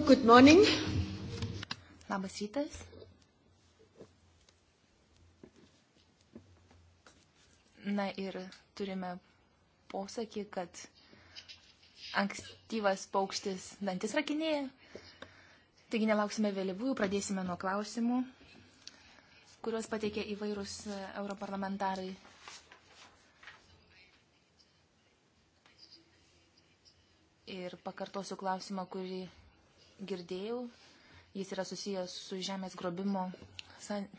Hello, good morning. Labas rytas. Na ir turime posakį, kad ankstyvas paukštis dantis rakinėja. Taigi nelauksime vėlyvųjų, pradėsime nuo klausimų, kuriuos pateikė įvairūs europarlamentarai. Ir pakartosiu klausimą, kurį girdėjau, jis yra susijęs su žemės grobimo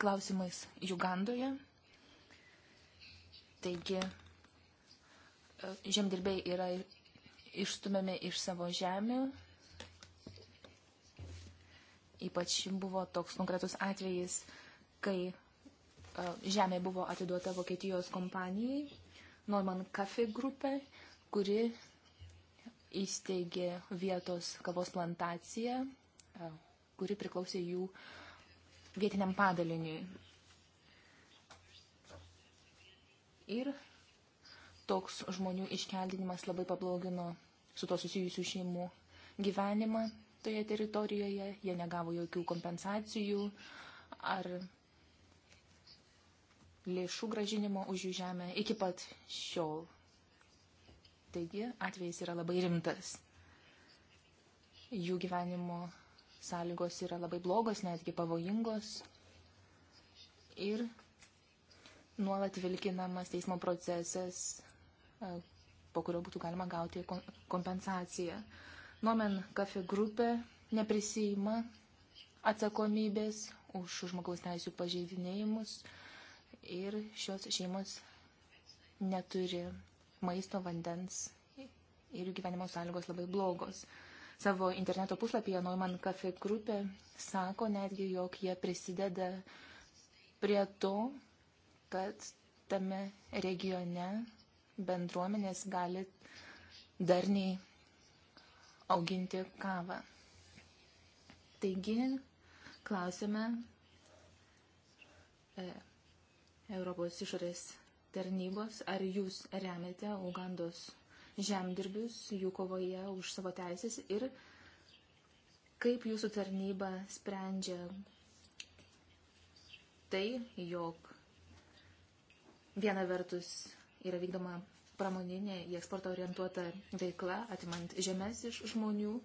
klausimais Jugandoje. Taigi e, žemdirbiai yra išstumiami iš savo žemių. Ypač buvo toks konkretus atvejis, kai e, žemė buvo atiduota Vokietijos kompanijai Norman Cafe grupė, kuri įsteigė vietos kavos plantaciją, e, kuri priklausė jų vietiniam padaliniui. Ir toks žmonių iškeldinimas labai pablogino su to susijusių šeimų gyvenimą toje teritorijoje, jie negavo jokių kompensacijų ar lėšų gražinimo už jų žemę iki pat šiol. Taigi atvejis yra labai rimtas. Jų gyvenimo sąlygos yra labai blogos, netgi pavojingos. Ir nuolat vilkinamas teismo procesas, e, po kurio būtų galima gauti kompensaciją. Nomen kafe grupė neprisima atsakomybės už žmogaus teisų pažeidinėjimus ir šios šeimos neturi maisto, vandens ir jų gyvenimo sąlygos labai blogos. Savo interneto puslapyje Neumann Cafe grupė sako netgi, jog jie prisideda prie to, kad tame regione bendruomenės gali darniai auginti kavą. Taigi, klausime e, Europos išorės tarnybos, ar jūs remiate Ugandos žemdirbius jų kovoje už savo teisės ir kaip jūsų tarnyba sprendžia tai, jog viena vertus yra vykdoma pramoninė į eksportą orientuota veikla, atimant žemės iš žmonių,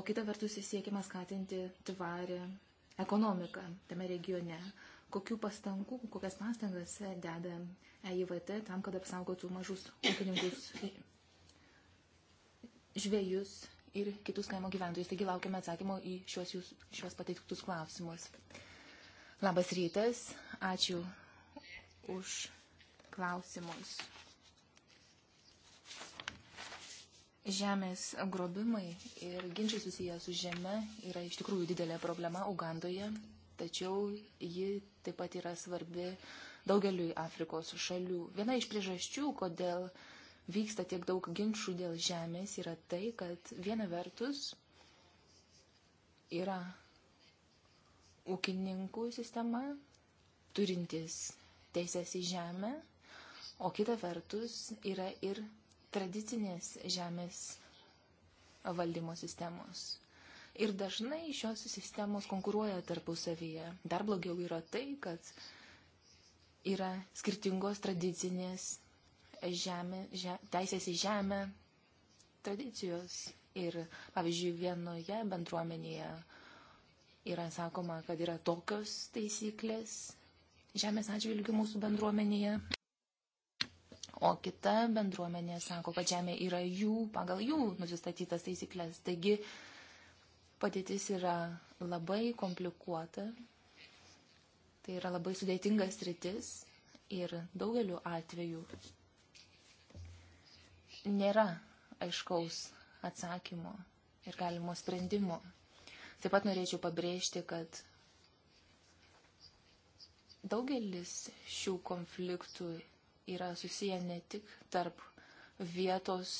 o kita vertus siekiama skatinti tvarę ekonomiką tame regione kokių pastangų, kokias pastangas deda EIVT tam, kad apsaugotų mažus ūkininkus, žvėjus ir kitus kaimo gyventojus. Taigi laukiame atsakymo į šios, jūs, šios pateiktus klausimus. Labas rytas, ačiū už klausimus. Žemės grobimai ir ginčiai susiję su žeme yra iš tikrųjų didelė problema Ugandoje tačiau ji taip pat yra svarbi daugeliui Afrikos šalių. Viena iš priežasčių, kodėl vyksta tiek daug ginčių dėl žemės, yra tai, kad viena vertus yra ūkininkų sistema, turintis teisės į žemę, o kita vertus yra ir tradicinės žemės valdymo sistemos ir dažnai šios sistemos konkuruoja tarpusavyje. Dar blogiau yra tai, kad yra skirtingos tradicinės žemė, žem, teisės į žemę tradicijos. Ir, pavyzdžiui, vienoje bendruomenėje yra sakoma, kad yra tokios taisyklės žemės atžvilgių mūsų bendruomenėje. O kita bendruomenė sako, kad žemė yra jų, pagal jų nusistatytas taisyklės. Taigi Padėtis yra labai komplikuota, tai yra labai sudėtingas rytis ir daugeliu atveju nėra aiškaus atsakymo ir galimo sprendimo. Taip pat norėčiau pabrėžti, kad daugelis šių konfliktų yra susiję ne tik tarp vietos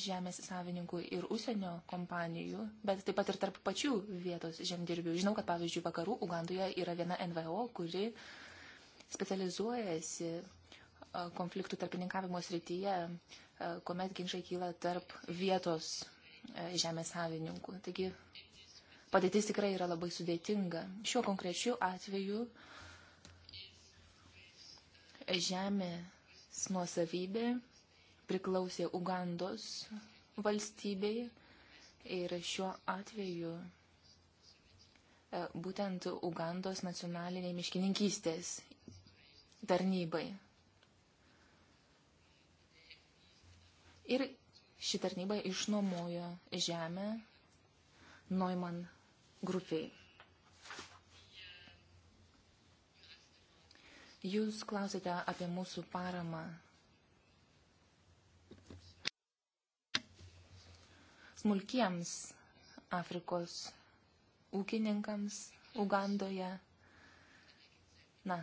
žemės savininkų ir užsienio kompanijų, bet taip pat ir tarp pačių vietos žemdirbių. Žinau, kad pavyzdžiui vakarų Ugandoje yra viena NVO, kuri specializuojasi konfliktų tarpininkavimo srityje, kuomet ginčiai kyla tarp vietos žemės savininkų. Taigi padėtis tikrai yra labai sudėtinga. Šiuo konkrečiu atveju žemės nuosavybė priklausė Ugandos valstybei ir šiuo atveju e, būtent Ugandos nacionaliniai miškininkystės tarnybai. Ir ši tarnyba išnuomojo žemę Neumann grupiai. Jūs klausite apie mūsų paramą smulkiems Afrikos ūkininkams Ugandoje. Na,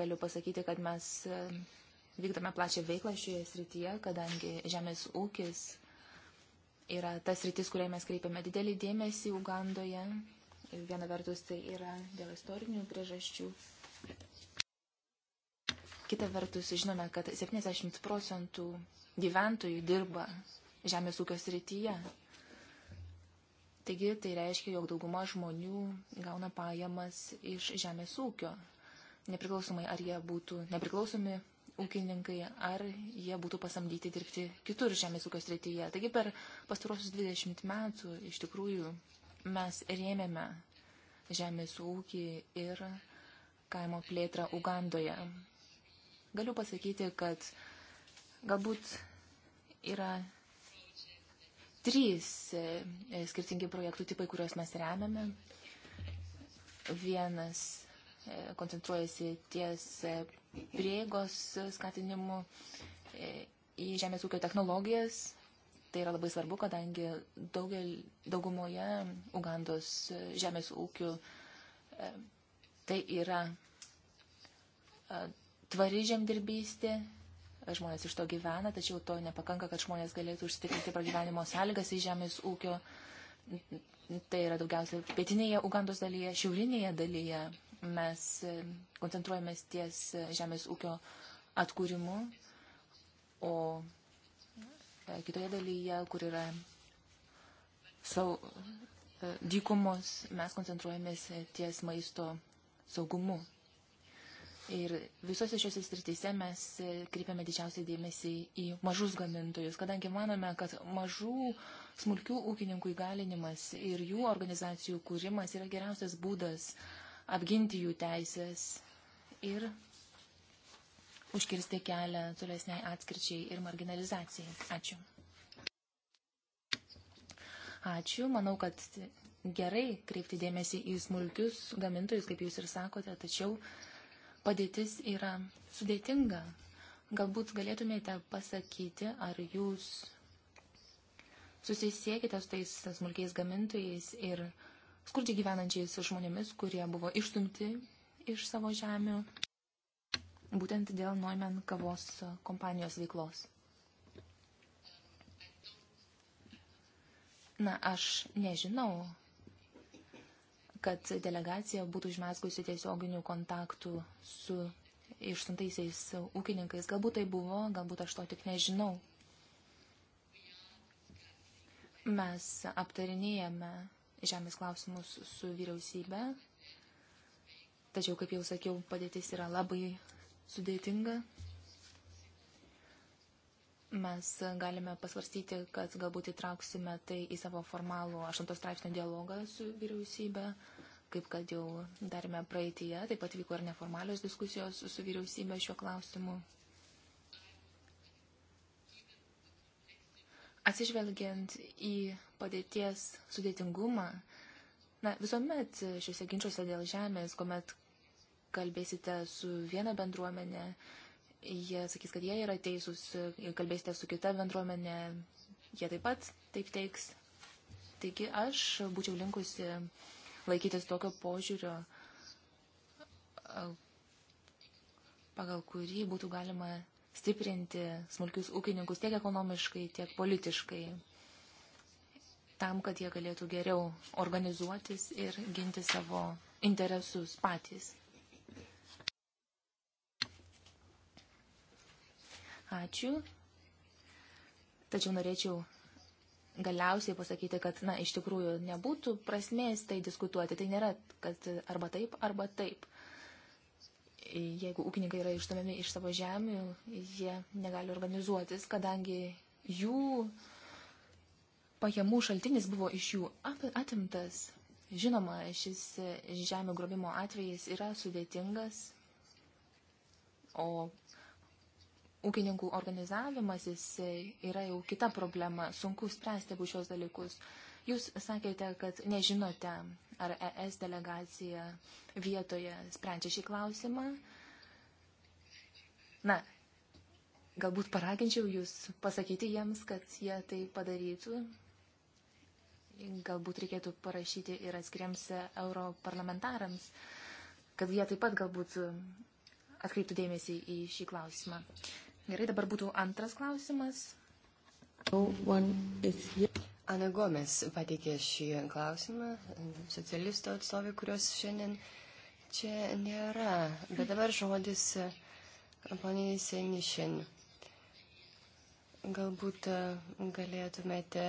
galiu pasakyti, kad mes e, vykdome plačią veiklą šioje srityje, kadangi žemės ūkis yra tas rytis, kuriai mes kreipiame didelį dėmesį Ugandoje. Viena vertus tai yra dėl istorinių priežasčių. Kita vertus, žinome, kad 70 procentų gyventojų dirba žemės ūkio srityje. Taigi tai reiškia, jog dauguma žmonių gauna pajamas iš žemės ūkio, nepriklausomai ar jie būtų nepriklausomi ūkininkai, ar jie būtų pasamdyti dirbti kitur žemės ūkio srityje. Taigi per pastarosius 20 metų iš tikrųjų mes rėmėme žemės ūkį ir kaimo plėtrą Ugandoje. Galiu pasakyti, kad galbūt yra trys e, e, skirtingi projektų tipai, kuriuos mes remiame. Vienas e, koncentruojasi ties prieigos skatinimu į žemės ūkio technologijas. Tai yra labai svarbu, kadangi daugel, daugumoje Ugandos žemės ūkių tai yra tvari žemdirbystė, žmonės iš to gyvena, tačiau to nepakanka, kad žmonės galėtų užsitikrinti pragyvenimo sąlygas į žemės ūkio. Tai yra daugiausia pietinėje Ugandos dalyje, šiaurinėje dalyje. Mes e, koncentruojamės ties e, žemės ūkio atkūrimu, o e, kitoje dalyje, kur yra sau, dykumos, mes koncentruojamės ties maisto saugumu Ir visose šiose srityse mes e, kreipiame didžiausią dėmesį į mažus gamintojus, kadangi manome, kad mažų smulkių ūkininkų įgalinimas ir jų organizacijų kūrimas yra geriausias būdas apginti jų teisės ir užkirsti kelią tolesniai atskirčiai ir marginalizacijai. Ačiū. Ačiū. Manau, kad gerai kreipti dėmesį į smulkius gamintojus, kaip jūs ir sakote, tačiau padėtis yra sudėtinga. Galbūt galėtumėte pasakyti, ar jūs susisiekite su tais smulkiais gamintojais ir skurdžiai gyvenančiais žmonėmis, kurie buvo išstumti iš savo žemių, būtent dėl Noimen kavos kompanijos veiklos. Na, aš nežinau, kad delegacija būtų užmesgusi tiesioginių kontaktų su išsuntaisiais ūkininkais. Galbūt tai buvo, galbūt aš to tik nežinau. Mes aptarinėjame žemės klausimus su vyriausybe, tačiau, kaip jau sakiau, padėtis yra labai sudėtinga. Mes galime pasvarstyti, kad galbūt įtrauksime tai į savo formalų 8 straipsnio dialogą su vyriausybė, kaip kad jau darėme praeitie, taip pat vyko ir neformalios diskusijos su vyriausybė šiuo klausimu. Atsižvelgiant į padėties sudėtingumą, na, visuomet šiuose ginčiuose dėl žemės, kuomet kalbėsite su viena bendruomenė, jie sakys, kad jie yra teisūs, kalbėsite su kita bendruomenė, jie taip pat taip teiks. Taigi aš būčiau linkusi laikytis tokio požiūrio, pagal kurį būtų galima stiprinti smulkius ūkininkus tiek ekonomiškai, tiek politiškai, tam, kad jie galėtų geriau organizuotis ir ginti savo interesus patys. Ačiū. Tačiau norėčiau galiausiai pasakyti, kad, na, iš tikrųjų nebūtų prasmės tai diskutuoti. Tai nėra, kad arba taip, arba taip. Jeigu ūkininkai yra išstumiami iš savo žemių, jie negali organizuotis, kadangi jų pajamų šaltinis buvo iš jų atimtas. Žinoma, šis žemių grobimo atvejis yra sudėtingas, o ūkininkų organizavimasis e, yra jau kita problema, sunku spręsti abu šios dalykus. Jūs sakėte, kad nežinote, ar ES delegacija vietoje sprendžia šį klausimą. Na, galbūt paraginčiau jūs pasakyti jiems, kad jie tai padarytų. Galbūt reikėtų parašyti ir atskiriams europarlamentarams, kad jie taip pat galbūt atkreiptų dėmesį į šį klausimą. Gerai, dabar būtų antras klausimas. Ana Gomes pateikė šį klausimą, socialisto atstovė, kurios šiandien čia nėra. Bet dabar žodis poniai Senišin. Galbūt galėtumėte,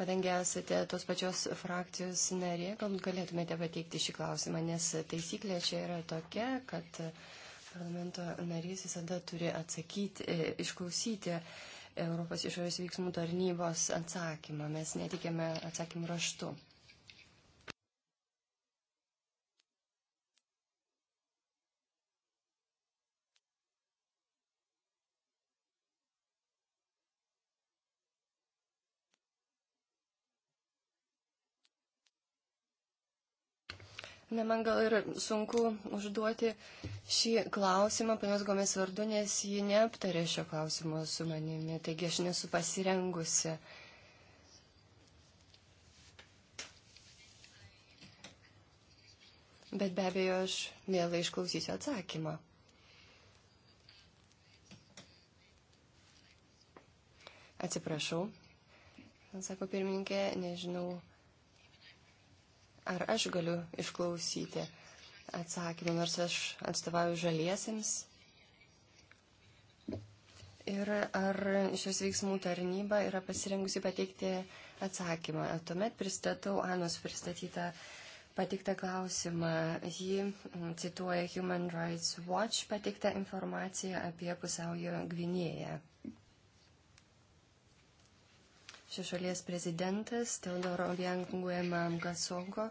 kadangi esate tos pačios frakcijos narė, galbūt galėtumėte pateikti šį klausimą, nes taisyklė čia yra tokia, kad uh, Parlamento narys visada turi atsakyti, e, išklausyti Europos išorės veiksmų tarnybos atsakymą. Mes netikėme atsakymų raštu. Ne, man gal ir sunku užduoti šį klausimą, panios Gomes vardu, nes ji neaptarė šio klausimo su manimi, taigi aš nesu pasirengusi. Bet be abejo, aš mielai išklausysiu atsakymą. Atsiprašau, sako pirmininkė, nežinau, ar aš galiu išklausyti atsakymą, nors aš atstovauju žaliesiems. Ir ar šios veiksmų tarnyba yra pasirengusi pateikti atsakymą. Tuomet pristatau Anos pristatytą pateiktą klausimą. Ji mm, cituoja Human Rights Watch pateiktą informaciją apie pusiaujo Gvinėją. Šios šalies prezidentas Teodoro Vienguema Gasongo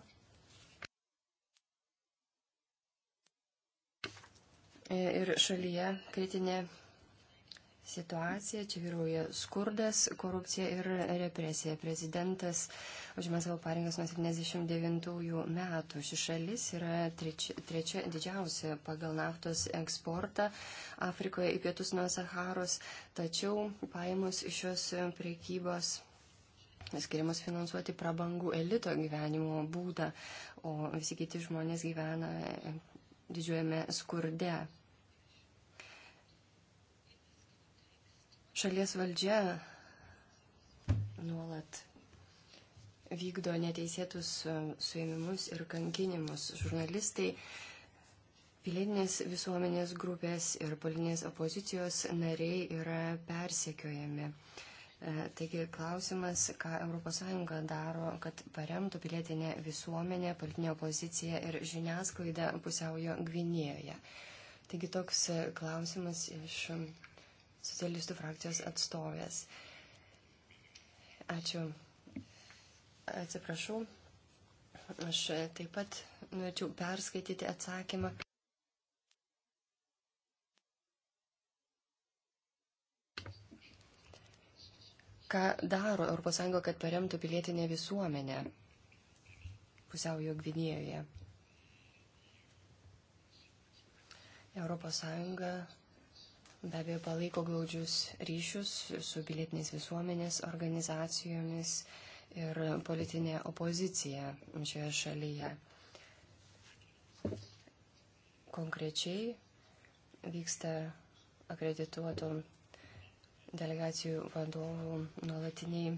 E, ir šalyje kritinė situacija, čia vyrauja skurdas, korupcija ir represija. Prezidentas užima savo pareigas nuo 79 metų. Ši šalis yra trečia, trečia didžiausia pagal naftos eksportą Afrikoje į pietus nuo Saharos, tačiau pajamos iš šios priekybos skiriamas finansuoti prabangų elito gyvenimo būdą, o visi kiti žmonės gyvena didžiuojame skurde. Šalies valdžia nuolat vykdo neteisėtus e, suėmimus ir kankinimus. Žurnalistai, pilietinės visuomenės grupės ir politinės opozicijos nariai yra persekiojami. E, taigi klausimas, ką ES daro, kad paremtų pilietinę visuomenę, politinę opoziciją ir žiniasklaidą pusiaujo Gvinėjoje. Taigi toks e, klausimas iš socialistų frakcijos atstovės. Ačiū. Atsiprašau. Aš taip pat norėčiau perskaityti atsakymą. Ką daro ES, kad paremtų pilietinę visuomenę pusiaujo Gvinėjoje? ES be abejo palaiko glaudžius ryšius su pilietinės visuomenės organizacijomis ir politinė opozicija šioje šalyje. Konkrečiai vyksta akredituotų delegacijų vadovų nuolatiniai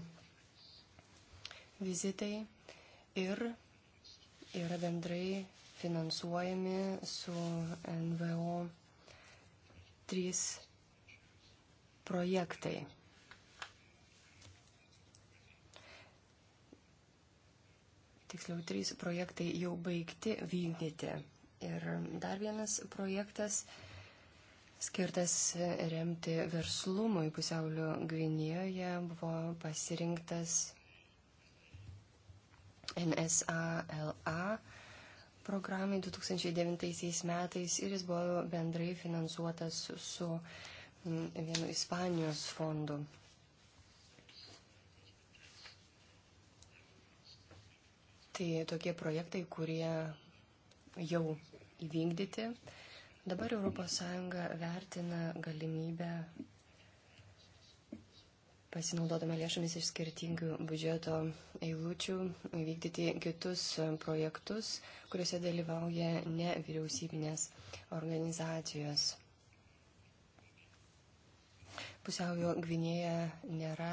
vizitai ir yra bendrai finansuojami su NVO trys projektai. Tiksliau, trys projektai jau baigti vykdyti. Ir dar vienas projektas skirtas remti verslumui pusiaulio Gvinijoje buvo pasirinktas NSALA programai 2009 metais ir jis buvo bendrai finansuotas su mm, vienu Ispanijos fondu. Tai tokie projektai, kurie jau įvykdyti. Dabar ES vertina galimybę pasinaudodama lėšomis iš skirtingų biudžeto eilučių, vykdyti kitus e, projektus, kuriuose dalyvauja nevyriausybinės organizacijos. Pusiaujo Gvinėja nėra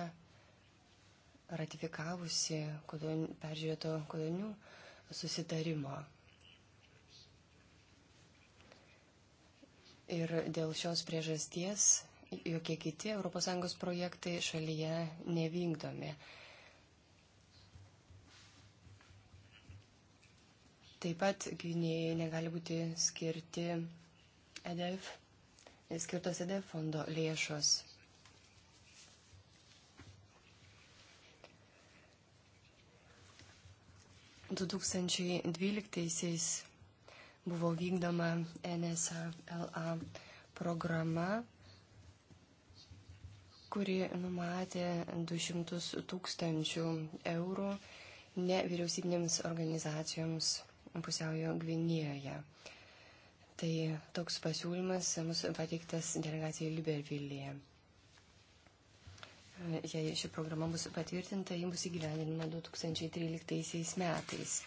ratifikavusi kodon, peržiūrėto kodonių susitarimo. Ir dėl šios priežasties jokie kiti ES projektai šalyje nevykdomi. Taip pat gynėjai negali būti skirti EDF, skirtos EDF fondo lėšos. Du tūkstančiai dvyliktaisiais buvo vykdoma NSLA programa kuri numatė 200 tūkstančių eurų nevyriausybinėms organizacijoms pusiaujo Gvinėjoje. Tai toks pasiūlymas mūsų pateiktas delegacijai Libervilyje. Jei ši programa bus patvirtinta, ji bus įgyvendinama 2013 metais.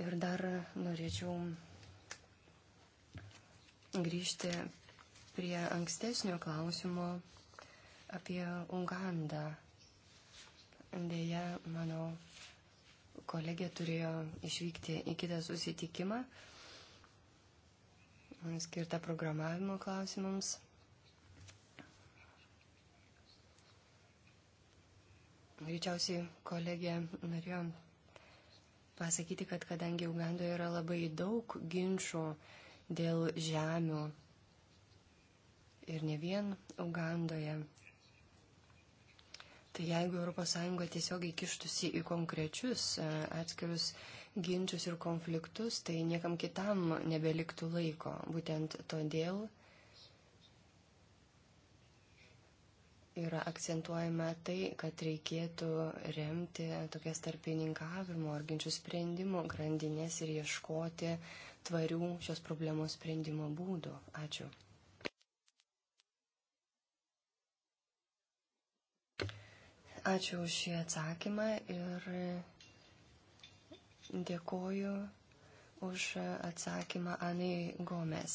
Ir dar norėčiau grįžti prie ankstesnio klausimo apie Ugandą. Deja, mano kolegė turėjo išvykti į kitą susitikimą skirtą programavimo klausimams. Greičiausiai kolegė norėjo pasakyti, kad kadangi Ugandoje yra labai daug ginčių dėl žemių ir ne vien Ugandoje, Tai jeigu ES tiesiog įkištusi į konkrečius e, atskirius ginčius ir konfliktus, tai niekam kitam nebeliktų laiko. Būtent todėl yra akcentuojama tai, kad reikėtų remti tokias tarpininkavimo ar ginčių sprendimo grandinės ir ieškoti tvarių šios problemos sprendimo būdų. Ačiū. ačiū už šį atsakymą ir dėkoju už atsakymą Anai Gomes.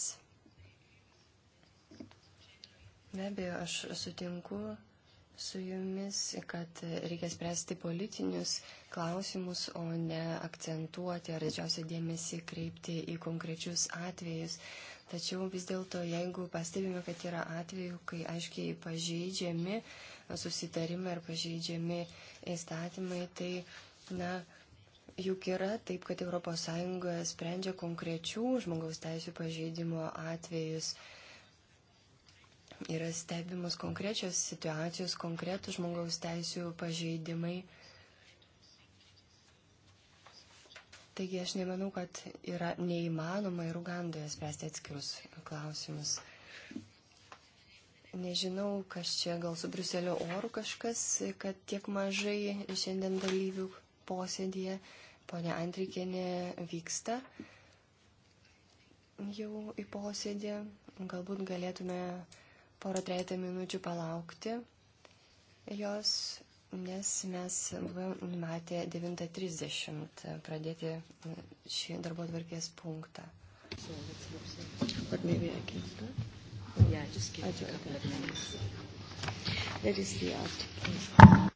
Be abejo, aš sutinku su jumis, kad reikia spręsti politinius klausimus, o ne akcentuoti ar didžiausią dėmesį kreipti į konkrečius atvejus. Tačiau vis dėlto, jeigu pastebime, kad yra atvejų, kai aiškiai pažeidžiami susitarimai ar pažeidžiami įstatymai, tai, na, juk yra taip, kad ES sprendžia konkrečių žmogaus teisų pažeidimo atvejus. Yra stebimus konkrečios situacijos, konkretų žmogaus teisų pažeidimai. Taigi aš nemanau, kad yra neįmanoma ir Ugandoje spręsti atskirus klausimus. Nežinau, kas čia gal su Bruselio oru kažkas, kad tiek mažai šiandien dalyvių posėdėje. Pone Antrikienė vyksta jau į posėdį. Galbūt galėtume porą trejata minučių palaukti jos, nes mes buvome numatę 9.30 pradėti šį darbo tvarkės punktą. So, But maybe I can start. Yeah, just give it a couple of minutes. That is the article.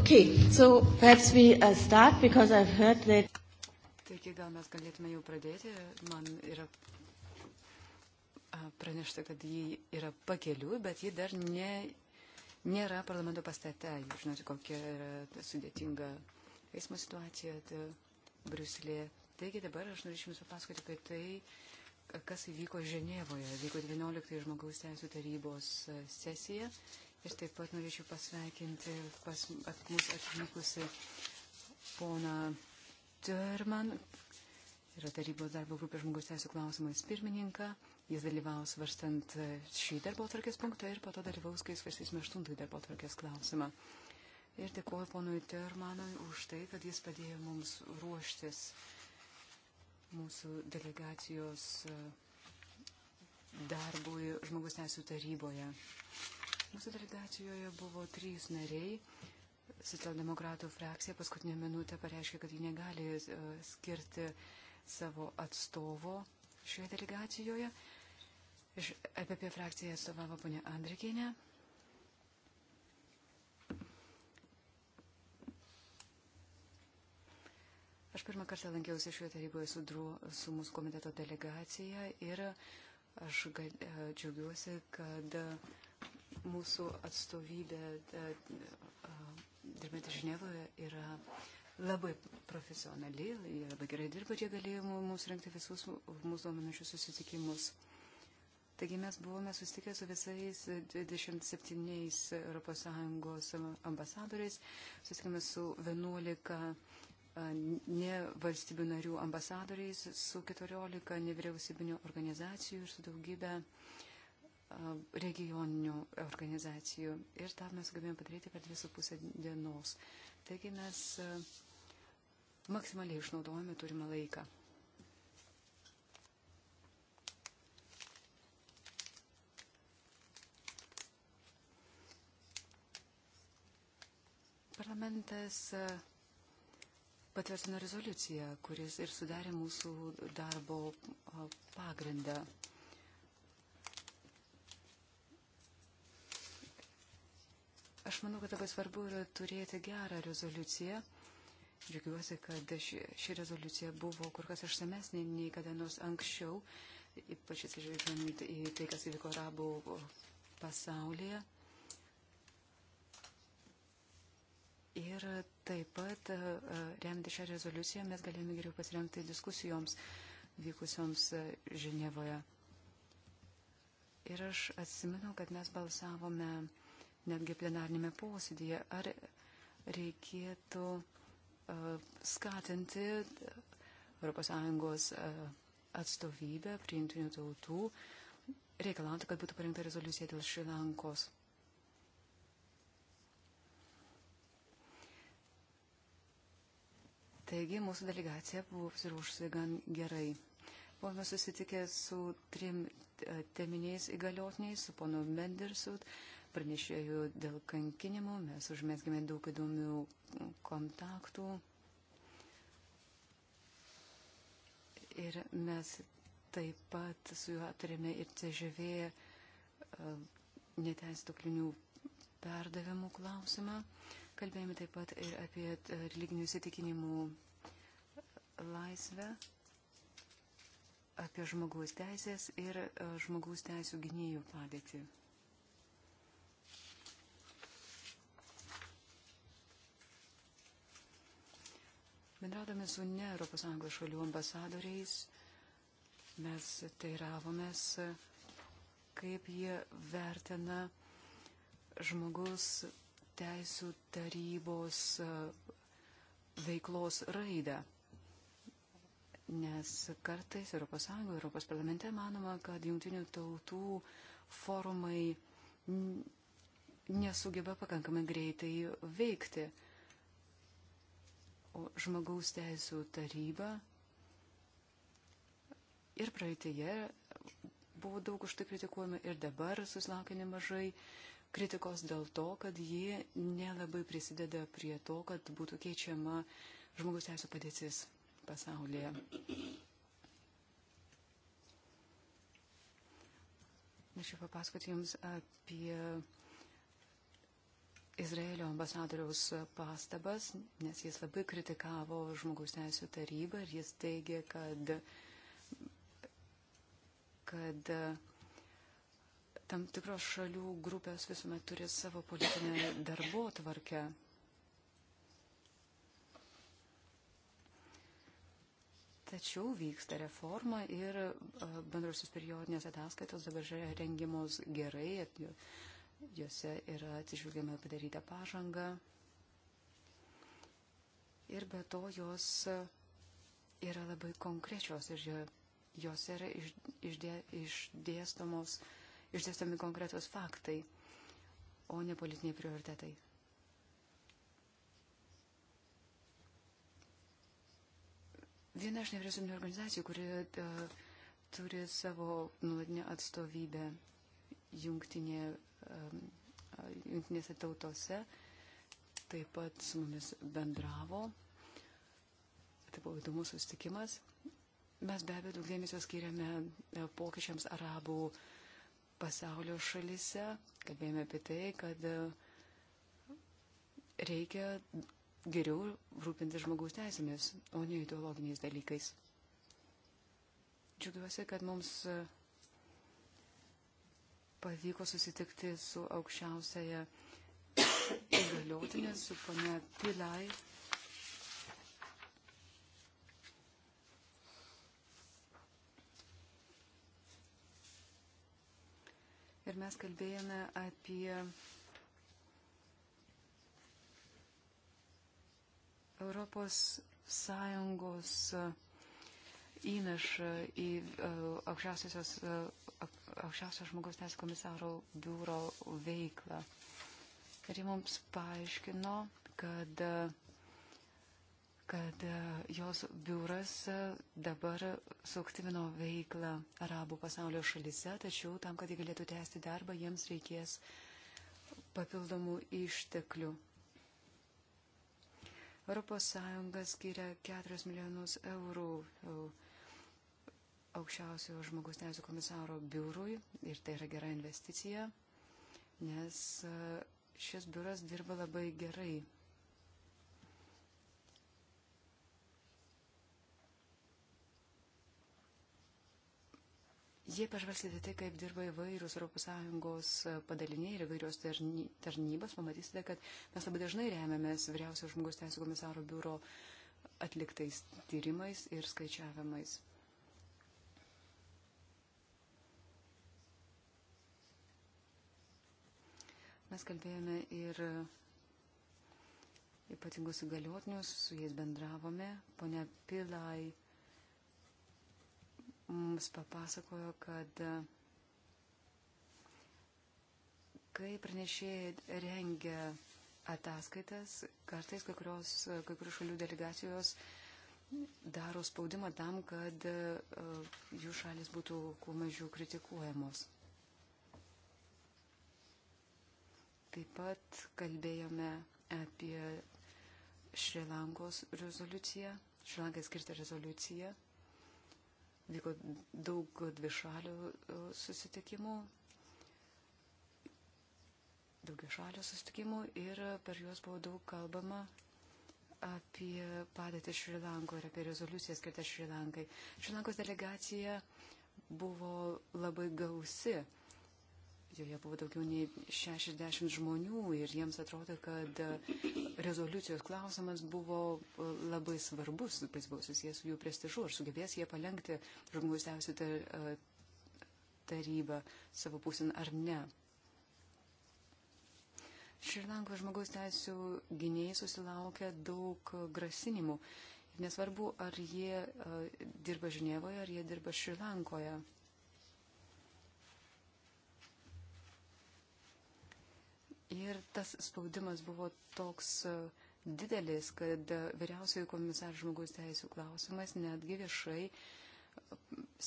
Okay, so perhaps we uh, start because I've heard that. Taigi gal mes galėtume jau pradėti. Man yra pranešta, kad ji yra pakeliu, bet ji dar ne, nėra parlamento pastate. Jūs žinote, kokia yra sudėtinga eismo situacija tai Briuselėje. Taigi dabar aš norėčiau Jums papasakoti apie tai, kas įvyko Ženevoje. Vyko 12 žmogaus teisų tarybos sesija Ir taip pat norėčiau pasveikinti pas mus atvykusi poną Turman, yra tarybos darbo grupės žmogus teisų klausimais pirmininką. Jis dalyvaus svarstant šį darbo atvarkės punktą ir po to dalyvaus, kai svarstysime aštuntąjį darbo atvarkės klausimą. Ir dėkuoju ponui Termanui už tai, kad jis padėjo mums ruoštis mūsų delegacijos e, darbui žmogus teisų taryboje. Mūsų delegacijoje buvo trys nariai. Socialdemokratų frakcija paskutinę minutę pareiškė, kad ji negali e, skirti savo atstovo šioje delegacijoje. Iš EPP frakciją atstovavo ponė Andrikinė. Aš pirmą kartą lankiausi šioje taryboje su, dru, su mūsų komiteto delegacija ir aš gal, e, džiaugiuosi, kad uh, mūsų atstovybė dirbant Ženevoje yra labai profesionali, jie labai gerai dirba, jie galėjo mums rengti visus mūsų dominuojančius susitikimus. Taigi mes buvome susitikę su visais 27 ES ambasadoriais, susitikėme su 11 ne valstybių narių ambasadoriais, su 14 nevyriausybinio organizacijų ir su daugybė uh, regioninių organizacijų ir tą mes sugebėjome padaryti per dvi su pusę dienos. Taigi mes maksimaliai išnaudojame turimą laiką. Parlamentas patvirtino rezoliuciją, kuris ir sudarė mūsų darbo pagrindą. Aš manau, kad labai svarbu yra turėti gerą rezoliuciją. Džiugiuosi, kad ši, ši rezoliucija buvo kur kas išsamesnė nei kada nors anksčiau, ypač atsižvelgiant į tai, kas įvyko arabų pasaulyje. Ir taip pat remti šią rezoliuciją mes galime geriau pasiremti diskusijoms vykusioms Ženevoje. Ir aš atsimenu, kad mes balsavome netgi plenarnėme posėdėje, ar reikėtų uh, skatinti e, ES e, atstovybę prie jungtinių tautų, reikalauti, kad būtų parengta rezoliucija dėl Šrilankos. Taigi mūsų delegacija buvo apsiruošusi gan gerai. Buvome susitikę su trim teminiais įgaliotiniais, su ponu Mendersu, pranešėjų dėl kankinimų, mes užmėsgime daug įdomių kontaktų. Ir mes taip pat su juo aptarėme ir CŽV e, neteisėtų klinių perdavimų klausimą. Kalbėjome taip pat ir apie e, religinių įsitikinimų laisvę, apie žmogaus teisės ir e, žmogaus teisų gynėjų padėtį. Bendradami su ne ES šalių ambasadoriais, mes teiravomės, kaip jie vertina žmogus teisų tarybos e, veiklos raidą. Nes kartais ES, ES parlamente manoma, kad jungtinių tautų forumai nesugeba pakankamai greitai veikti žmogaus teisų taryba ir praeitėje buvo daug už tai kritikuojama ir dabar susilaukia nemažai kritikos dėl to, kad ji nelabai prisideda prie to, kad būtų keičiama žmogus teisų padėtis pasaulyje. Norėčiau papasakoti Jums apie Izraelio ambasadoriaus pastabas, nes jis labai kritikavo žmogaus teisų tarybą ir jis teigia, kad, kad tam tikros šalių grupės visuomet turi savo politinę darbo tvarkę. Tačiau vyksta reforma ir bendrosios periodinės ataskaitos dabar rengimos gerai. Atėjo Juose yra atsižvelgiama padaryta pažanga. Ir be to jos yra labai konkrečios ir jos yra išdė, išdėstomos, išdėstomi konkretos faktai, o ne politiniai prioritetai. Viena iš nevyriausybinio organizacijų, kuri uh, turi savo nuolatinę atstovybę jungtinėje jungtinėse tautose, taip pat su mumis bendravo. Tai buvo įdomus susitikimas. Mes be abejo daug dėmesio skiriame e, pokyčiams arabų pasaulio šalise. Kalbėjome apie tai, kad e, reikia geriau rūpinti žmogaus teisėmis, o ne ideologiniais dalykais. Džiugiuosi, kad mums e, pavyko susitikti su aukščiausiaja įgaliotinė, su ponia Pilai. Ir mes kalbėjome apie Europos Sąjungos uh, įnašą į aukščiausios, e, aukščiausios e, žmogaus teisų komisaro biuro veiklą. Ir ji mums paaiškino, kad, kad jos biuras dabar suaktyvino veiklą arabų pasaulio šalise, tačiau tam, kad jie galėtų tęsti darbą, jiems reikės papildomų išteklių. ES skiria 4 milijonus eurų. eurų aukščiausio žmogus teisų komisaro biurui ir tai yra gera investicija, nes e, šis biuras dirba labai gerai. Jei pažvelgsite tai, kaip dirba įvairūs ES e, padaliniai ir įvairios tarnybos, pamatysite, kad mes labai dažnai remiamės vyriausio žmogus teisų komisaro biuro atliktais tyrimais ir skaičiavimais. Mes kalbėjome ir ypatingus įgaliotinius, su jais bendravome. Pone Pilai mums papasakojo, kad kai pranešėjai rengia ataskaitas, kartais kai kurios, kai kurių šalių delegacijos daro spaudimą tam, kad e, jų šalis būtų kuo mažiau kritikuojamos. Taip pat kalbėjome apie Šrilankos rezoliuciją, Šrilankai skirtą rezoliuciją. Vyko daug dvišalių e, susitikimų, daugia šalių susitikimų ir per juos buvo daug kalbama apie padėtį Šrilanko ir apie rezoliuciją skirtą Šrilankai. Šrilankos delegacija buvo labai gausi Joje buvo daugiau nei 60 žmonių ir jiems atrodo, kad e, rezoliucijos klausimas buvo e, labai svarbus, jis buvo susijęs su jų prestižu, ar sugebės jie palengti žmogus teisų e, tarybą savo pusin ar ne. Šrilanko žmogaus teisų gynėjai susilaukia daug grasinimų. Nesvarbu, ar jie dirba Ženevoje, ar jie dirba Šrilankoje. Ir tas spaudimas buvo toks e, didelis, kad e, vyriausiųjų komisarų žmogaus teisų klausimas netgi viešai e,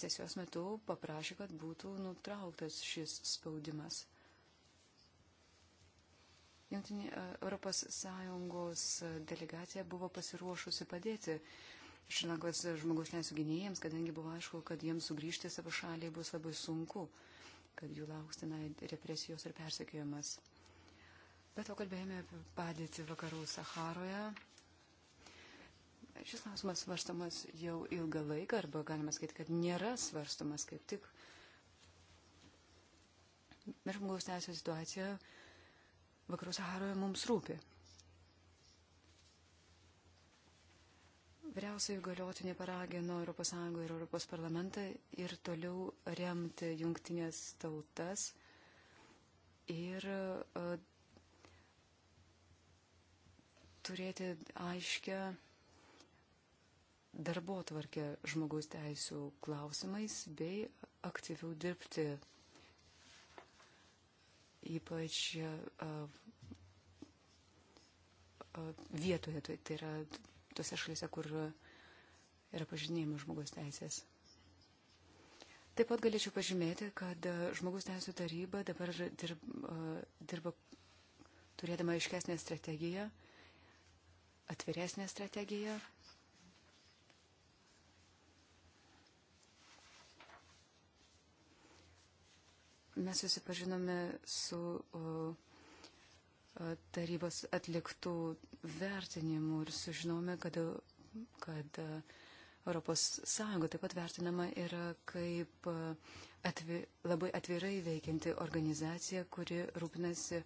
sesijos metu paprašė, kad būtų nutrauktas šis spaudimas. Jungtinė Europos Sąjungos delegacija buvo pasiruošusi padėti Šrilankos žmogaus teisų gynėjams, kadangi buvo aišku, kad jiems sugrįžti savo šaliai bus labai sunku, kad jų lauks tenai represijos ir persekiojimas. Bet to kalbėjome apie padėtį vakarų Saharoje. Šis klausimas svarstamas jau ilgą laiką, arba galima sakyti, kad nėra svarstamas kaip tik. Bet žmogaus teisės situacija vakarų Saharoje mums rūpi. Vyriausiai galiotinė paragino ES ir ES parlamentą ir toliau remti jungtinės tautas ir e, turėti aiškę darbo tvarkę žmogaus teisų klausimais bei aktyviau dirbti, ypač e, e, vietoje, tai, tai yra tose šalyse, kur yra pažinėjama žmogaus teisės. Taip pat galėčiau pažymėti, kad e, žmogus teisų taryba dabar dirba, dirba turėdama aiškesnę strategiją atviresnė strategija. Mes susipažinome su tarybos atliktų vertinimų ir sužinome, kad, kad ES taip pat vertinama yra kaip atvi, labai atvirai veikianti organizacija, kuri rūpinasi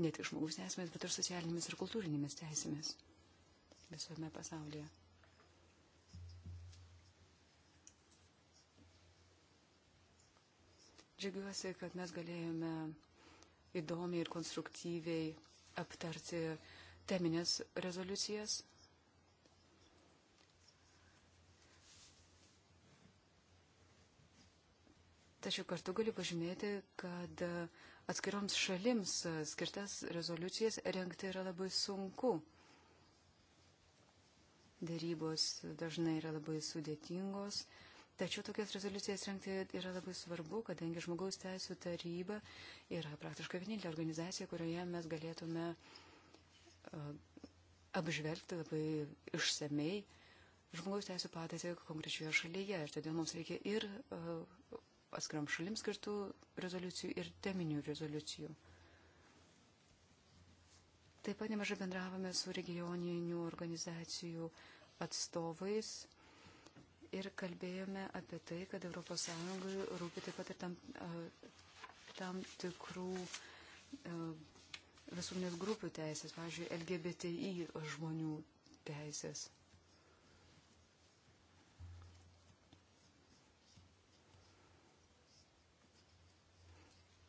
ne tik žmogus teisėmis, bet ir socialinėmis ir kultūrinėmis teisėmis visame pasaulyje. Džiaugiuosi, kad mes galėjome įdomiai ir konstruktyviai aptarti teminės rezoliucijas. Tačiau kartu galiu pažymėti, kad atskiroms šalims skirtas rezoliucijas renkti yra labai sunku. Darybos dažnai yra labai sudėtingos. Tačiau tokias rezoliucijas rengti yra labai svarbu, kadangi žmogaus teisų taryba yra praktiškai vienintelė organizacija, kurioje mes galėtume e, apžvelgti labai išsamei žmogaus teisų padėtį konkrečioje šalyje. Ir todėl mums reikia ir e, atskiram šalims skirtų rezoliucijų, ir teminių rezoliucijų. Taip pat nemažai bendravome su regioninių organizacijų atstovais ir kalbėjome apie tai, kad ES rūpi taip pat ir tam, tam tikrų visuomenės grupių teisės, pavyzdžiui, LGBTI žmonių teisės.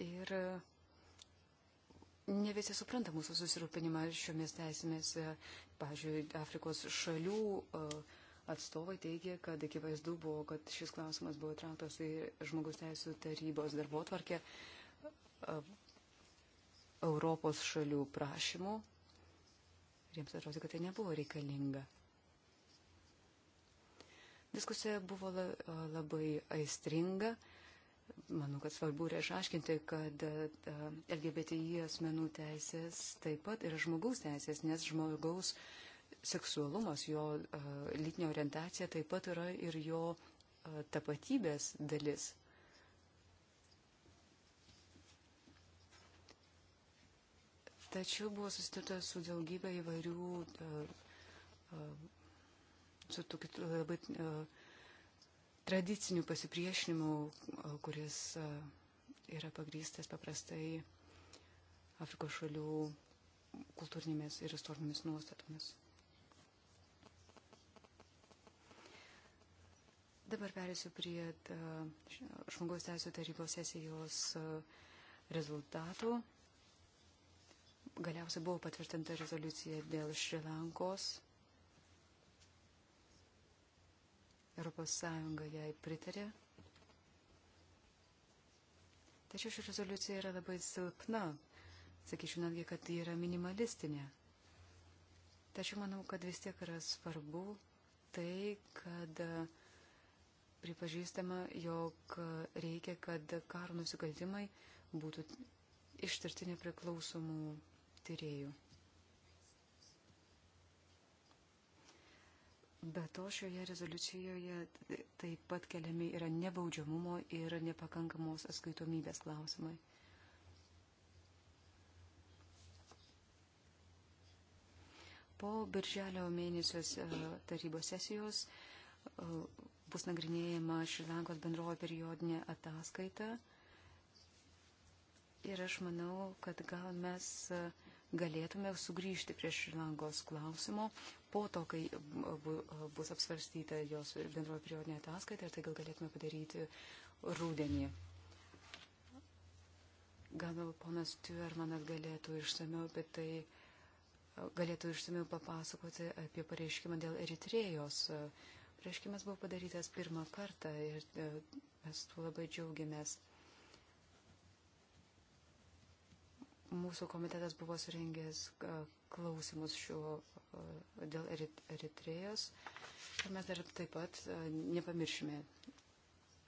Ir uh, ne visi supranta mūsų susirūpinimą šiomis teisėmis. Pavyzdžiui, Afrikos šalių e, atstovai teigia, kad akivaizdu buvo, kad šis klausimas buvo įtrauktas į žmogus teisų tarybos darbo tvarkę e, Europos šalių prašymų. Ir jiems atrodo, kad tai nebuvo reikalinga. Diskusija buvo e, labai aistringa Manau, kad svarbu yra išaiškinti, kad e, LGBTI asmenų teisės taip pat yra žmogaus teisės, nes žmogaus seksualumas, jo e, lytinė orientacija taip pat yra ir jo e, tapatybės dalis. Tačiau buvo susitita su daugybė įvairių, su tokiu labai. Uh, tradicinių pasipriešinimų, kuris yra pagrystas paprastai Afrikos šalių kultūrinėmis ir istorinėmis nuostatomis. Dabar perėsiu prie žmogaus teisų tarybos sesijos rezultatų. Galiausiai buvo patvirtinta rezoliucija dėl Šrilankos Europos Sąjunga jai pritarė. Tačiau ši rezoliucija yra labai silpna, sakyčiau netgi, kad ji yra minimalistinė. Tačiau manau, kad vis tiek yra svarbu tai, kad e, pripažįstama, jog reikia, kad karo nusikaltimai būtų ištirti nepriklausomų tyriejų. Be to šioje rezoliucijoje taip pat keliami yra nebaudžiamumo ir nepakankamos atskaitomybės klausimai. Po birželio mėnesios e, tarybos sesijos e, bus nagrinėjama Šrilankos bendrojo periodinė ataskaita. Ir aš manau, kad gal mes uh, galėtume sugrįžti prie Šrilangos klausimo po to, kai bus apsvarstyta jos bendroji periodinė ataskaita ir tai gal galėtume padaryti rūdienį. Gal ponas Tuermanas galėtų išsamiau apie tai, galėtų išsamiau papasakoti apie pareiškimą dėl Eritrėjos. Pareiškimas buvo padarytas pirmą kartą ir e, mes tuo labai džiaugiamės. mūsų komitetas buvo surengęs klausimus šiuo dėl Eritrėjos. Ir mes dar taip pat nepamiršime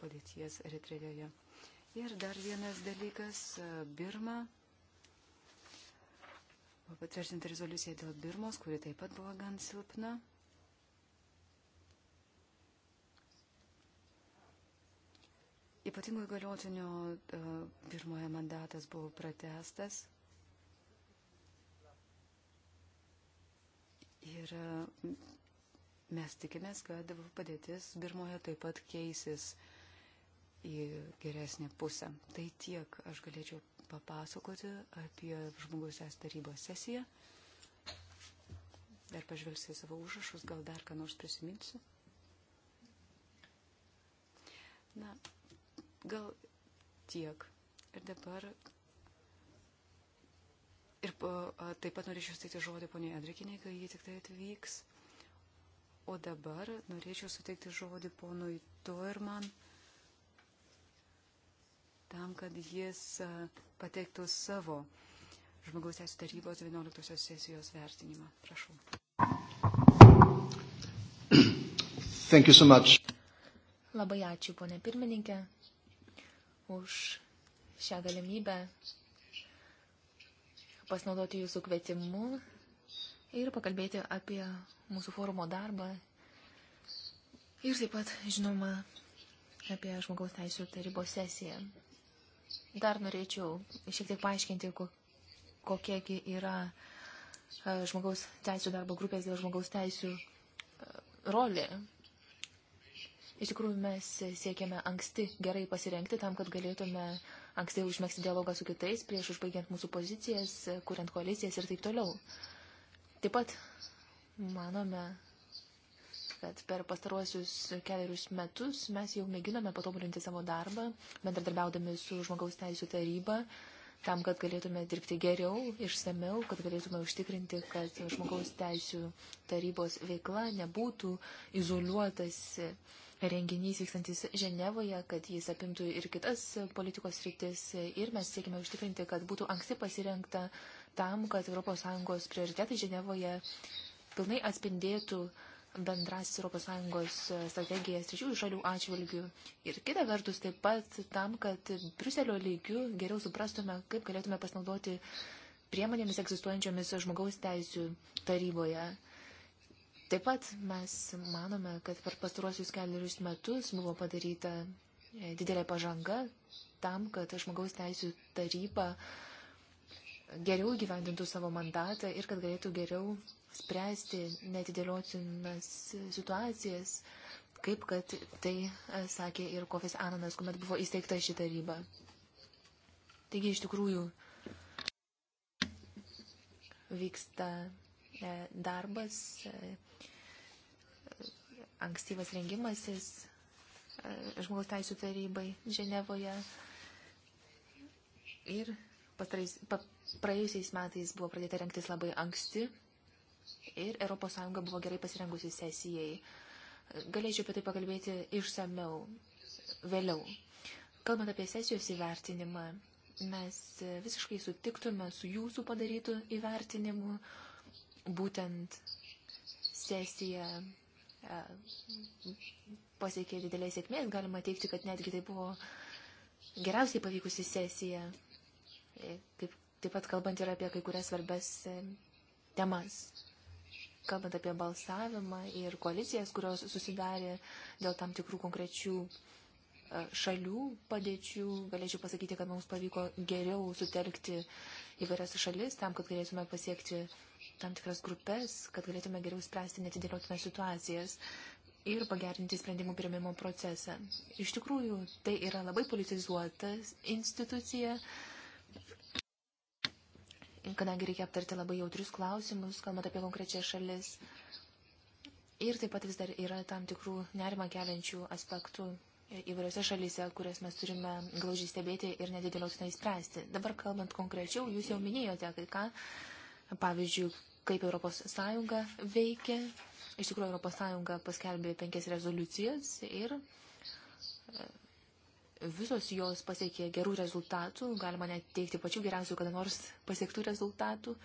padėties Eritrėjoje. Ir dar vienas dalykas - Birma. Buvo patvirtinta rezoliucija dėl Birmos, kuri taip pat buvo gan silpna. Ypatingo įgaliotinio Birmoje mandatas buvo pratestas Ir e, mes tikimės, kad padėtis Birmoje taip pat keisis į geresnį pusę. Tai tiek aš galėčiau papasakoti apie žmogus es tarybos sesiją. Dar pažvelgsiu į savo užrašus, gal dar ką nors prisiminsiu. Na, gal tiek. Ir dabar taip pat norėčiau suteikti žodį poniai Adrikiniai, kai jie tik tai atvyks. O dabar norėčiau suteikti žodį ponui Toerman, tam, kad jis pateiktų savo žmogaus teisų tarybos 11 sesijos vertinimą. Prašau. Thank you so much. Labai ačiū, ponė pirmininkė, už šią galimybę pasinaudoti jūsų kvietimu ir pakalbėti apie mūsų forumo darbą. Ir taip pat, žinoma, apie žmogaus teisų tarybos sesiją. Dar norėčiau šiek tiek paaiškinti, kokiegi yra e, žmogaus teisų darbo grupės dėl žmogaus teisų e, rolė. Iš tikrųjų, mes siekiame anksti gerai pasirengti tam, kad galėtume uh, anksti užmėgsti dialogą su kitais, prieš užbaigiant mūsų pozicijas, kuriant koalicijas ir taip toliau. Taip pat manome, kad per pastaruosius keliarius metus mes jau mėginame patobulinti savo darbą, bendradarbiaudami su žmogaus teisų taryba, tam, kad galėtume dirbti geriau, išsameu, kad galėtume užtikrinti, kad žmogaus teisų tarybos veikla nebūtų izoliuotas renginys vykstantis Ženevoje, kad jis apimtų ir kitas politikos rytis. Ir mes siekime užtikrinti, kad būtų anksti pasirengta tam, kad ES prioritetai Ženevoje pilnai atspindėtų bendrasis ES strategijas trečiųjų šalių atžvilgių. Ir kita vertus taip pat tam, kad Bruselio lygių geriau suprastume, kaip galėtume pasinaudoti priemonėmis egzistuojančiomis žmogaus teisų taryboje. Taip pat mes manome, kad per pastaruosius keliarius metus buvo padaryta e, didelė pažanga tam, kad žmogaus teisų taryba geriau gyvendintų savo mandatą ir kad galėtų geriau spręsti netidėliotinas situacijas, kaip kad tai e, sakė ir Kofis Ananas, kuomet buvo įsteigta ši taryba. Taigi iš tikrųjų vyksta E, darbas, e, ankstyvas rengimasis e, žmogaus teisų tarybai Ženevoje. Ir patrais, pa, praėjusiais metais buvo pradėta rengtis labai anksti ir ES buvo gerai pasirengusi sesijai. Galėčiau apie tai pakalbėti išsameu vėliau. Kalbant apie sesijos įvertinimą, mes visiškai sutiktume su jūsų padarytų įvertinimu, uh, būtent sesija e, pasiekė didelės sėkmės, galima teikti, kad netgi tai buvo geriausiai pavykusi sesija, e, kaip, taip pat kalbant ir apie kai kurias svarbes e, temas, kalbant apie balsavimą ir koalicijas, kurios susidarė dėl tam tikrų konkrečių šalių padėčių, galėčiau pasakyti, kad mums pavyko geriau sutelkti įvairias šalis tam, kad galėtume pasiekti tam tikras grupės, kad galėtume geriau spręsti netidėliotinas situacijas ir pagerinti sprendimų priėmimo procesą. Iš tikrųjų, tai yra labai politizuota institucija, kadangi reikia aptarti labai jautrius klausimus, kalbant apie konkrečią šalis. Ir taip pat vis dar yra tam tikrų nerimą keliančių aspektų įvairiose šalyse, kurias mes turime glaužiai stebėti ir nedidėliotinai spręsti. Dabar kalbant konkrečiau, jūs jau minėjote kai ką, Pavyzdžiui, kaip ES veikia. Iš tikrųjų, ES paskelbė penkias rezoliucijas ir e, visos jos pasiekė gerų rezultatų, galima net teikti pačių geriausių kada nors pasiektų rezultatų.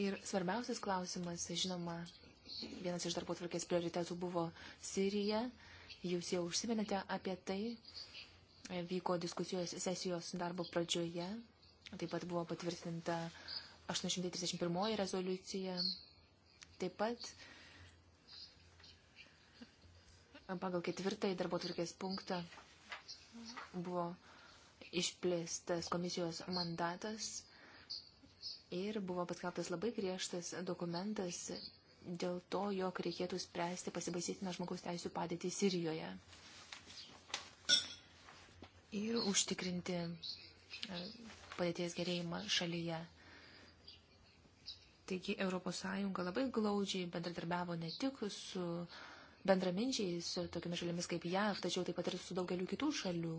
Ir svarbiausias klausimas, žinoma, vienas iš darbo tvarkės prioritetų buvo Sirija. Jūs jau užsiminėte apie tai vyko diskusijos sesijos darbo pradžioje. Taip pat buvo patvirtinta 831 rezoliucija. Taip pat pagal ketvirtąjį darbo tvarkės punktą buvo išplėstas komisijos mandatas ir buvo paskelbtas labai griežtas dokumentas dėl to, jog reikėtų spręsti pasibaisėtiną žmogaus teisų padėtį Sirijoje ir užtikrinti e, padėties gerėjimą šalyje. Taigi ES labai glaudžiai bendradarbiavo ne tik su bendraminčiais, su tokiamis šalimis kaip JAV, tačiau taip pat ir su daugeliu kitų šalių.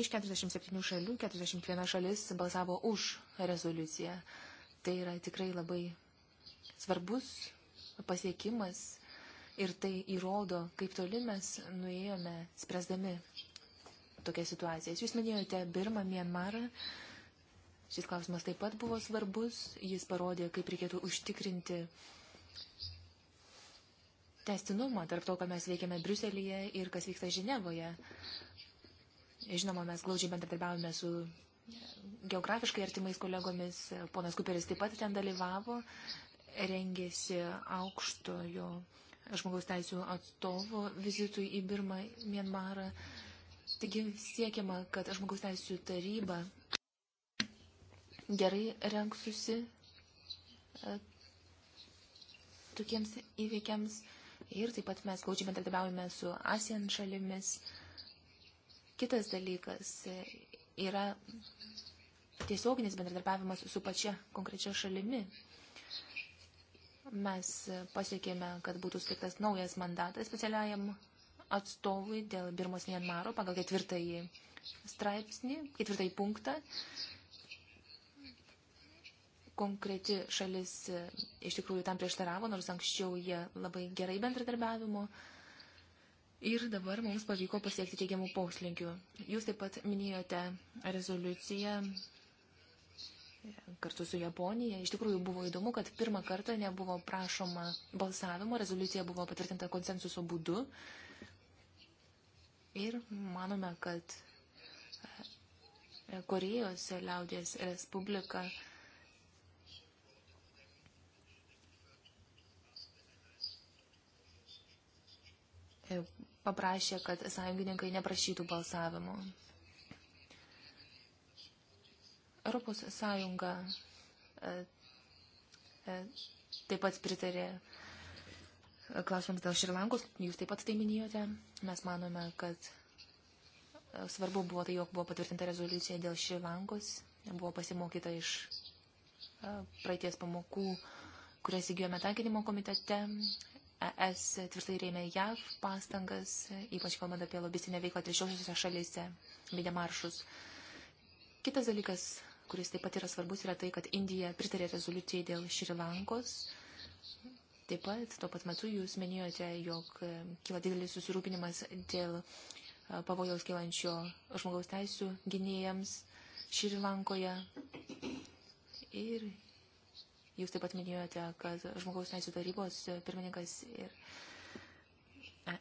Iš 47 šalių 41 šalis balsavo už rezoliuciją. Tai yra tikrai labai svarbus pasiekimas Ir tai įrodo, kaip toli mes nuėjome spręsdami tokią situaciją. Jūs minėjote Birmą, Mianmarą. Šis klausimas taip pat buvo svarbus. Jis parodė, kaip reikėtų užtikrinti testinumą tarp to, ką mes veikiame Briuselėje ir kas vyksta Ženevoje. Žinoma, mes glaudžiai bendradarbiavome su geografiškai artimais kolegomis. Ponas Kuperis taip pat ten dalyvavo, rengėsi aukštojo žmogaus teisų atstovo vizitui į Birmą, Mienmarą. Taigi siekiama, kad žmogaus teisų taryba gerai renksusi e, tokiems įvykiams. Ir taip pat mes glaudžiai bendradarbiaujame su ASEAN šalimis. Kitas dalykas e, yra tiesioginis bendradarbiavimas su pačia konkrečia šalimi. Mes pasiekėme, kad būtų skirtas naujas mandatas specialiajam atstovui dėl Birmos Mienmaro pagal ketvirtąjį straipsnį, ketvirtąjį punktą. Konkreti šalis e, iš tikrųjų tam prieštaravo, nors anksčiau jie labai gerai bendradarbiavimo. Ir dabar mums pavyko pasiekti teigiamų poslinkių. Jūs taip pat minėjote rezoliuciją kartu su Japonija. Iš tikrųjų buvo įdomu, kad pirmą kartą nebuvo prašoma balsavimo, rezoliucija buvo patvirtinta konsensuso būdu. Ir manome, kad e, Korejos liaudės Respublika e, paprašė, kad sąjungininkai neprašytų balsavimo. Europos Sąjunga e, e, taip pat pritarė klausimams dėl Šrilankos, jūs taip pat tai minėjote. Mes manome, kad e, svarbu buvo tai, jog buvo patvirtinta rezoliucija dėl Šrilankos, buvo pasimokyta iš praeities pamokų, kurias įgijome tankinimo komitete. ES tvirtai rėmė JAV pastangas, ypač kalbant apie lobistinę veiklą trečiosiuose šalyse, bei demaršus. Kitas dalykas kuris taip pat yra svarbus, yra tai, kad Indija pritarė rezoliucijai dėl Šrilankos. Taip pat, tuo pat metu jūs minėjote, jog e, kyla didelis susirūpinimas dėl e, pavojaus kylančio žmogaus teisų gynėjams Šrilankoje. Ir jūs taip pat minėjote, kad žmogaus teisų tarybos pirmininkas ir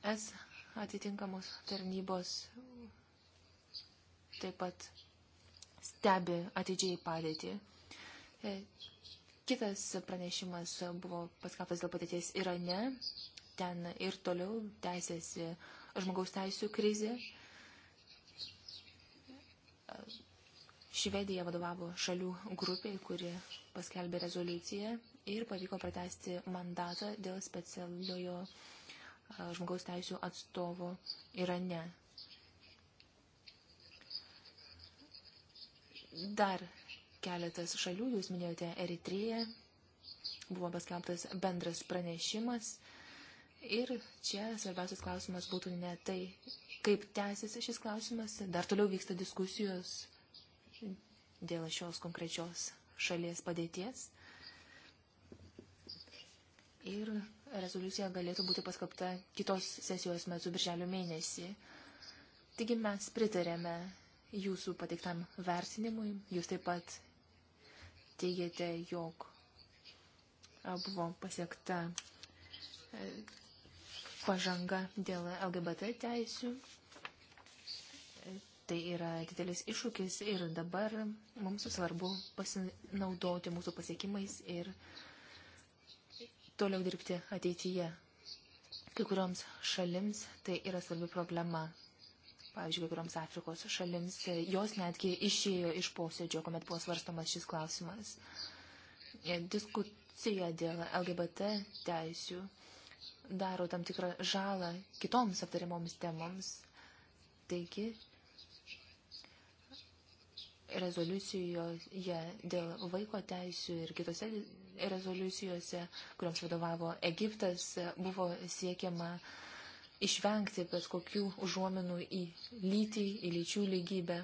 ES atitinkamos tarnybos taip pat stebi atidžiai padėtį. E, kitas pranešimas buvo paskaptas dėl padėties Irane. Ten ir toliau tęsiasi žmogaus teisų krizė. Švedija vadovavo šalių grupiai, kuri paskelbė rezoliuciją ir pavyko pratesti mandatą dėl specialiojo žmogaus teisų atstovo Irane. Dar keletas šalių, jūs minėjote Eritrėje, buvo paskelbtas bendras pranešimas ir čia svarbiausias klausimas būtų ne tai, kaip tęsiasi šis klausimas, dar toliau vyksta diskusijos dėl šios konkrečios šalies padėties. Ir rezoliucija galėtų būti paskapta kitos sesijos metu, birželio mėnesį. Taigi mes pritarėme jūsų pateiktam vertinimui. Jūs taip pat teigiate, jog buvo pasiekta e, pažanga dėl LGBT teisių. E, tai yra didelis iššūkis ir dabar mums svarbu pasinaudoti mūsų pasiekimais ir toliau dirbti ateityje. Kai kurioms šalims tai yra svarbi problema pavyzdžiui, kai kurioms Afrikos šalims, e, jos netgi išėjo iš posėdžio, kuomet buvo svarstamas šis klausimas. E, diskusija dėl LGBT teisių daro tam tikrą žalą kitoms aptariamoms temoms. Taigi, rezoliucijoje dėl vaiko teisių ir kitose rezoliucijose, kuriams vadovavo Egiptas, buvo siekiama uh, išvengti bet kokių užuominų į lytį, į lyčių lygybę.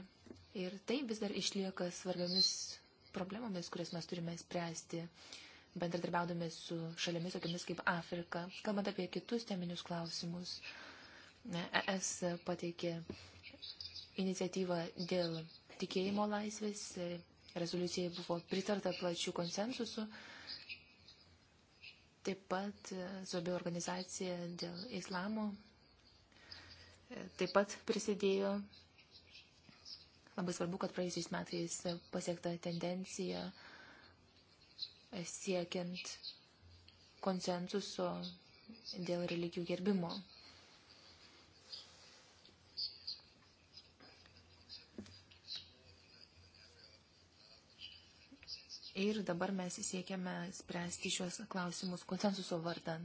Ir tai vis dar išlieka svarbiamis problemomis, kurias mes turime spręsti, bendradarbiaudami su šalimis tokiamis kaip Afrika. Kalbant apie kitus teminius klausimus, ES pateikė iniciatyvą dėl tikėjimo laisvės, rezoliucijai buvo pritarta plačių konsensusų Taip pat e, Zobė organizacija dėl islamo e, taip pat prisidėjo. Labai svarbu, kad praėjusiais metais pasiekta tendencija e, siekiant konsensuso dėl religijų gerbimo. Ir dabar mes siekiame spręsti šios klausimus konsensuso vardan.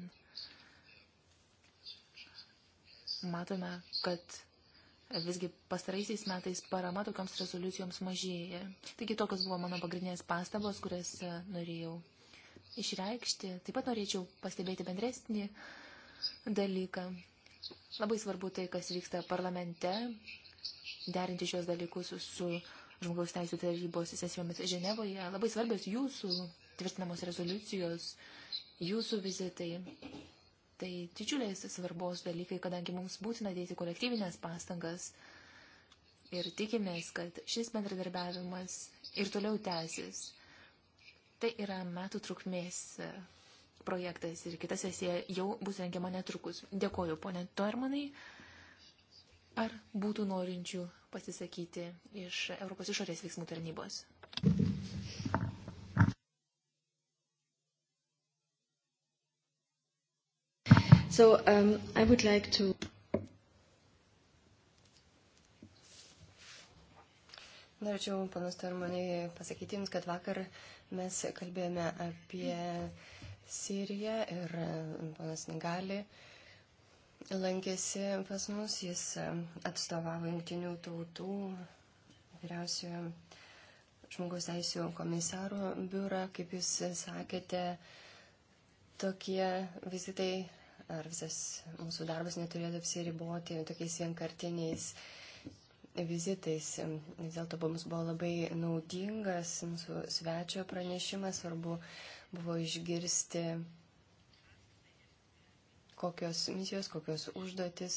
Matome, kad visgi pastaraisiais metais parama tokioms rezoliucijoms mažėja. Taigi tokios buvo mano pagrindinės pastabos, kurias e, norėjau išreikšti. Taip pat norėčiau pastebėti bendresnį dalyką. Labai svarbu tai, kas vyksta parlamente, derinti šios dalykus su žmogaus teisų tarybos sesijomis Ženevoje. Labai svarbios jūsų tvirtinamos rezoliucijos, jūsų vizitai. Tai didžiulės svarbos dalykai, kadangi mums būtina dėti kolektyvinės pastangas ir tikimės, kad šis bendradarbiavimas ir toliau tęsis. Tai yra metų trukmės projektas ir kita sesija jau bus rengiama netrukus. Dėkoju, ponė Tormanai. Ar būtų norinčių pasisakyti iš Europos išorės veiksmų tarnybos. So, um, I would like to... Norėčiau, panas Tarmanai, pasakyti Jums, kad vakar mes kalbėjome apie Siriją ir panas Nagali uh, lankėsi pas mus, jis e, atstovavo jungtinių tautų vyriausiojo žmogaus teisų komisarų biurą, kaip jūs sakėte, tokie vizitai ar visas mūsų darbas neturėtų apsiriboti tokiais vienkartiniais vizitais. Vis dėlto mums buvo labai naudingas mūsų svečio pranešimas, svarbu buvo išgirsti kokios misijos, kokios užduotis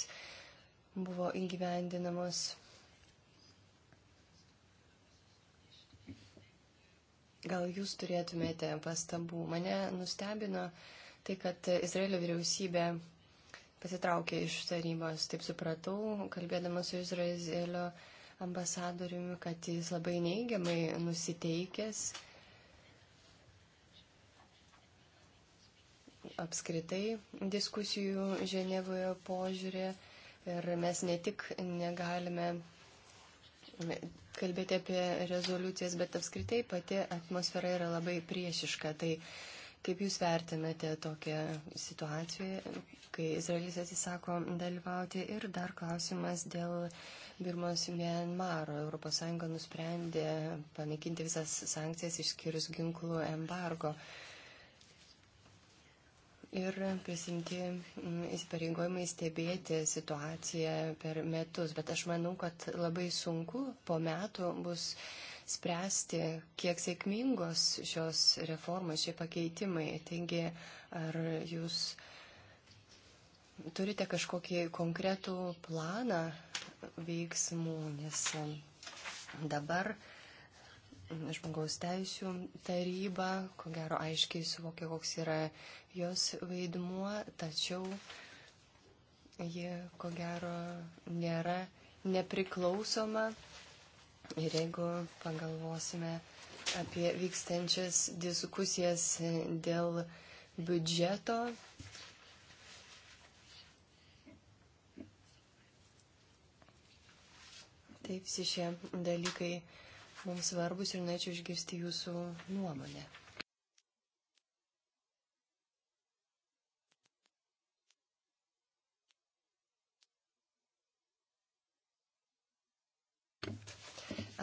buvo įgyvendinamos. Gal jūs turėtumėte pastabų? Mane nustebino tai, kad Izraelio vyriausybė pasitraukė iš tarybos. Taip supratau, kalbėdama su Izraelio ambasadoriumi, kad jis labai neigiamai nusiteikęs apskritai diskusijų Ženevoje požiūrį ir mes ne tik negalime kalbėti apie rezoliucijas, bet apskritai pati atmosfera yra labai priešiška. Tai kaip Jūs vertinate tokią situaciją, kai Izraelis atsisako dalyvauti? Ir dar klausimas dėl Birmos Mienmaro. ES nusprendė panaikinti visas sankcijas išskyrus ginklų embargo. Uh, ir prisimti mm, įsipareigojimai stebėti situaciją per metus. Bet aš manau, kad labai sunku po metų bus spręsti, kiek sėkmingos šios reformos, šie pakeitimai. Taigi, ar jūs turite kažkokį konkretų planą veiksmų, nes dabar žmogaus teisų taryba, ko gero aiškiai suvokia, koks yra jos vaidmuo, tačiau ji, ko gero, nėra nepriklausoma. Ir jeigu pagalvosime apie vykstančias diskusijas dėl biudžeto, tai visi šie dalykai mums svarbus ir norėčiau išgirsti jūsų nuomonę.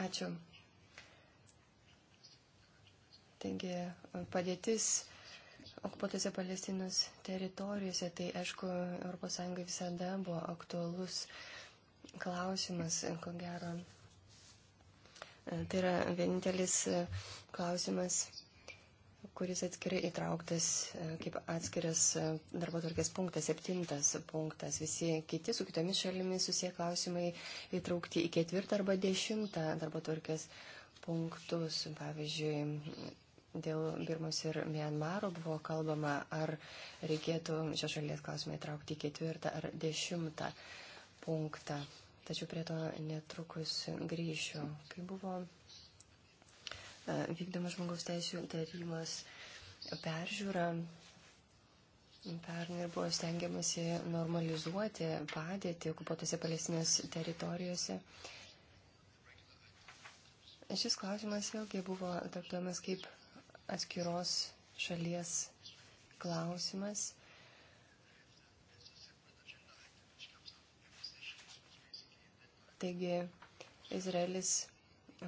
Ačiū. Taigi padėtis okupuotose Palestinos teritorijose, tai aišku, ES visada buvo aktualus klausimas, ko gero, Tai yra vienintelis e, klausimas, kuris atskirai įtrauktas e, kaip atskiras e, darbo tvarkės punktas, septintas punktas. Visi kiti su kitomis šalimis susiję klausimai įtraukti į ketvirtą arba dešimtą darbo tvarkės punktus. Pavyzdžiui, dėl Birmos ir Mianmaro buvo kalbama, ar reikėtų šios šalies klausimą įtraukti į ketvirtą ar dešimtą punktą. Tačiau prie to netrukus grįšiu. Kai buvo e, vykdomas žmogaus teisų tarybos peržiūra, pernai buvo stengiamasi normalizuoti padėtį okupuotose palestinės teritorijose. Šis klausimas vėlgi buvo traktuojamas kaip atskiros šalies klausimas. Taigi Izraelis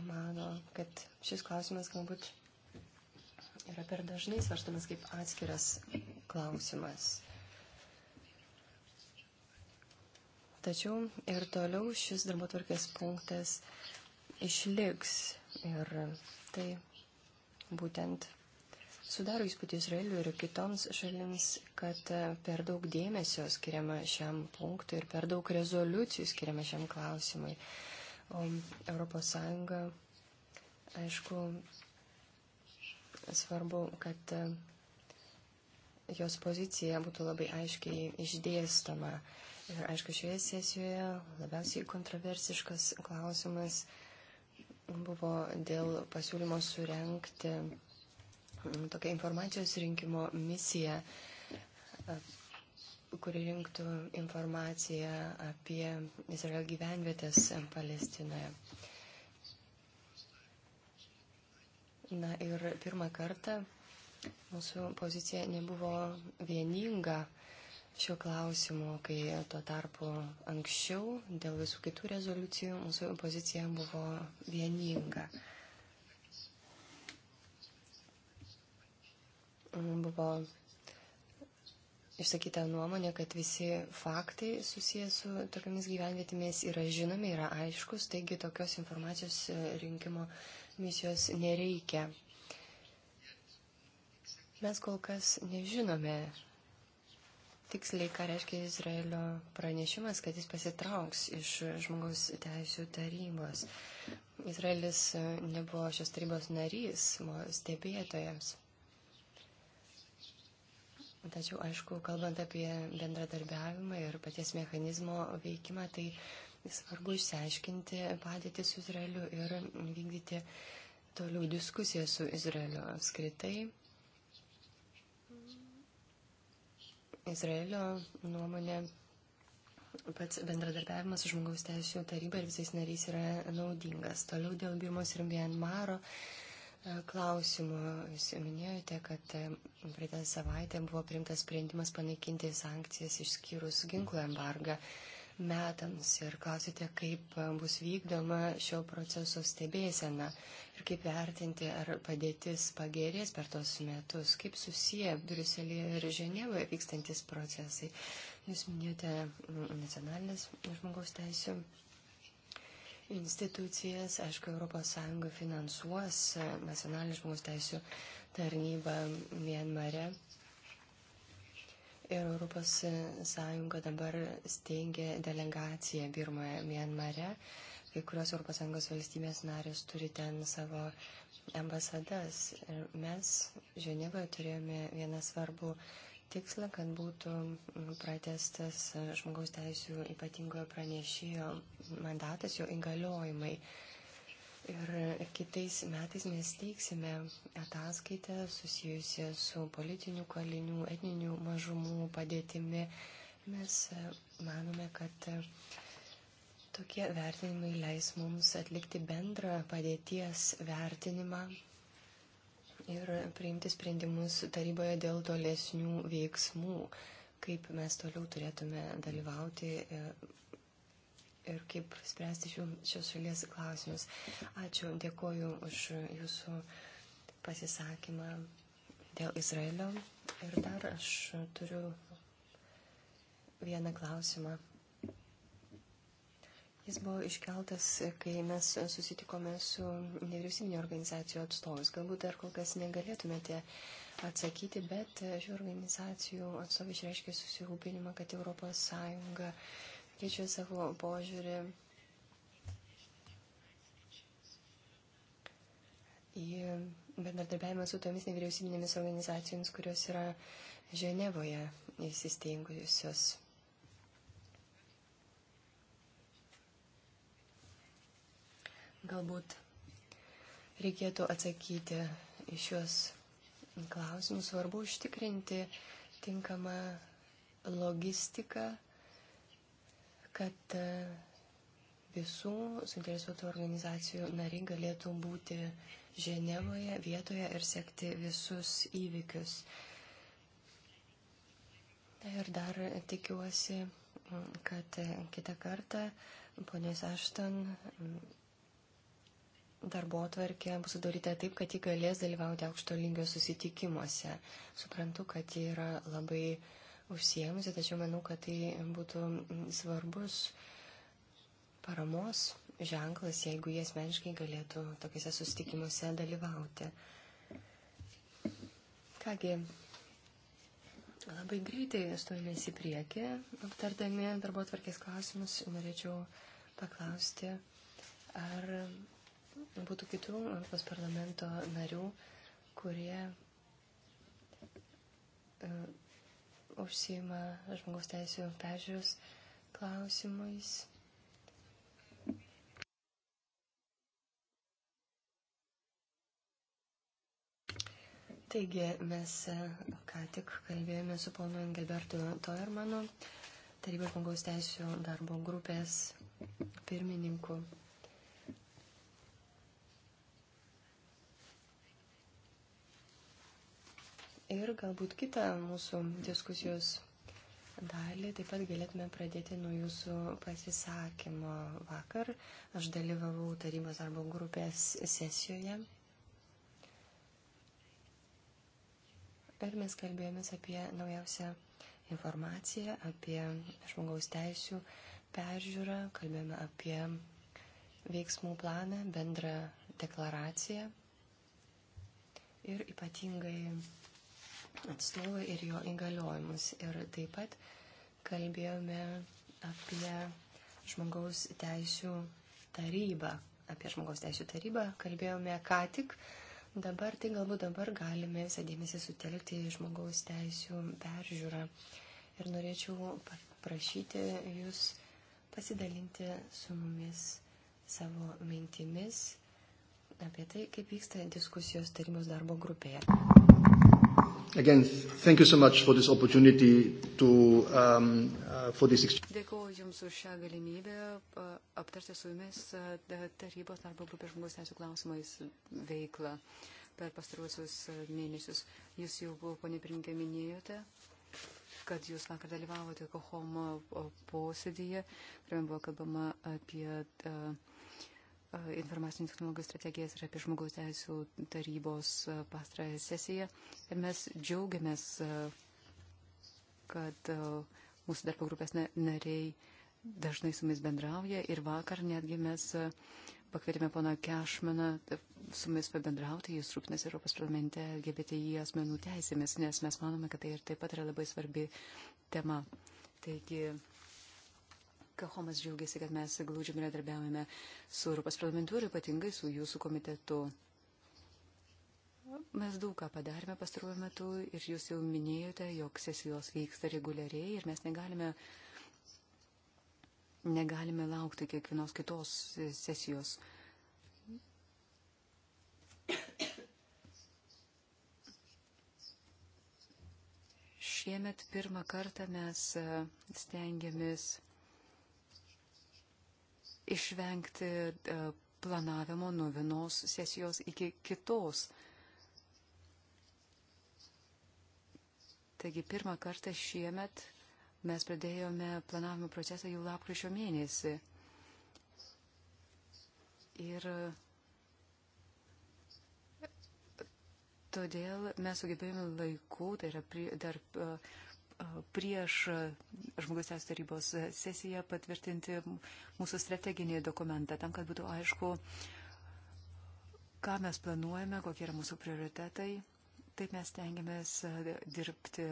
mano, kad šis klausimas galbūt yra per dažnai svarstamas kaip atskiras klausimas. Tačiau ir toliau šis darbotvarkės punktas išliks ir tai būtent Sudaro įspūdį Izraeliu ir kitoms šalims, kad e, per daug dėmesio skiriama šiam punktui ir per daug rezoliucijų skiriama šiam klausimui. O ES, aišku, svarbu, kad e, jos pozicija būtų labai aiškiai išdėstama. Ir aišku, šioje sesijoje labiausiai kontroversiškas klausimas buvo dėl pasiūlymo surenkti tokia informacijos rinkimo misija, e, kuri rinktų informaciją apie Izraelio gyvenvietės Palestinoje. Na ir pirmą kartą mūsų pozicija nebuvo vieninga šiuo klausimu, kai tuo tarpu anksčiau dėl visų kitų rezoliucijų mūsų pozicija buvo vieninga. buvo išsakyta nuomonė, kad visi faktai susijęs su tokiamis gyvenvietėmis yra žinomi, yra aiškus, taigi tokios informacijos e, rinkimo misijos nereikia. Mes kol kas nežinome tiksliai, ką reiškia Izraelio pranešimas, kad jis pasitrauks iš žmogaus teisų tarybos. Izraelis e, nebuvo šios tarybos narys, stebėtojas. Tačiau, aišku, kalbant apie bendradarbiavimą ir paties mechanizmo veikimą, tai svarbu išsiaiškinti padėtį su Izraeliu ir vykdyti toliau diskusiją su Izraeliu apskritai. Izraelio nuomonė pats bendradarbiavimas su žmogaus teisų taryba ir visais nariais yra naudingas. Toliau dėl Birmos ir Mianmaro klausimų. Jūs minėjote, kad e, praeitą savaitę buvo priimtas sprendimas panaikinti sankcijas išskyrus ginklų embargą metams ir klausite, kaip e, bus vykdoma šio proceso stebėsena ir kaip vertinti, ar padėtis pagerės per tos metus, kaip susiję Briuselėje ir Ženevoje vykstantis procesai. Jūs minėjote mm, nacionalinės žmogaus teisų institucijas. Aišku, ES finansuos e, nacionalinį žmogaus teisų tarnybą Mienmare. Ir ES dabar steigia delegaciją Birmoje, Mienmare. Kai kurios ES valstybės narės turi ten savo ambasadas. Ir mes Ženevoje turėjome vieną svarbų tikslą, kad būtų pratestas e, žmogaus teisų ypatingojo pranešėjo mandatas, jo įgaliojimai. Ir kitais metais mes teiksime ataskaitę susijusią su politinių kalinių, etninių mažumų padėtimi. Mes e, manome, kad e, tokie vertinimai leis mums atlikti bendrą padėties vertinimą ir priimti sprendimus taryboje dėl tolesnių veiksmų, kaip mes toliau turėtume dalyvauti e, ir kaip spręsti šios šalies klausimus. Ačiū, dėkoju už jūsų pasisakymą dėl Izraelio. Ir dar aš turiu vieną klausimą. Jis buvo iškeltas, kai mes susitikome su nevyriausybinio organizacijų atstovus. Galbūt dar kol kas negalėtumėte atsakyti, bet šių organizacijų atstovai išreiškė susirūpinimą, kad ES keičia savo požiūrį į bendradarbiavimą su tomis nevyriausybinėmis organizacijomis, kurios yra Ženevoje įsisteigusios. Galbūt reikėtų atsakyti į šiuos klausimus. Svarbu užtikrinti tinkamą logistiką, kad e, visų suinteresuotų organizacijų nariai galėtų būti Ženevoje vietoje ir sekti visus įvykius. Ir dar tikiuosi, kad e, kitą kartą ponės Aštan darbo atvarkė bus sudaryta taip, kad ji galės dalyvauti aukšto lygio susitikimuose. Suprantu, kad ji yra labai užsiemusi, tačiau manau, kad tai būtų svarbus paramos ženklas, jeigu jie asmeniškai galėtų tokiuose susitikimuose dalyvauti. Kągi, labai greitai stojomės į priekį, aptardami darbo atvarkės klausimus, norėčiau paklausti, ar būtų kitų Europos parlamento narių, kurie uh, e, užsima žmogaus teisų peržiūros klausimais. Taigi mes e, ką tik kalbėjome su ponu Engelbertu Toermanu, tarybos žmogaus teisų darbo grupės pirmininku. ir galbūt kitą mūsų diskusijos dalį taip pat galėtume pradėti nuo jūsų pasisakymo. Vakar aš dalyvavau tarybos darbo grupės sesijoje ir mes kalbėjomės apie naujausią informaciją, apie žmogaus teisų peržiūrą, kalbėjome apie veiksmų planą, bendrą deklaraciją ir ypatingai atstovą ir jo įgaliojimus. Ir taip pat kalbėjome apie žmogaus teisų tarybą. Apie žmogaus teisų tarybą kalbėjome ką tik. Dabar tai galbūt dabar galime visą dėmesį sutelkti į žmogaus teisų peržiūrą. Ir norėčiau paprašyti jūs pasidalinti su mumis savo mintimis apie tai, kaip vyksta diskusijos tarybos darbo grupėje. Again, thank you so much for this opportunity to, um, uh, for this exchange. Dėkuoju Jums už šią galimybę aptarti su Jumis e, tarybos darbo grupės žmogus teisų klausimais veiklą per pastaruosius e, mėnesius. Jūs jau, ponė pirmininkė, minėjote, kad Jūs vakar dalyvavote Kohomo posėdėje, kuriame buvo kalbama apie uh, informacinių technologijų strategijas ir apie žmogaus teisų tarybos e, pastarąją sesiją. Ir mes džiaugiamės, e, kad e, mūsų darbo grupės nariai dažnai su mumis bendrauja ir vakar netgi mes pakvietėme poną Kešmaną su mumis pabendrauti, jis rūpinasi Europos parlamente LGBTI asmenų teisėmis, nes mes manome, kad tai ir taip pat yra labai svarbi tema. Taigi, Kahomas džiaugiasi, kad mes glaudžiai bendradarbiaujame su Europos parlamentu ir ypatingai su jūsų komitetu. Mes daug ką padarėme pastaruoju metu ir jūs jau minėjote, jog sesijos vyksta reguliariai ir mes negalime, negalime laukti kiekvienos kitos sesijos. Šiemet pirmą kartą mes stengiamės išvengti e, planavimo nuo vienos sesijos iki kitos. Taigi pirmą kartą šiemet mes pradėjome planavimo procesą jau lapkričio mėnesį. Ir todėl mes sugebėjome laiku, tai yra prie, dar uh, prieš e, žmogus teisų tarybos e, sesiją patvirtinti mūsų strateginį dokumentą, tam, kad būtų aišku, ką mes planuojame, kokie yra mūsų prioritetai. Taip mes tengiamės e, dirbti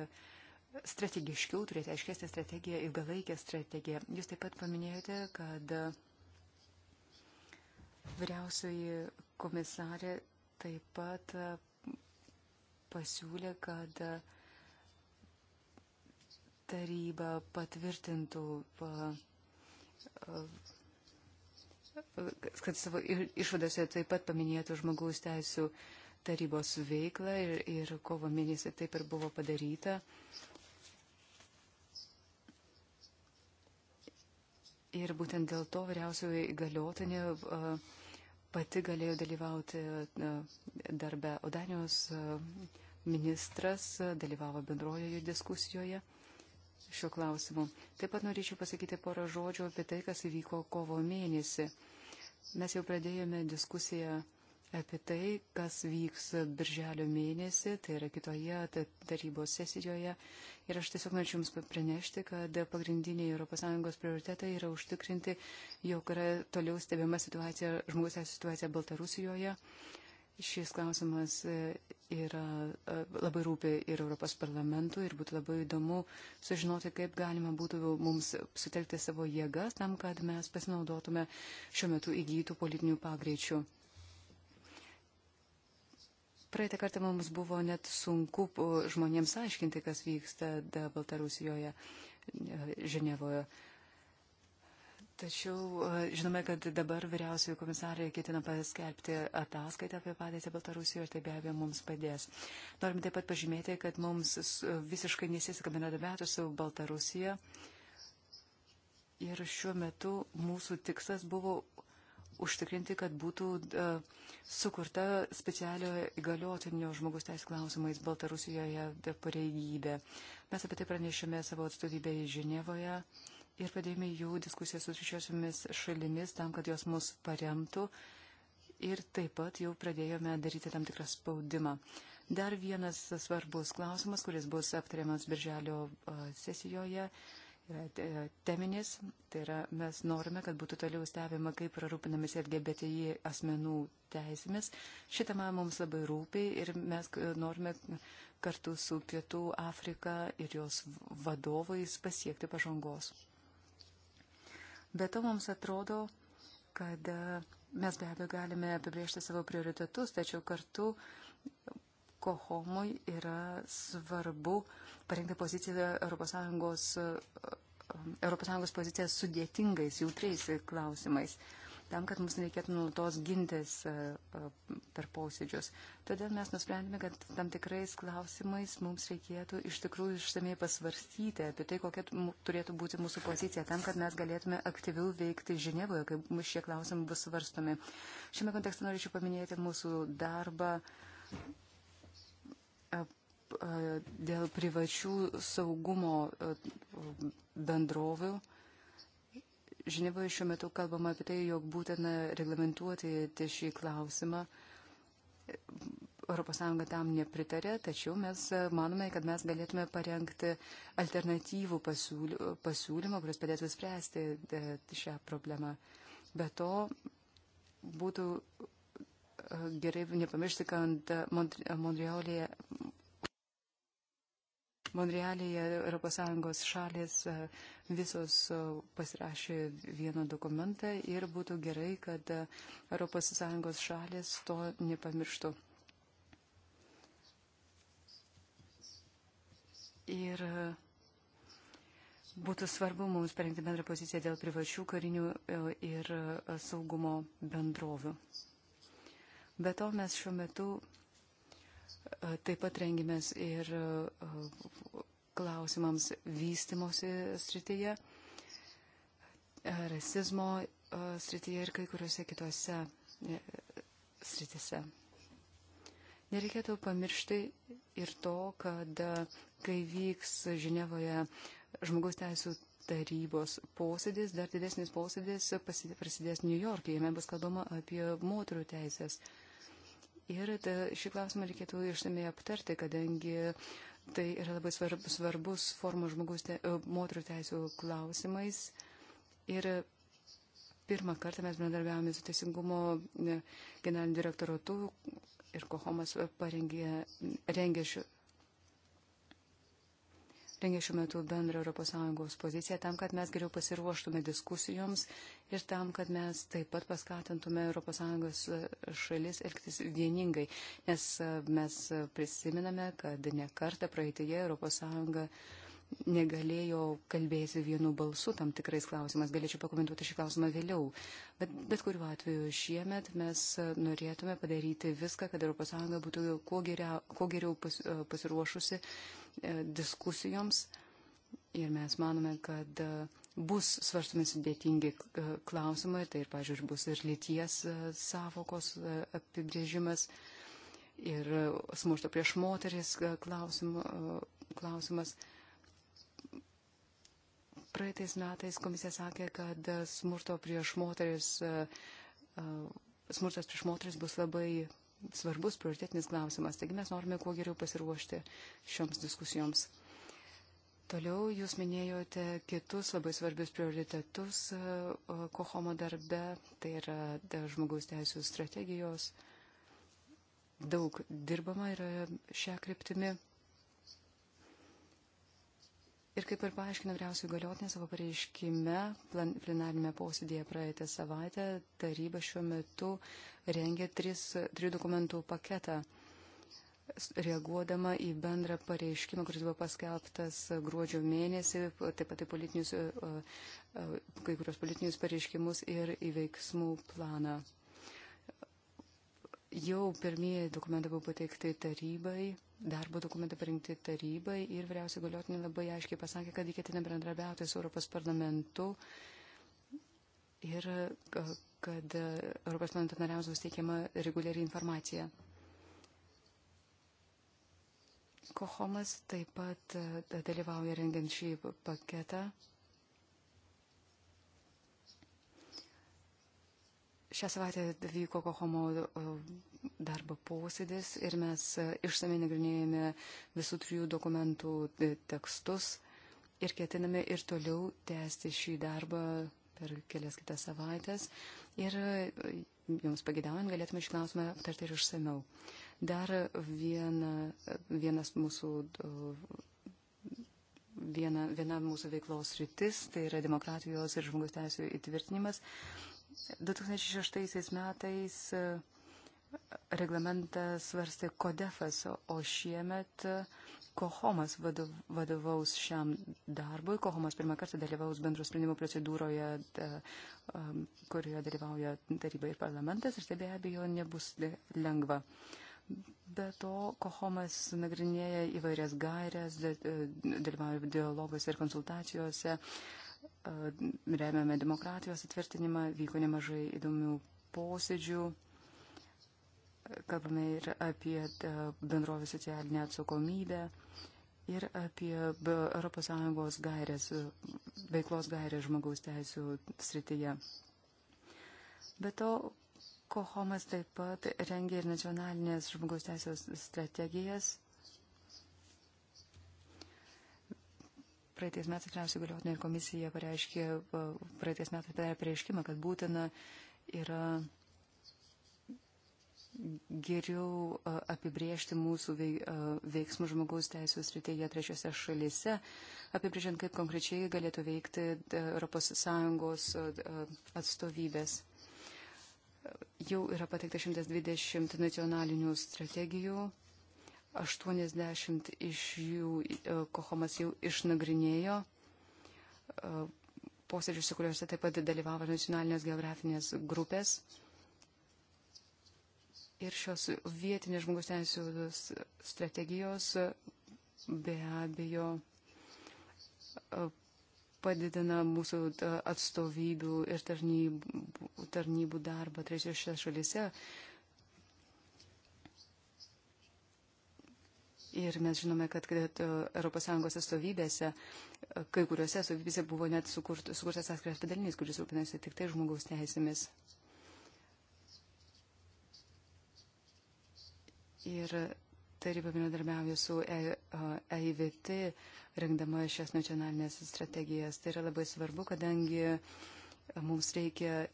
strategiškiau, turėti aiškesnę strategiją, ilgalaikę strategiją. Jūs taip pat paminėjote, kad vyriausioji komisarė taip pat pasiūlė, kad uh, taryba patvirtintų, e, kad savo išvadose taip pat paminėtų žmogaus teisų tarybos veiklą ir, ir kovo mėnesį taip ir buvo padaryta. Ir būtent dėl to vyriausioji galiotinė e, pati galėjo dalyvauti e, darbe. O Danijos ministras dalyvavo bendrojoje diskusijoje šiuo klausimu. Taip pat norėčiau pasakyti porą žodžių apie tai, kas įvyko kovo mėnesį. Mes jau pradėjome diskusiją apie tai, kas vyks birželio mėnesį, tai yra kitoje tarybos sesijoje. Ir aš tiesiog norėčiau Jums pranešti, kad pagrindiniai ES prioritetai yra užtikrinti, jog yra toliau stebima situacija, žmogus situacija Baltarusijoje Šis klausimas e, yra e, labai rūpi ir Europos parlamentui ir būtų labai įdomu sužinoti, kaip galima būtų mums sutelkti savo jėgas tam, kad mes pasinaudotume šiuo metu įgytų politinių pagreičių. Praeitą kartą mums buvo net sunku e, žmonėms aiškinti, kas vyksta Baltarusijoje, Ženevoje. Uh, Tačiau e, žinome, kad dabar vyriausioji komisarė ketina paskelbti ataskaitą apie padėtį Baltarusijoje ir tai be abejo mums padės. Norim taip pat pažymėti, kad mums visiškai nesiseka bendradarbiauti su Baltarusija. Ir šiuo metu mūsų tikslas buvo užtikrinti, kad būtų uh, sukurta specialio įgaliotinio žmogus teisų klausimais Baltarusijoje pareigybė. Mes apie tai pranešėme savo atstovybėje Ženevoje. Uh, ir padėjome jų diskusiją su šiosiomis šalimis tam, kad jos mus paremtų ir taip pat jau pradėjome daryti tam tikrą spaudimą. Dar vienas svarbus klausimas, kuris bus aptariamas birželio sesijoje, yra teminis. Tai yra, mes norime, kad būtų toliau stebima, kaip prarūpinamis LGBTI asmenų teisėmis. Šitą mums labai rūpi ir mes norime kartu su Pietų Afrika ir jos vadovais pasiekti pažangos. Bet to mums atrodo, kad e, mes be abejo galime apibriežti savo prioritetus, tačiau kartu Kohomui yra svarbu parengti poziciją ES, ES poziciją sudėtingais, jautriais klausimais tam, kad mums nereikėtų nulatos gintis e, e, per posėdžius. Todėl mes nusprendėme, kad tam tikrais klausimais mums reikėtų iš tikrųjų išsamei pasvarstyti apie tai, kokia turėtų būti mūsų pozicija, tam, kad mes galėtume aktyviau veikti Ženevoje, kai mūsų šie klausimai bus svarstomi. Šiame kontekste norėčiau paminėti mūsų darbą e, dėl privačių saugumo bendrovių Ženevoje šiuo metu kalbama apie tai, jog būtina reglamentuoti šį klausimą. ES tam nepritarė, tačiau mes manome, kad mes galėtume parengti alternatyvų pasiūlymą, kuris padėtų spręsti e, šią problemą. Be to, būtų e, gerai nepamiršti, kad Montrealėje Monrealėje ES šalės e, visos e, pasirašė vieną dokumentą ir būtų gerai, kad ES šalės to nepamirštų. Ir e, būtų svarbu mums parengti bendrą poziciją dėl privačių karinių ir saugumo bendrovių. Be to mes šiuo metu Taip pat rengimės ir e, klausimams vystimosi srityje, e, rasizmo e, srityje ir kai kuriuose kitose srityse. Nereikėtų pamiršti ir to, kad kai vyks Ženevoje žmogaus teisų tarybos posėdis, dar didesnis posėdis prasidės New York'e, jame bus kalbama apie moterų teisės. Uh, Ir ta, šį klausimą reikėtų išsamei aptarti, kadangi tai yra labai svarb, svarbus formos žmogus te, e, moterų teisų klausimais. Ir pirmą kartą mes bendarbiavome su Teisingumo e, generaliniu direktoratu ir Kohomas parengė, rengė šio, rengia šiuo metu bendrą ES poziciją tam, kad mes geriau pasiruoštume diskusijoms ir tam, kad mes taip pat paskatintume ES e, šalis elgtis vieningai, nes e, mes prisiminame, kad ne kartą praeitėje ES negalėjo kalbėti vienu balsu tam tikrais klausimais. Galėčiau pakomentuoti šį klausimą vėliau. Bet, bet kuriuo atveju šiemet mes norėtume padaryti viską, kad ES būtų kuo, geria, kuo geriau pas, e, pasiruošusi E, diskusijoms ir mes manome, kad e, bus svarstami sudėtingi e, klausimai, tai ir, pažiūrėjau, bus ir lyties savokos apibrėžimas ir smurto prieš moteris klausim, klausimas. Praeitais metais komisija sakė, kad smurto prieš moteris, smurtas prieš moteris bus labai svarbus prioritetinis klausimas, taigi mes norime kuo geriau pasiruošti šioms diskusijoms. Toliau jūs minėjote kitus labai svarbius prioritetus e, Kohomo darbe, tai yra žmogaus teisų strategijos. Daug dirbama yra šią kryptimį. Ir kaip ir paaiškino vyriausių galiotinė savo pareiškime plenarinėme posėdėje praeitą savaitę, taryba šiuo metu rengia tris, trijų dokumentų paketą, reaguodama į bendrą pareiškimą, kuris buvo paskelbtas gruodžio mėnesį, taip pat į politinius, kai kurios politinius pareiškimus ir į veiksmų planą. Jau pirmieji dokumentai buvo pateikti tarybai darbo dokumentą parinkti tarybai ir vyriausiai galiotinė labai aiškiai pasakė, kad reikėtina bendradarbiauti su Europos parlamentu ir kad Europos parlamento nariams bus teikiama reguliari informacija. Kohomas taip pat dalyvauja rengiant šį paketą Šią savaitę vyko Kohomo e, darbo posėdis ir mes e, išsamei nagrinėjame visų trijų dokumentų e, tekstus ir ketiname ir toliau tęsti šį darbą per kelias kitas savaitės ir jums pagėdaujant galėtume šį klausimą aptarti ir išsameu. Dar viena, vienas mūsų viena, viena mūsų veiklos rytis, tai yra demokratijos ir žmogus teisų įtvirtinimas. 2006 metais e, reglamentas svarstė Kodefas, o šiemet e, Kohomas vadovaus šiam darbui. Kohomas pirmą kartą dalyvaus bendro sprendimo procedūroje, e, kurioje dalyvauja taryba ir parlamentas ir tai be abejo nebus lengva. Be to, Kohomas nagrinėja įvairias gairias, dalyvauja dialoguose ir konsultacijose remiame demokratijos atvirtinimą, vyko nemažai įdomių posėdžių. Kalbame ir apie bendrovį socialinę atsakomybę ir apie ES gairės, veiklos gairės žmogaus teisų srityje. Be to, Kohomas taip pat rengia ir nacionalinės žmogaus teisės strategijas praeitais metais tikriausiai galiotinė komisija pareiškė, praeitais metais padarė pareiškimą, kad būtina yra geriau apibriežti mūsų veiksmų žmogaus teisų srityje trečiose šalise, apibrėžiant, kaip konkrečiai galėtų veikti ES atstovybės. Jau yra pateikta 120 nacionalinių strategijų 80 iš jų e, Kohomas jau išnagrinėjo e, posėdžiuose, kuriuose taip pat dalyvavo nacionalinės geografinės grupės. Ir šios vietinės žmogus teisų strategijos e, be abejo padidina mūsų atstovybių ir tarnybų, tarnybų darbą trečiose šalise, Ir mes žinome, kad, kad ES atstovybėse, e, kai kuriuose atstovybėse buvo net sukurt, sukurtas atskiras padalinys, kuris rūpinasi tik tai žmogaus teisėmis. Ir taryba bendradarbiauja su EIVT, e, e rengdama šias nacionalinės strategijas. Tai yra labai svarbu, kadangi mums reikia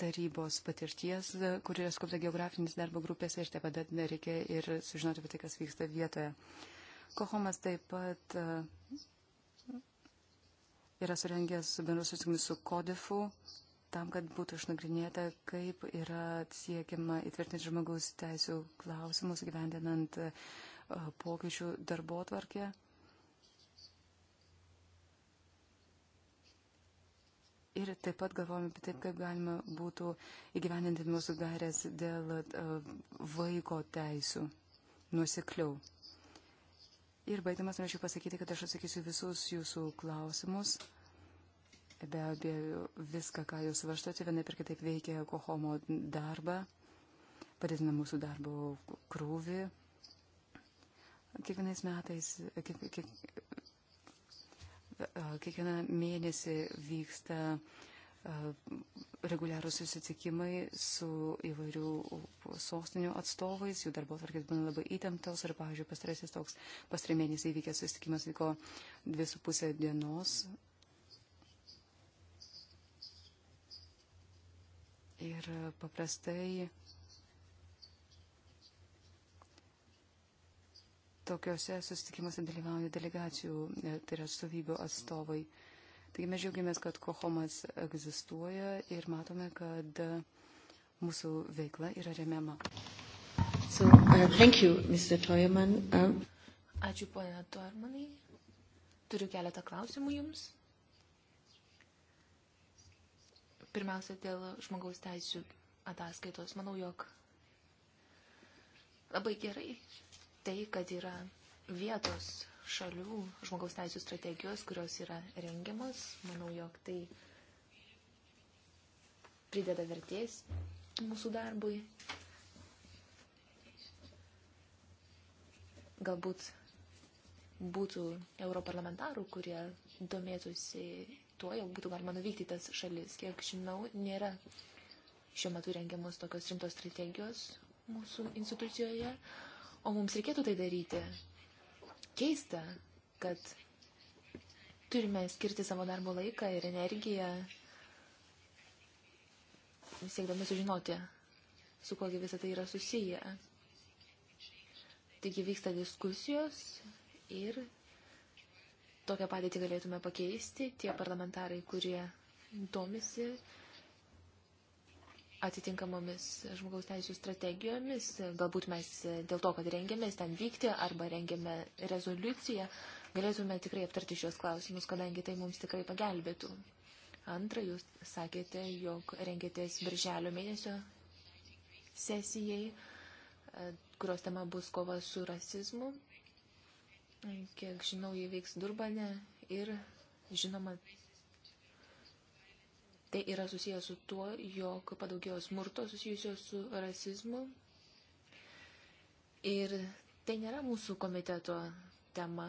tarybos patirties, kur yra skupta geografinis darbo grupės ir tai taip pat reikia ir sužinoti apie tai, kas vyksta vietoje. Kohomas taip pat e, yra surengęs bendrus susitikimus su Kodifu tam, kad būtų išnagrinėta, kaip yra siekiama įtvirtinti žmogaus teisų klausimus, gyvendinant e, pokyčių darbo tvarkę. Ir taip pat galvojame apie taip, kaip galima būtų įgyveninti mūsų gairias dėl e, vaiko teisų nusikliau. Ir baigdamas norėčiau pasakyti, kad aš atsakysiu visus jūsų klausimus. Be abejo, viską, ką jūs varstote, vienai per kitaip veikia kohomo darbą, padidina mūsų darbo krūvį. Kiekvienais metais, kiek, kiek, Kiekvieną mėnesį vyksta reguliarūs susitikimai su įvairių sostinių atstovais, jų darbo tvarkės būna labai įtemptos ir, pavyzdžiui, pastarasis toks pastrėmėnis įvykęs susitikimas vyko dvi su pusė dienos. Ir paprastai tokiuose susitikimuose dalyvauja delegacijų, e, tai yra suvybių atstovai. Taigi mes džiaugiamės, kad kohomas egzistuoja ir matome, kad e, mūsų veikla yra remiama. So, uh, thank you, Mr. Toyerman. Um... Ačiū, ponia Toyermanai. Turiu keletą klausimų jums. Pirmiausia, dėl žmogaus teisų ataskaitos. Manau, jog labai gerai tai, kad yra vietos šalių žmogaus teisų strategijos, kurios yra rengiamas. Manau, jog tai prideda vertės mūsų darbui. Galbūt būtų europarlamentarų, kurie domėtųsi tuo, jog būtų galima nuvykti į tas šalis. Kiek žinau, nėra šiuo metu rengiamos tokios rimtos strategijos mūsų institucijoje. Uh, O mums reikėtų tai daryti. Keista, kad turime skirti savo darbo laiką ir energiją, siekdami sužinoti, su kogi visą tai yra susiję. Taigi vyksta diskusijos ir tokią padėtį galėtume pakeisti tie parlamentarai, kurie domisi atitinkamomis žmogaus teisų strategijomis. Galbūt mes dėl to, kad rengiamės ten vykti arba rengiame rezoliuciją, galėtume tikrai aptarti šios klausimus, kadangi tai mums tikrai pagelbėtų. Antra, jūs sakėte, jog rengėtės birželio mėnesio sesijai, kurios tema bus kova su rasizmu. Kiek žinau, jį veiks Durbane ir, žinoma, Tai yra susijęs su tuo, jog padaugėjo smurto susijusio su rasizmu. Ir tai nėra mūsų komiteto tema,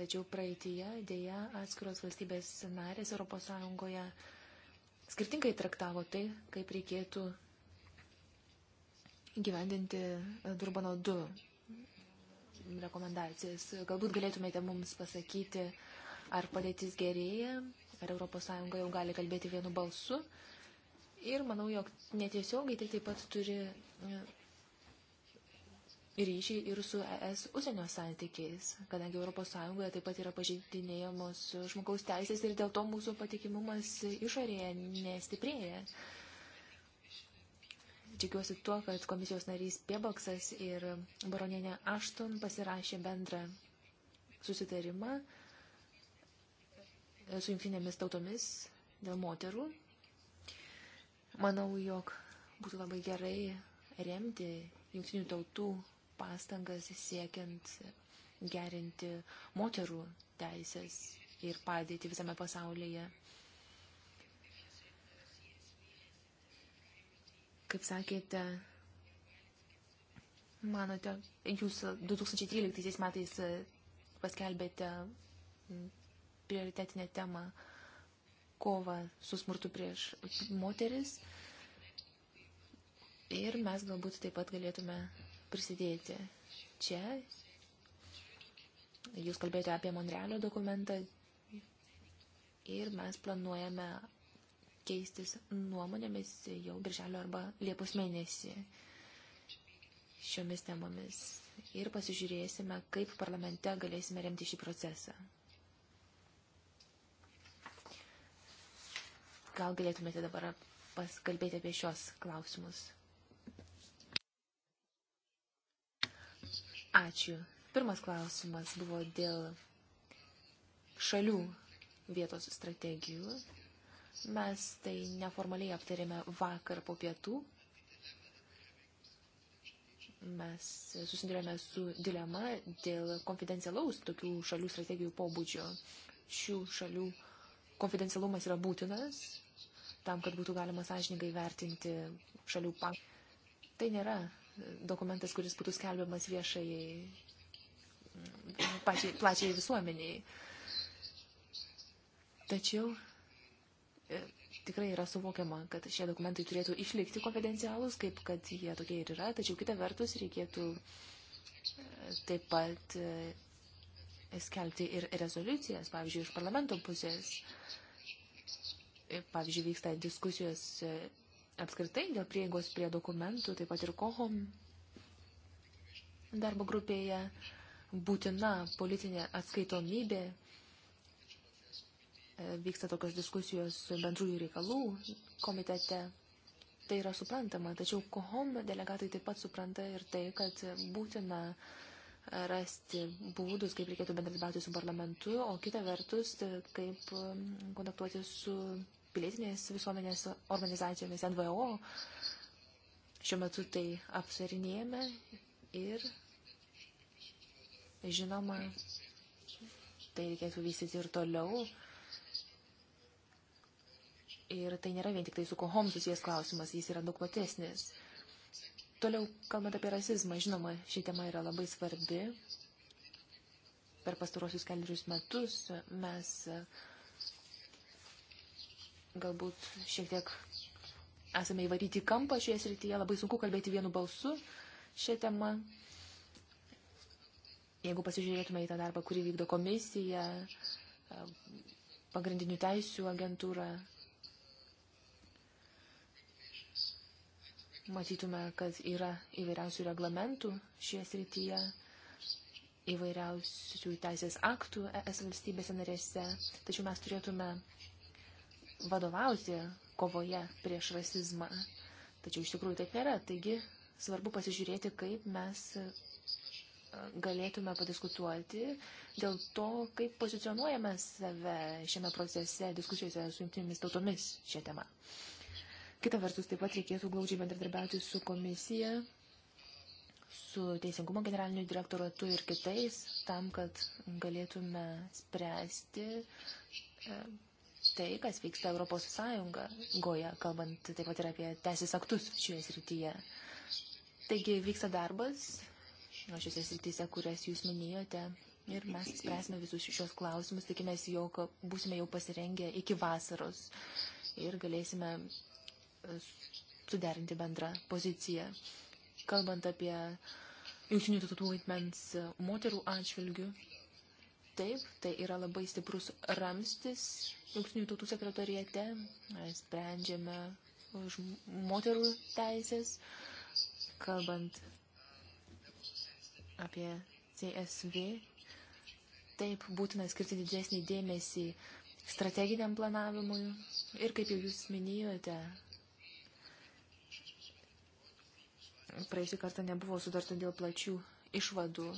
tačiau praeitie dėja atskiros valstybės narės ES skirtingai traktavo tai, kaip reikėtų gyvendinti Durbano 2 rekomendacijas. Galbūt galėtumėte mums pasakyti, ar padėtis gerėja, ar ES jau gali kalbėti vienu balsu. Ir manau, jog netiesiogai tai taip pat turi e, ryšį ir su ES užsienio santykiais, kadangi ES taip pat yra pažeidinėjamos žmogaus teisės ir dėl to mūsų patikimumas išorėje nestiprėja džiaugiuosi tuo, kad komisijos narys Piebaksas ir baronienė Ašton pasirašė bendrą susitarimą, su jungtinėmis tautomis dėl moterų. Manau, jog būtų labai gerai remti jungtinių tautų pastangas siekiant gerinti moterų teisės ir padėti visame pasaulyje. Kaip sakėte, manote, jūs 2013 metais paskelbėte prioritetinę temą kovą su smurtu prieš moteris. Ir mes galbūt taip pat galėtume prisidėti čia. Jūs kalbėjote apie Monrealio dokumentą ir mes planuojame keistis nuomonėmis jau birželio arba liepos mėnesį šiomis temomis ir pasižiūrėsime, kaip parlamente galėsime remti šį procesą. Gal galėtumėte dabar paskalbėti apie šios klausimus? Ačiū. Pirmas klausimas buvo dėl šalių vietos strategijų. Mes tai neformaliai aptarėme vakar po pietų. Mes susidurėme su dilema dėl konfidencialaus tokių šalių strategijų pobūdžio. Šių šalių konfidencialumas yra būtinas, tam, kad būtų galima sąžininkai vertinti šalių bank. Tai nėra dokumentas, kuris būtų skelbiamas viešai pačiai, plačiai visuomeniai. Tačiau e, tikrai yra suvokiama, kad šie dokumentai turėtų išlikti konfidencialūs, kaip kad jie tokie ir yra, tačiau kita vertus reikėtų e, taip pat e, skelbti ir rezoliucijas, pavyzdžiui, iš parlamento pusės pavyzdžiui, vyksta diskusijos e, apskritai dėl prieigos prie dokumentų, taip pat ir kohom darbo grupėje būtina politinė atskaitomybė. E, vyksta tokios diskusijos bendrųjų reikalų komitete. Tai yra suprantama, tačiau kohom delegatai taip pat supranta ir tai, kad būtina rasti būdus, kaip reikėtų bendradarbiauti su parlamentu, o kita vertus, e, kaip kontaktuoti su pilietinės visuomenės organizacijomis NVO. Šiuo metu tai apsarinėjame ir, žinoma, tai reikėtų vystyti ir toliau. Ir tai nėra vien tik tai su kohom susijęs klausimas, jis yra daug platesnis. Toliau, kalbant apie rasizmą, žinoma, ši tema yra labai svarbi. Per pastarosius kelius metus mes uh, galbūt šiek tiek esame įvaryti į kampą šioje srityje, labai sunku kalbėti vienu balsu šią temą. Jeigu pasižiūrėtume į tą darbą, kurį vykdo komisija, pagrindinių teisių agentūra, matytume, kad yra įvairiausių reglamentų šioje srityje, įvairiausių teisės aktų ES valstybėse narėse, tačiau mes turėtume vadovauti kovoje prieš rasizmą. Tačiau iš tikrųjų taip nėra. Taigi svarbu pasižiūrėti, kaip mes e, galėtume padiskutuoti dėl to, kaip pozicionuojame save šiame procese, diskusijose su jungtinėmis tautomis šią temą. Kita vertus, taip pat reikėtų glaudžiai bendradarbiauti su komisija, su Teisingumo generaliniu direktoratu ir kitais, tam, kad galėtume spręsti e, tai, kas vyksta Europos Sąjungoje, kalbant taip pat ir apie teisės aktus šioje srityje. Taigi vyksta darbas šiuose srityse, kurias jūs minėjote, ir mes spręsime visus šios klausimus, tikimės, jog būsime jau pasirengę iki vasaros ir galėsime e, suderinti bendrą poziciją. Kalbant apie jungtinių tautų vaidmens e, moterų atžvilgių, Taip, tai yra labai stiprus ramstis Junktinių tautų sekretorijate, sprendžiame už moterų teisės, kalbant apie CSV. Taip, būtina skirti didesnį dėmesį strateginiam planavimui ir, kaip jau jūs minėjote, praėjusį kartą nebuvo sudarta dėl plačių išvadų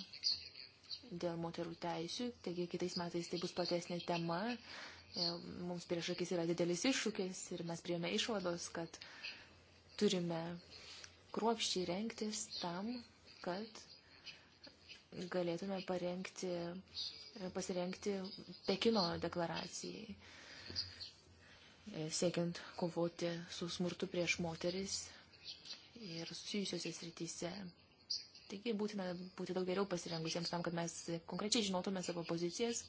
dėl moterų teisių, taigi kitais metais tai bus platesnė tema. E, mums prieš akis yra didelis iššūkis ir mes priėmė išvados, kad turime kruopščiai renktis tam, kad galėtume parengti, pasirengti Pekino deklaracijai, e, siekiant kovoti su smurtu prieš moteris ir susijusiuose srityse. Taigi būtina būti daug geriau pasirengusiems tam, kad mes konkrečiai žinotume savo pozicijas,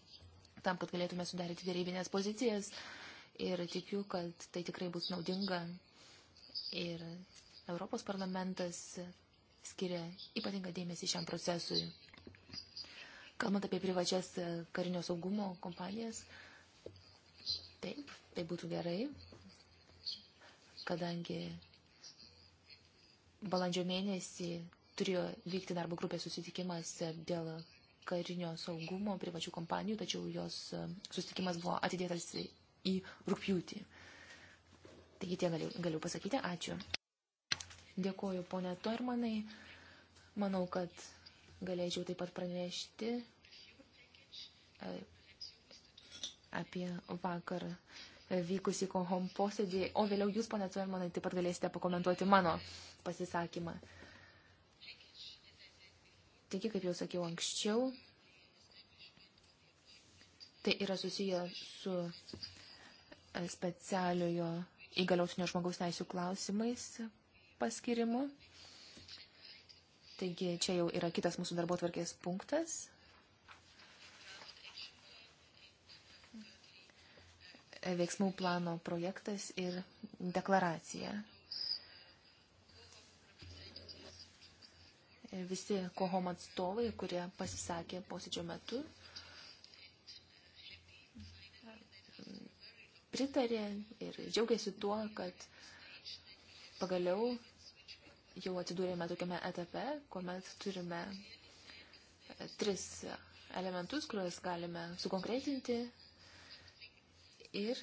tam, kad galėtume sudaryti dėrybinės pozicijas. Ir tikiu, kad tai tikrai bus naudinga. Ir Europos parlamentas skiria ypatingą dėmesį šiam procesui. Kalbant apie privačias karinio saugumo kompanijas, taip, tai būtų gerai, kadangi balandžio mėnesį turėjo vykti darbo grupės susitikimas dėl karinio saugumo privačių kompanijų, tačiau jos e, susitikimas buvo atidėtas į rūpjūtį. Taigi tie galiu, galiu pasakyti, ačiū. Dėkuoju, ponė Tormanai. Manau, kad galėčiau taip pat pranešti e, apie vakar vykusi kohom posėdį, o vėliau jūs, ponė Tormanai, taip pat galėsite pakomentuoti mano pasisakymą. Taigi, kaip jau sakiau anksčiau, tai yra susiję su e, specialiojo įgaliotinio žmogaus teisų klausimais paskirimu. Taigi, čia jau yra kitas mūsų darbo tvarkės punktas. E, veiksmų plano projektas ir deklaracija visi kohom atstovai, kurie pasisakė posėdžio metu, pritarė ir džiaugiasi tuo, kad pagaliau jau atsidūrėme tokiame etape, kuomet turime tris elementus, kuriuos galime sukonkretinti ir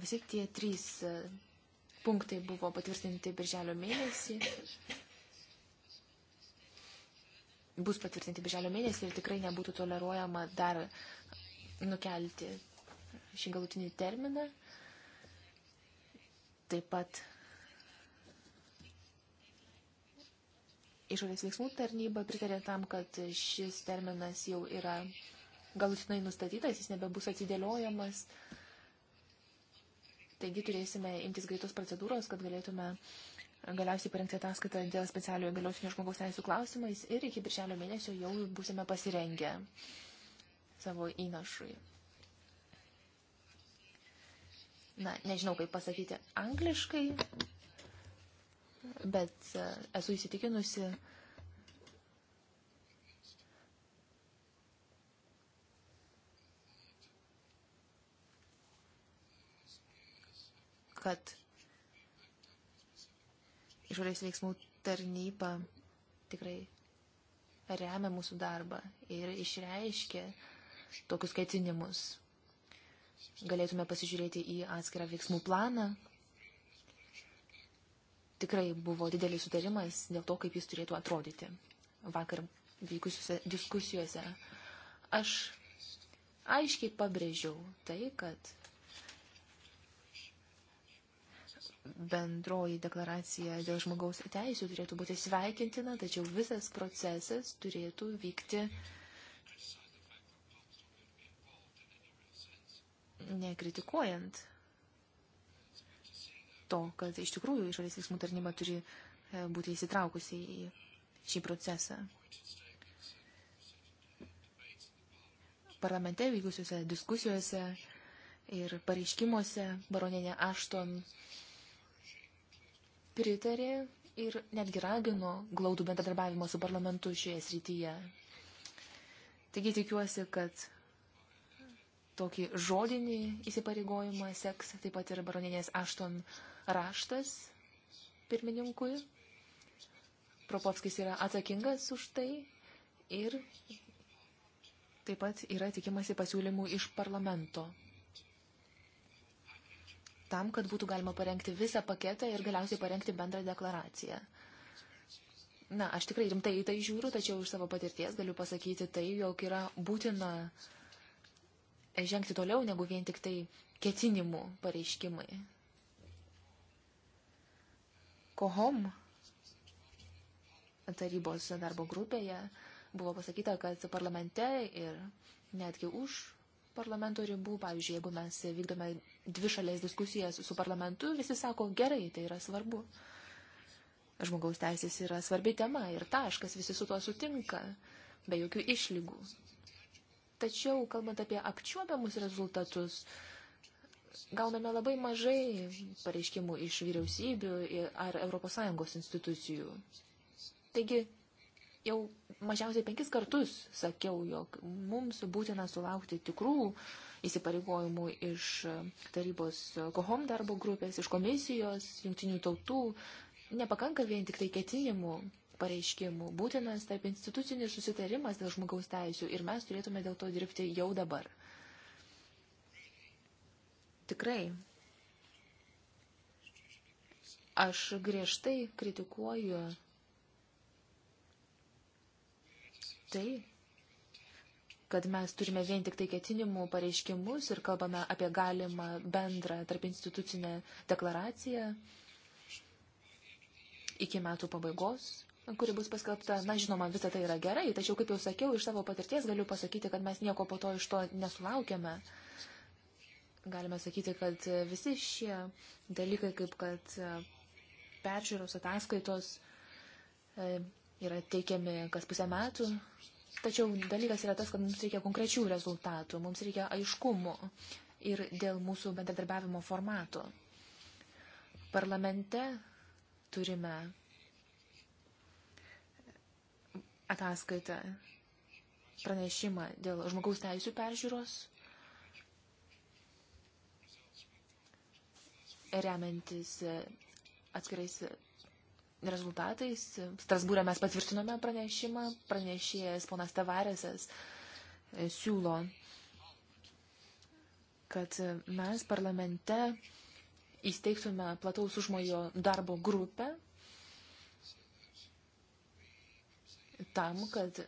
visi tie trys punktai buvo patvirtinti birželio mėnesį. Bus patvirtinti birželio mėnesį ir tikrai nebūtų toleruojama dar nukelti šį galutinį terminą. Taip pat išorės veiksmų tarnyba pritarė tam, kad šis terminas jau yra galutinai nustatytas, jis nebebus atidėliojamas. Uh, Taigi turėsime imtis greitos procedūros, kad galėtume galiausiai parengti ataskaitą dėl specialiojo galiotinio žmogaus teisų klausimais ir iki birželio mėnesio jau būsime pasirengę savo įnašui. Na, nežinau, kaip pasakyti angliškai, bet e, esu įsitikinusi, kad išorės veiksmų tarnyba tikrai remia mūsų darbą ir išreiškia tokius ketinimus. Galėtume pasižiūrėti į atskirą veiksmų planą. Tikrai buvo didelis sutarimas dėl to, kaip jis turėtų atrodyti vakar vykusiuose diskusijuose. Aš aiškiai pabrėžiau tai, kad bendroji deklaracija dėl žmogaus teisų turėtų būti sveikintina, tačiau visas procesas turėtų vykti nekritikuojant to, kad iš tikrųjų išorės veiksmų tarnyba turi e, būti įsitraukusi į šį procesą. Parlamente vykusiuose diskusijose ir pareiškimuose baronienė Ašton pritarė ir netgi ragino glaudų bendradarbiavimo su parlamentu šioje srityje. Taigi tikiuosi, kad tokį žodinį įsipareigojimą seks taip pat ir baroninės Ašton raštas pirmininkui. Propovskis yra atsakingas už tai ir taip pat yra tikimasi pasiūlymų iš parlamento tam, kad būtų galima parengti visą paketą ir galiausiai parengti bendrą deklaraciją. Na, aš tikrai rimtai į tai žiūriu, tačiau iš savo patirties galiu pasakyti tai, jog yra būtina žengti toliau negu vien tik tai ketinimų pareiškimai. Kohom tarybos darbo grupėje buvo pasakyta, kad parlamente ir netgi už parlamento ribų. Pavyzdžiui, jeigu mes vykdome dvi šalės diskusijas su parlamentu, visi sako, gerai, tai yra svarbu. Žmogaus teisės yra svarbi tema ir taškas, visi su tuo sutinka, be jokių išlygų. Tačiau, kalbant apie apčiuopiamus rezultatus, gauname labai mažai pareiškimų iš vyriausybių ar ES institucijų. Taigi, jau mažiausiai penkis kartus sakiau, jog mums būtina sulaukti tikrų įsipareigojimų iš tarybos kohom darbo grupės, iš komisijos, jungtinių tautų. Nepakanka vien tik tai ketinimų pareiškimų. Būtinas tarp institucinis susitarimas dėl žmogaus teisų ir mes turėtume dėl to dirbti jau dabar. Tikrai. Aš griežtai kritikuoju tai, kad mes turime vien tik tai ketinimų pareiškimus ir kalbame apie galimą bendrą tarp institucinę deklaraciją iki metų pabaigos, kuri bus paskelbta. Na, žinoma, visa tai yra gerai, tačiau, kaip jau sakiau, iš savo patirties galiu pasakyti, kad mes nieko po to iš to nesulaukėme. Galime sakyti, kad visi šie dalykai, kaip kad peržiūros ataskaitos, yra teikiami kas pusę metų. Tačiau dalykas yra tas, kad mums reikia konkrečių rezultatų, mums reikia aiškumo ir dėl mūsų bendradarbiavimo formato. Parlamente turime ataskaitą, pranešimą dėl žmogaus teisų peržiūros, remiantis atskirais rezultatais. Strasbūrė mes patvirtinome pranešimą, pranešėjas ponas Tavaresas e, siūlo, kad mes parlamente įsteigtume plataus užmojo darbo grupę tam, kad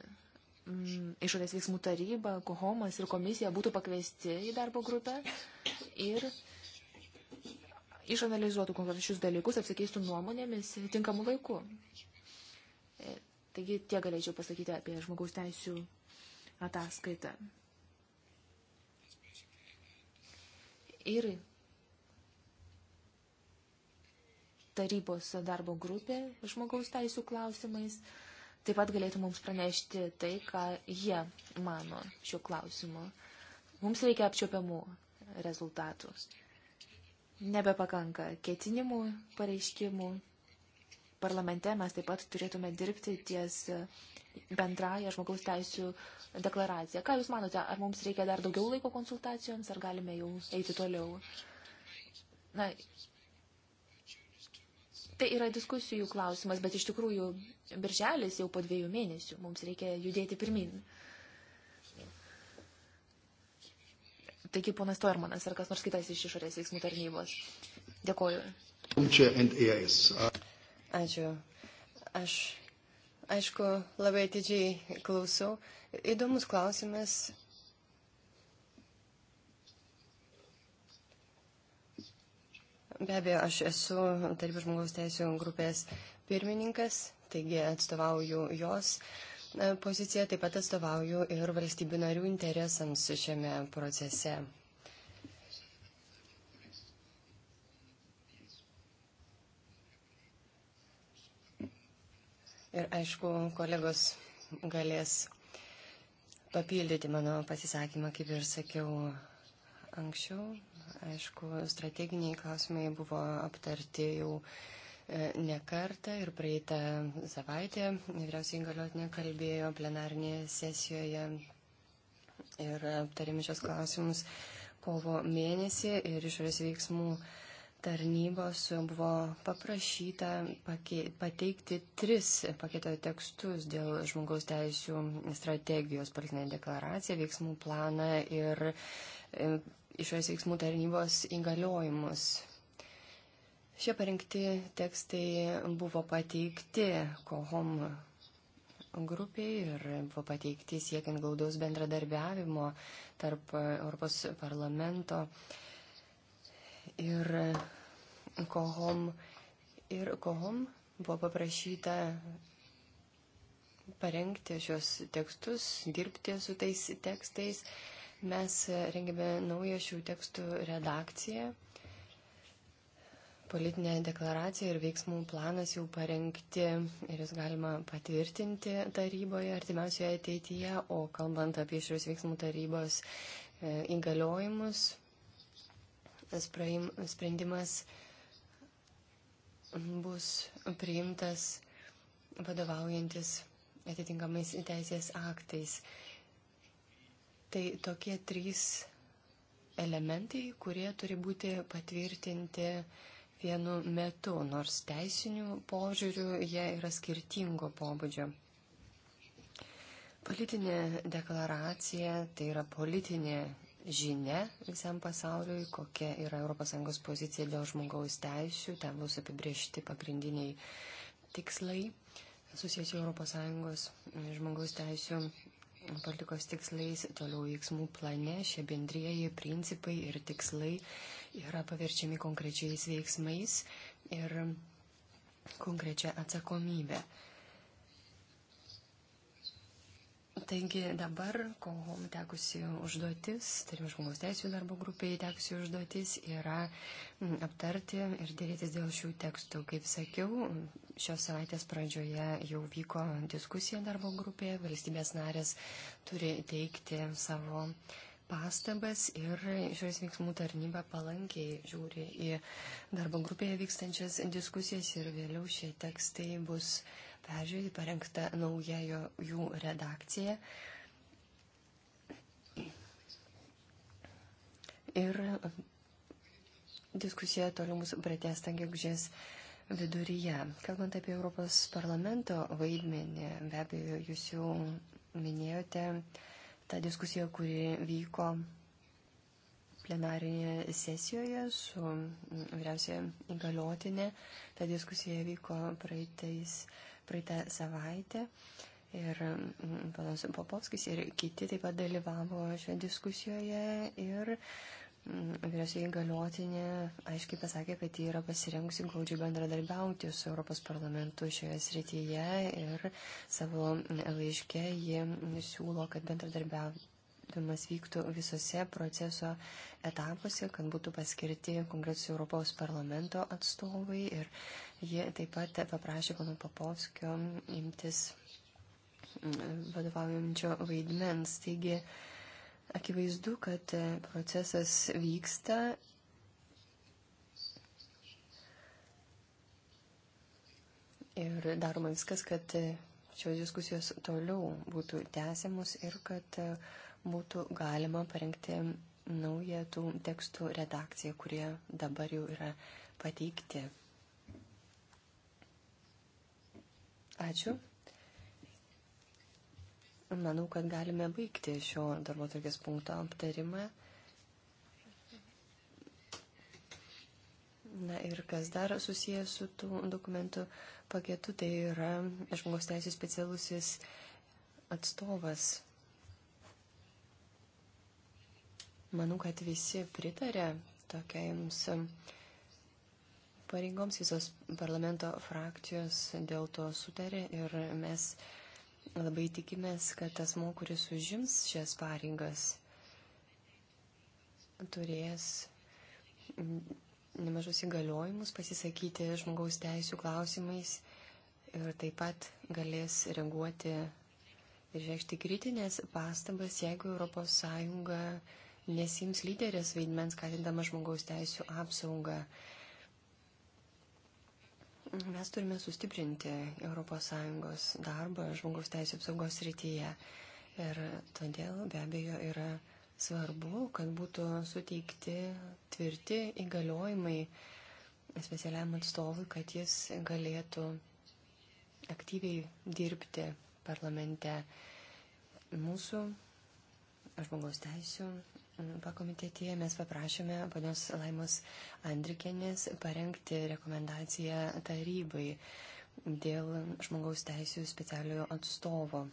mm, išorės veiksmų taryba, kohomas ir komisija būtų pakviesti į darbo grupę ir išanalizuotų konkrečius dalykus, apsikeistų nuomonėmis e, tinkamu laiku. E, taigi tie galėčiau pasakyti apie žmogaus teisų ataskaitą. Ir tarybos darbo grupė žmogaus teisų klausimais taip pat galėtų mums pranešti tai, ką jie mano šiuo klausimu. Mums reikia apčiopiamų rezultatų nebepakanka ketinimų, pareiškimų. Parlamente mes taip pat turėtume dirbti ties bendraja žmogaus teisų deklaracija. Ką Jūs manote, ar mums reikia dar daugiau laiko konsultacijoms, ar galime jau eiti toliau? Na, tai yra diskusijų klausimas, bet iš tikrųjų birželis jau po dviejų mėnesių. Mums reikia judėti pirmin. Uh, Taigi, ponas Toermanas ar kas nors kitas iš išorės veiksmų tarnybos. Dėkoju. Ačiū. Aš, aišku, labai atidžiai klausau. Įdomus klausimas. Be abejo, aš esu tarp žmogaus teisų grupės pirmininkas, taigi atstovauju jos. Uh, E, poziciją taip pat atstovauju ir valstybių narių interesams šiame procese. Ir aišku, kolegos galės papildyti mano pasisakymą, kaip ir sakiau anksčiau. Aišku, strateginiai klausimai buvo aptarti jau uh, E, nekartą ir praeitą savaitę vyriausiai įgaliotinė kalbėjo plenarnėje sesijoje ir aptarėme šios klausimus kovo mėnesį ir išorės veiksmų tarnybos buvo paprašyta pateikti tris paketo tekstus dėl žmogaus teisų strategijos, politinę deklaraciją, veiksmų planą ir e, išorės veiksmų tarnybos įgaliojimus Šie parinkti tekstai buvo pateikti kohom grupiai ir buvo pateikti siekiant glaudaus bendradarbiavimo tarp Europos parlamento ir kohom. Ir kohom buvo paprašyta parengti šios tekstus, dirbti su tais tekstais. Mes rengėme naują šių tekstų redakciją Politinė deklaracija ir veiksmų planas jau parengti ir jūs galima patvirtinti taryboje artimiausioje ateityje, o kalbant apie šios veiksmų tarybos e, įgaliojimus, sprendimas bus priimtas vadovaujantis atitinkamais teisės aktais. Tai tokie trys elementai, kurie turi būti patvirtinti vienu metu, nors teisinių požiūrių jie yra skirtingo pobūdžio. Politinė deklaracija tai yra politinė žinia visam pasauliui, kokia yra ES pozicija dėl žmogaus teisų, ten bus apibriežti pagrindiniai tikslai susijęs su ES žmogaus teisų politikos tikslais, toliau veiksmų plane šie bendrieji principai ir tikslai yra paverčiami konkrečiais veiksmais ir konkrečia atsakomybė. Taigi dabar, kol tekusi užduotis, tarkim, žmogaus teisų darbo grupiai tekusi užduotis yra aptarti ir dėrėtis dėl šių tekstų. Kaip sakiau, šios savaitės pradžioje jau vyko diskusija darbo grupėje, valstybės narės turi teikti savo uh, pastabas ir šios veiksmų tarnyba palankiai žiūri į darbo grupėje vykstančias diskusijas ir vėliau šie tekstai bus peržiūrėti, parengta nauja jo, jų redakcija. Ir diskusija toliau mūsų pratesta gegužės viduryje. Kalbant apie Europos parlamento vaidmenį, be abejo, jūs jau minėjote, uh, ta diskusija, kuri vyko plenarinėje sesijoje su mm, vyriausioje įgaliotinė. Ta diskusija vyko praeitais, praeitą savaitę. Ir mm, panas Popovskis ir kiti taip pat dalyvavo šioje diskusijoje ir vyriausiai galiotinė aiškiai pasakė, kad ji yra pasirengusi glaudžiai bendradarbiauti su Europos parlamentu šioje srityje ir savo laiške ji siūlo, kad bendradarbiavimas vyktų visose proceso etapuose, kad būtų paskirti konkretus Europos parlamento atstovai ir ji taip pat paprašė pono Papovskio imtis vadovaujančio vaidmens. Taigi, Akivaizdu, kad e, procesas vyksta. Ir daroma viskas, kad e, šios diskusijos toliau būtų tęsiamus ir kad e, būtų galima parengti naują tų tekstų redakciją, kurie dabar jau yra pateikti. Ačiū. Manau, kad galime baigti šio darbo tokias punkto aptarimą. Na ir kas dar susijęs su tų dokumentų paketu, tai yra žmogaus teisės specialusis atstovas. Manau, kad visi pritarė tokiams pareigoms, visos parlamento frakcijos dėl to sutarė ir mes Labai tikimės, kad asmo, kuris užims šias pareigas, turės nemažus įgaliojimus pasisakyti žmogaus teisų klausimais ir taip pat galės reaguoti ir reikšti kritinės pastabas, jeigu ES nesims lyderės vaidmens, skatindama žmogaus teisų apsaugą. Mes turime sustiprinti ES darbą žmogaus teisų apsaugos rytyje. Ir todėl be abejo yra svarbu, kad būtų suteikti tvirti įgaliojimai specialiam atstovui, kad jis galėtų aktyviai dirbti parlamente. Mūsų žmogaus teisų pakomitetėje mes paprašėme ponios Laimos Andrikenės parengti rekomendaciją tarybai dėl žmogaus teisų specialiojo atstovo.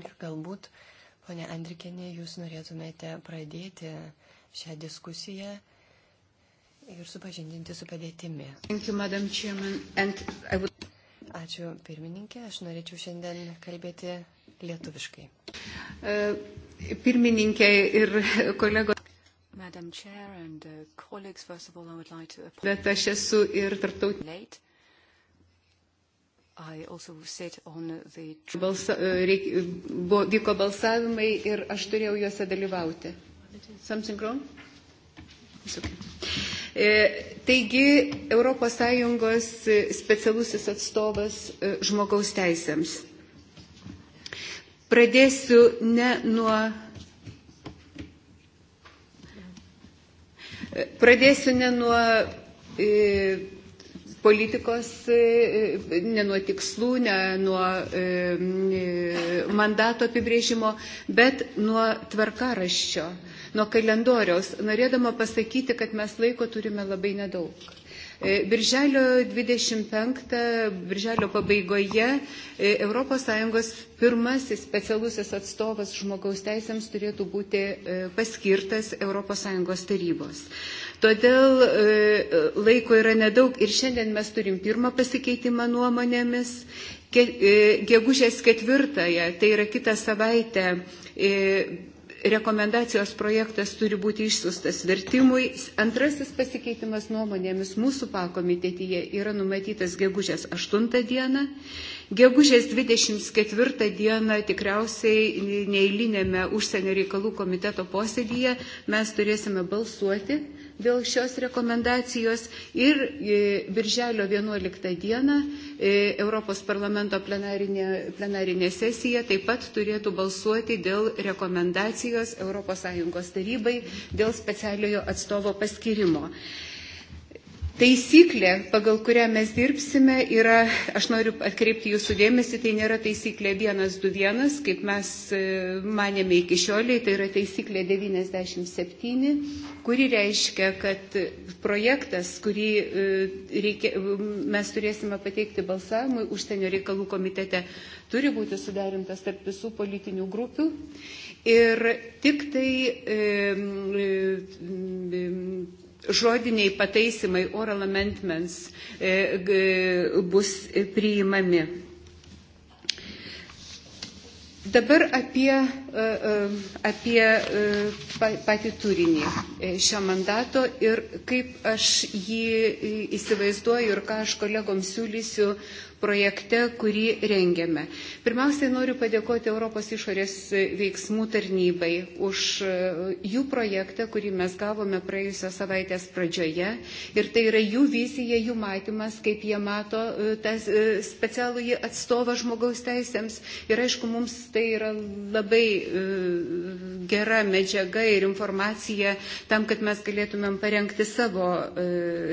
Ir galbūt, ponė Andrikenė, jūs norėtumėte pradėti šią diskusiją ir supažindinti su padėtimi. Thank you, Madam Chairman, and I would... Ačiū pirmininkė, aš norėčiau šiandien kalbėti lietuviškai. Uh, Pirmininkė ir kolegos. Madam Chair and uh, colleagues, first of all, I would like to apologize. Bet aš esu ir tarptautinė. I also sit on the... Balsa, e, reik, buvo, vyko balsavimai ir aš turėjau juose dalyvauti. Something wrong? It's okay. E, taigi, ES specialusis atstovas e, žmogaus teisėms. Pradėsiu ne nuo. Pradėsiu ne nuo e, politikos, e, e, ne nuo tikslų, ne nuo e, e, mandato apibrėžimo, bet nuo tvarkaraščio, nuo kalendoriaus, norėdama pasakyti, kad mes laiko turime labai nedaug. E, birželio 25, birželio pabaigoje ES pirmasis specialusis atstovas žmogaus teisėms turėtų būti e, paskirtas ES tarybos. Todėl e, laiko yra nedaug ir šiandien mes turim pirmą pasikeitimą nuomonėmis. Gegužės ketvirtąją, tai yra kitą savaitę, rekomendacijos projektas turi būti išsiustas vertimui. Antrasis pasikeitimas nuomonėmis mūsų pakomitetyje yra numatytas gegužės 8 dieną. Gegužės 24 dieną tikriausiai neįlinėme užsienio reikalų komiteto posėdyje mes turėsime balsuoti dėl šios rekomendacijos ir e, birželio 11 dieną e, Europos parlamento plenarinė, plenarinė sesija taip pat turėtų balsuoti dėl rekomendacijos ES tarybai dėl specialiojo atstovo paskirimo. Taisyklė, pagal kurią mes dirbsime, yra, aš noriu atkreipti jūsų dėmesį, tai nėra taisyklė 121, kaip mes e, manėme iki šioliai, tai yra taisyklė 97, kuri reiškia, kad projektas, kurį e, reikia, mes turėsime pateikti balsavimui užsienio reikalų komitete, turi būti sudarintas tarp visų politinių grupių. Ir tik tai e, e, žodiniai pataisimai, oral amendments e, bus priimami. Dabar apie, e, e, apie patį turinį šio mandato ir kaip aš jį įsivaizduoju ir ką aš kolegom siūlysiu projekte, kurį rengiame. Pirmiausiai noriu padėkoti Europos išorės veiksmų tarnybai už e, jų projektą, kurį mes gavome praėjusios savaitės pradžioje. Ir tai yra jų vizija, jų matymas, kaip jie mato e, tas e, specialųjį atstovą žmogaus teisėms. Ir aišku, mums tai yra labai gera medžiaga ir informacija tam, kad mes galėtumėm parengti savo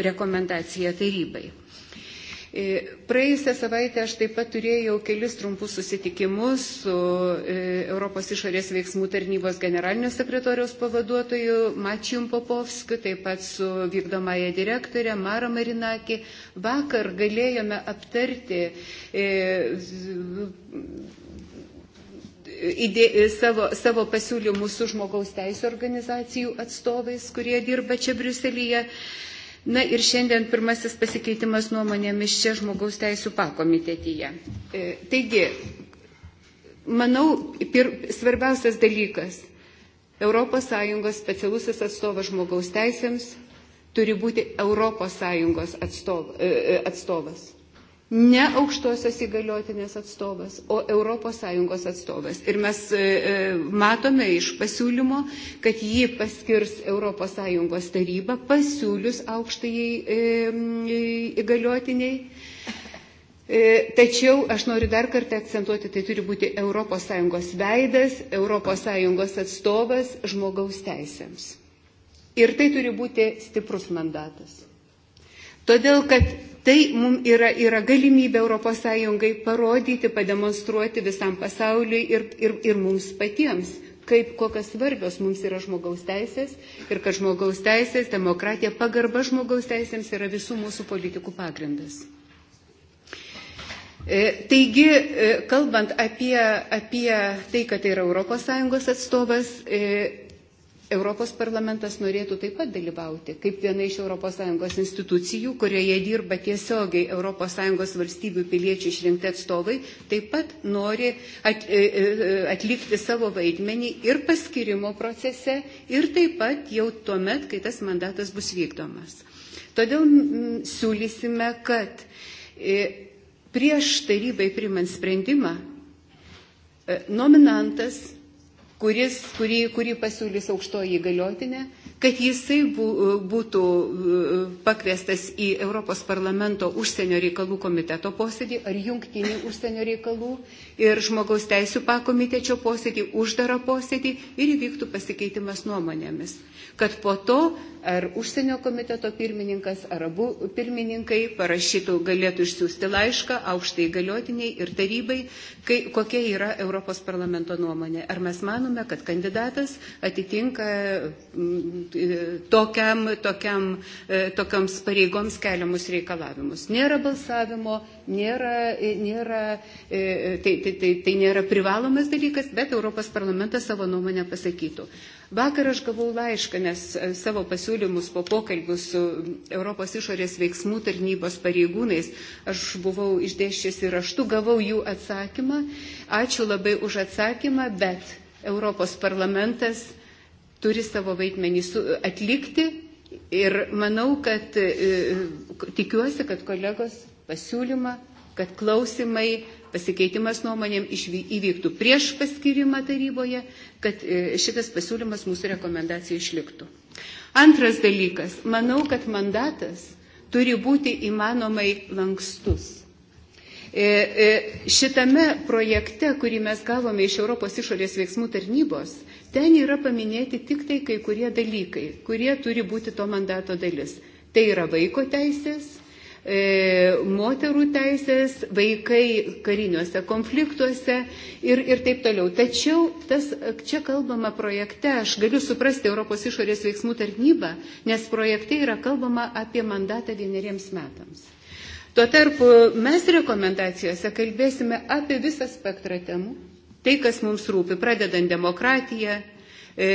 rekomendaciją tarybai. E, praėjusią savaitę aš taip pat turėjau kelis trumpus susitikimus su e, Europos išorės veiksmų tarnybos generalinio sekretoriaus pavaduotoju Mačium Popovskiu, taip pat su vykdomąją direktorę Mara Marinaki. Vakar galėjome aptarti įdė, e, savo, savo pasiūlymus su žmogaus teisų organizacijų atstovais, kurie dirba čia Briuselyje. E, Na ir šiandien pirmasis pasikeitimas nuomonėmis čia žmogaus teisų pakomitetyje. E, taigi, manau, pir, svarbiausias dalykas - ES specialusis atstovas žmogaus teisėms turi būti ES atstov, e, e, atstovas ne aukštosios įgaliotinės atstovas, o ES atstovas. Ir mes e, e, matome iš pasiūlymo, kad jį paskirs ES taryba pasiūlius aukštai e, įgaliotiniai. Tačiau aš noriu dar kartą akcentuoti, tai turi būti ES veidas, ES atstovas žmogaus teisėms. Ir tai turi būti stiprus mandatas. Todėl, kad Tai mums yra, yra galimybė ES parodyti, pademonstruoti visam pasauliui ir, ir, ir mums patiems, kaip kokios svarbios mums yra žmogaus teisės ir kad žmogaus teisės, demokratija, pagarba žmogaus teisėms yra visų mūsų politikų pagrindas. E, taigi, e, kalbant apie, apie tai, kad tai yra ES atstovas, e, Europos parlamentas norėtų taip pat dalyvauti, kaip viena iš ES institucijų, kurioje dirba tiesiogiai ES valstybių piliečių išrinkti atstovai, taip pat nori at, e, e, atlikti savo vaidmenį ir paskirimo procese, ir taip pat jau tuo met, kai tas mandatas bus vykdomas. Todėl m, siūlysime, kad e, prieš tarybai primant sprendimą nominantas kuris, kurį, kurį pasiūlys aukštoji įgaliotinė, kad jisai būtų e, pakviestas į Europos parlamento užsienio reikalų komiteto posėdį ar jungtinį užsienio reikalų ir žmogaus teisų pakomitečio posėdį, uždarą posėdį ir įvyktų pasikeitimas nuomonėmis. Kad po to ar užsienio komiteto pirmininkas, ar abu pirmininkai parašytų, galėtų išsiųsti laišką aukštai galiotiniai ir tarybai, kai, kokia yra Europos parlamento nuomonė. Ar mes manome, kad kandidatas atitinka mm, tokiam, tokiam, e, tokiams pareigoms keliamus reikalavimus. Nėra balsavimo, nėra, e, nėra, e, tai, tai, tai, tai nėra privalomas dalykas, bet Europos parlamentas savo nuomonę pasakytų. Vakar aš gavau laišką, nes e, savo pasiūlymus po pokalbių su Europos išorės veiksmų tarnybos pareigūnais aš buvau išdėščiusi raštu, gavau jų atsakymą. Ačiū labai už atsakymą, bet Europos parlamentas turi savo vaidmenį atlikti ir manau, kad tikiuosi, kad kolegos pasiūlymą, kad klausimai, pasikeitimas nuomonėm įvyktų prieš paskirimą taryboje, kad e, šitas pasiūlymas mūsų rekomendacijai išliktų. Antras dalykas, manau, kad mandatas turi būti įmanomai lankstus. E, e, šitame projekte, kurį mes gavome iš Europos išorės veiksmų tarnybos, ten yra paminėti tik tai kai kurie dalykai, kurie turi būti to mandato dalis. Tai yra vaiko teisės, E, moterų teisės, vaikai kariniuose konfliktuose ir, ir taip toliau. Tačiau tas, čia kalbama projekte, aš galiu suprasti Europos išorės veiksmų tarnybą, nes projekte yra kalbama apie mandatą vieneriems metams. Tuo tarpu mes rekomendacijose kalbėsime apie visą spektrą temų, tai, kas mums rūpi, pradedant demokratiją, e,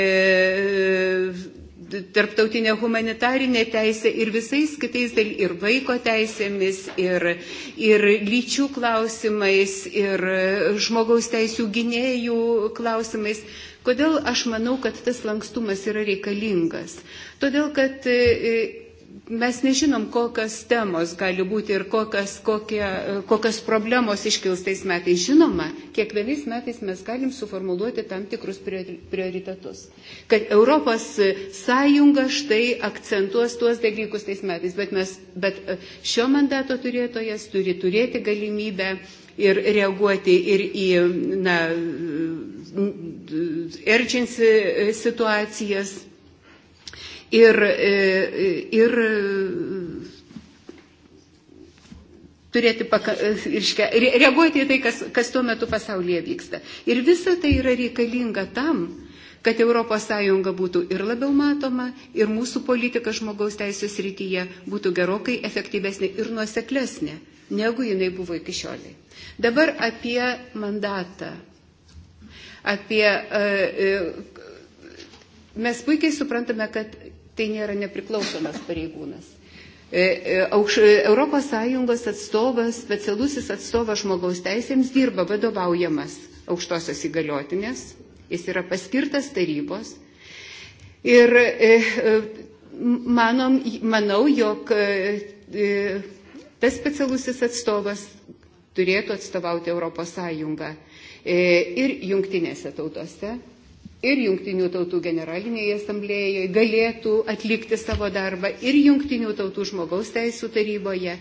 tarptautinė humanitarinė teisė ir visais kitais, ir vaiko teisėmis, ir, ir lyčių klausimais, ir e, žmogaus teisų gynėjų klausimais. Kodėl aš manau, kad tas lankstumas yra reikalingas? Todėl, kad e, e, mes nežinom, kokios temos gali būti ir kokios, kokie, kokios problemos iškils tais metais. Žinoma, kiekvienais metais mes galim suformuluoti tam tikrus prioritetus. Kad Europos sąjunga štai akcentuos tuos dalykus tais metais, bet, mes, bet e, šio mandato turėtojas turi turėti galimybę ir reaguoti ir į na, urgency situacijas ir, e, ir e, turėti paka, e, irškia, reaguoti į tai, kas, kas tuo metu pasaulyje vyksta. Ir visa tai yra reikalinga tam, kad ES būtų ir labiau matoma, ir mūsų politika žmogaus teisės rytyje būtų gerokai efektyvesnė ir nuoseklesnė, negu jinai buvo iki šioliai. Dabar apie mandatą. Apie, uh, uh, mes puikiai suprantame, kad tai nėra nepriklausomas pareigūnas. E, e, e, Europos Sąjungos atstovas, specialusis atstovas žmogaus teisėms dirba vadovaujamas aukštosios įgaliotinės, jis yra paskirtas tarybos. Ir manom, manau, jog tas specialusis atstovas turėtų atstovauti Europos Sąjungą ir jungtinėse tautose ir Junktinių tautų generalinėje asamblėjoje, galėtų atlikti savo darbą ir Junktinių tautų žmogaus teisų taryboje.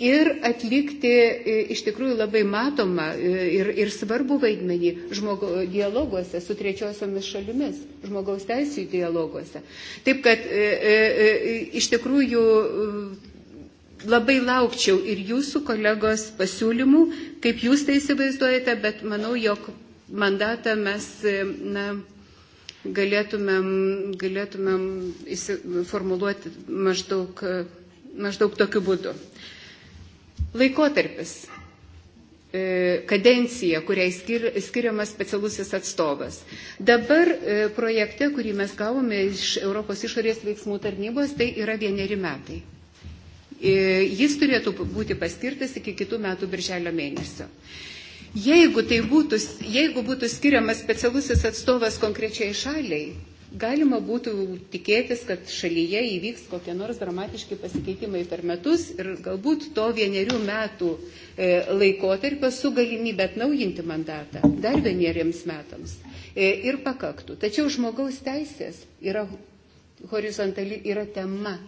Ir atlikti e, iš tikrųjų labai matomą e, ir, ir svarbų vaidmenį žmogo, dialoguose su trečiosiomis šalimis, žmogaus teisų dialoguose. Taip kad e, e, e iš tikrųjų labai laukčiau ir jūsų kolegos pasiūlymų, kaip jūs tai įsivaizduojate, bet manau, jog mandatą mes e, na, galėtumėm, galėtumėm formuluoti maždaug, e, maždaug tokiu būdu. Laikotarpis. E, kadencija, kuriai skir, skiriamas specialusis atstovas. Dabar projekte, kurį mes gavome iš Europos išorės veiksmų tarnybos, tai yra vieneri metai. Jis turėtų būti paskirtas iki kitų metų birželio mėnesio. Jeigu, tai būtų, jeigu būtų skiriamas specialusis atstovas konkrečiai šaliai, galima būtų tikėtis, kad šalyje įvyks kokie nors dramatiški pasikeitimai per metus ir galbūt to vienerių metų e, laikotarpio su galimybė atnaujinti mandatą dar vieneriems metams e, ir pakaktų. Tačiau žmogaus teisės yra horizontali, yra tema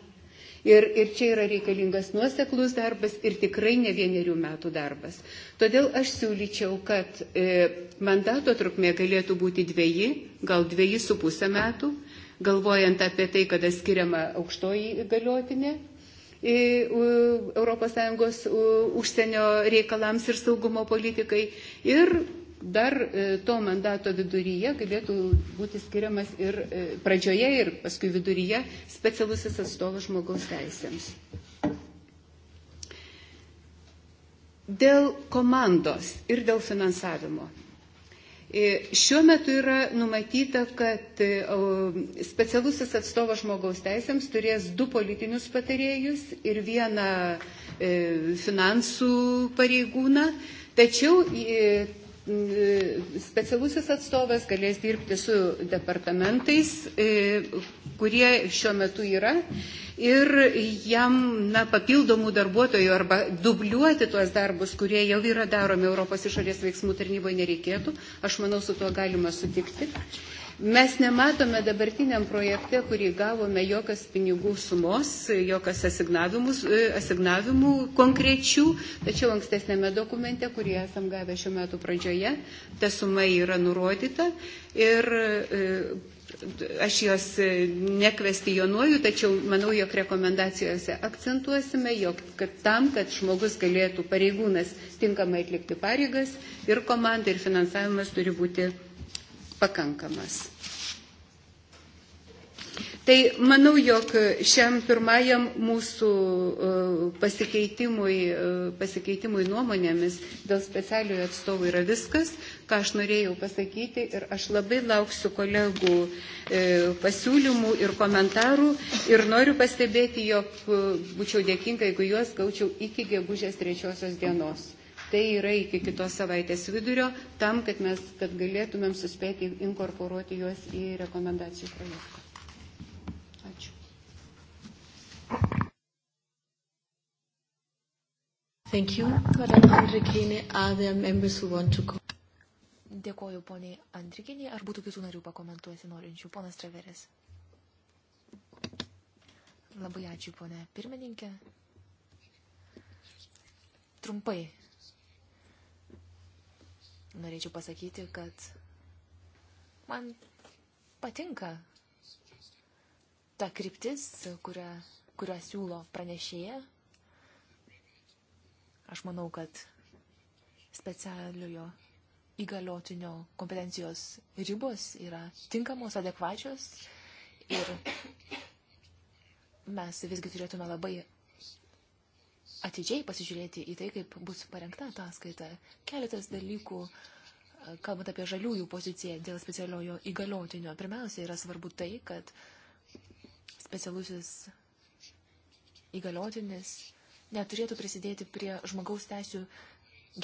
Ir, ir čia yra reikalingas nuoseklus darbas ir tikrai ne vienerių metų darbas. Todėl aš siūlyčiau, kad e, mandato trukmė galėtų būti dviejai, gal dviejai su pusę metų, galvojant apie tai, kada skiriama aukštoji galiotinė ES užsienio reikalams ir saugumo politikai ir dar e, to mandato viduryje galėtų būti skiriamas ir e, pradžioje, ir paskui viduryje specialusis atstovas žmogaus teisėms. Dėl komandos ir dėl finansavimo. E, šiuo metu yra numatyta, kad specialusis atstovas žmogaus teisėms turės du politinius patarėjus ir vieną finansų pareigūną, tačiau specialusis atstovas galės dirbti su departamentais, e, kurie šiuo metu yra, ir jam na, papildomų darbuotojų arba dubliuoti tuos darbus, kurie jau yra daromi Europos išorės veiksmų tarnyboje nereikėtų. Aš manau, su tuo galima sutikti. Mes nematome dabartiniam projekte, kurį gavome, jokios pinigų sumos, jokios e, asignavimų konkrečių, tačiau ankstesnėme dokumente, kurį esam gavę šiuo metu pradžioje, ta suma yra nurodyta ir e, aš jos e, nekvestijonuoju, tačiau manau, jog rekomendacijose akcentuosime, jog kad tam, kad žmogus galėtų pareigūnas tinkamai atlikti pareigas ir komanda ir finansavimas turi būti pakankamas. Tai manau, jog šiam pirmajam mūsų e, pasikeitimui, e, pasikeitimui nuomonėmis dėl specialiojo atstovų yra viskas, ką aš norėjau pasakyti ir aš labai lauksiu kolegų e, pasiūlymų ir komentarų ir noriu pastebėti, jog būčiau dėkinga, jeigu juos gaučiau iki gegužės trečiosios dienos tai yra iki kitos savaitės vidurio, tam, kad mes kad galėtumėm suspėti inkorporuoti juos į rekomendacijų projektą. Ačiū. Thank you, Madam Andrikine. Are there members who want to go? Dėkoju poniai Andrikinė. Ar būtų kitų narių pakomentuosi norinčių? Ponas Traveris. Labai ačiū, ponė pirmininkė. Trumpai norėčiau pasakyti, kad man patinka ta kryptis, kurią, kurią siūlo pranešėja. Aš manau, kad specialiojo įgaliotinio kompetencijos ribos yra tinkamos, adekvačios ir mes visgi turėtume labai atidžiai pasižiūrėti į tai, kaip bus parengta ataskaita. Keletas dalykų, kalbant apie žaliųjų poziciją dėl specialiojo įgaliotinio. Pirmiausia, yra svarbu tai, kad specialusis įgaliotinis neturėtų prisidėti prie žmogaus teisų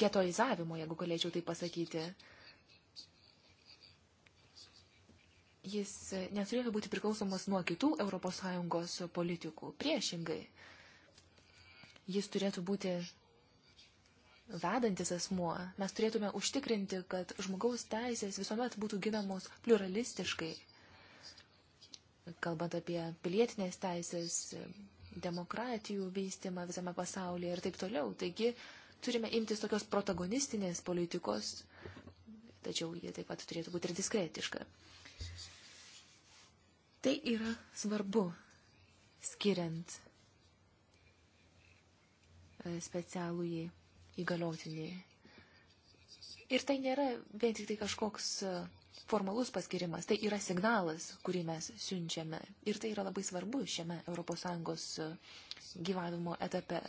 getoizavimo, jeigu galėčiau tai pasakyti. Jis neturėtų būti priklausomas nuo kitų ES politikų. Priešingai, jis turėtų būti vedantis asmuo. Mes turėtume užtikrinti, kad žmogaus teisės visuomet būtų ginamos pluralistiškai. Kalbant apie pilietinės teisės, demokratijų vystimą visame pasaulyje ir taip toliau. Taigi turime imtis tokios protagonistinės politikos, tačiau jie taip pat turėtų būti ir diskretiška. Tai yra svarbu, skiriant E, specialųjį įgaliotinį. Ir tai nėra vien tik tai kažkoks e, formalus paskirimas, tai yra signalas, kurį mes siunčiame. Ir tai yra labai svarbu šiame ES e, gyvavimo etape.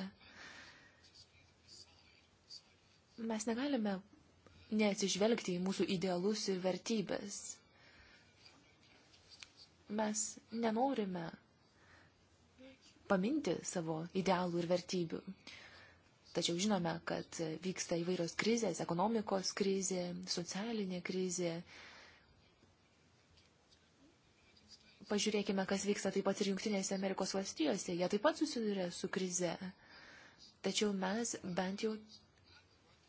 Mes negalime neatsižvelgti į mūsų idealus ir vertybės. Mes nenorime paminti savo idealų ir vertybių. Tačiau žinome, kad vyksta įvairios krizės, ekonomikos krizė, socialinė krizė. Pažiūrėkime, kas vyksta taip pat ir Junktinėse Amerikos valstijose. Jie taip pat susiduria su krize. Tačiau mes bent jau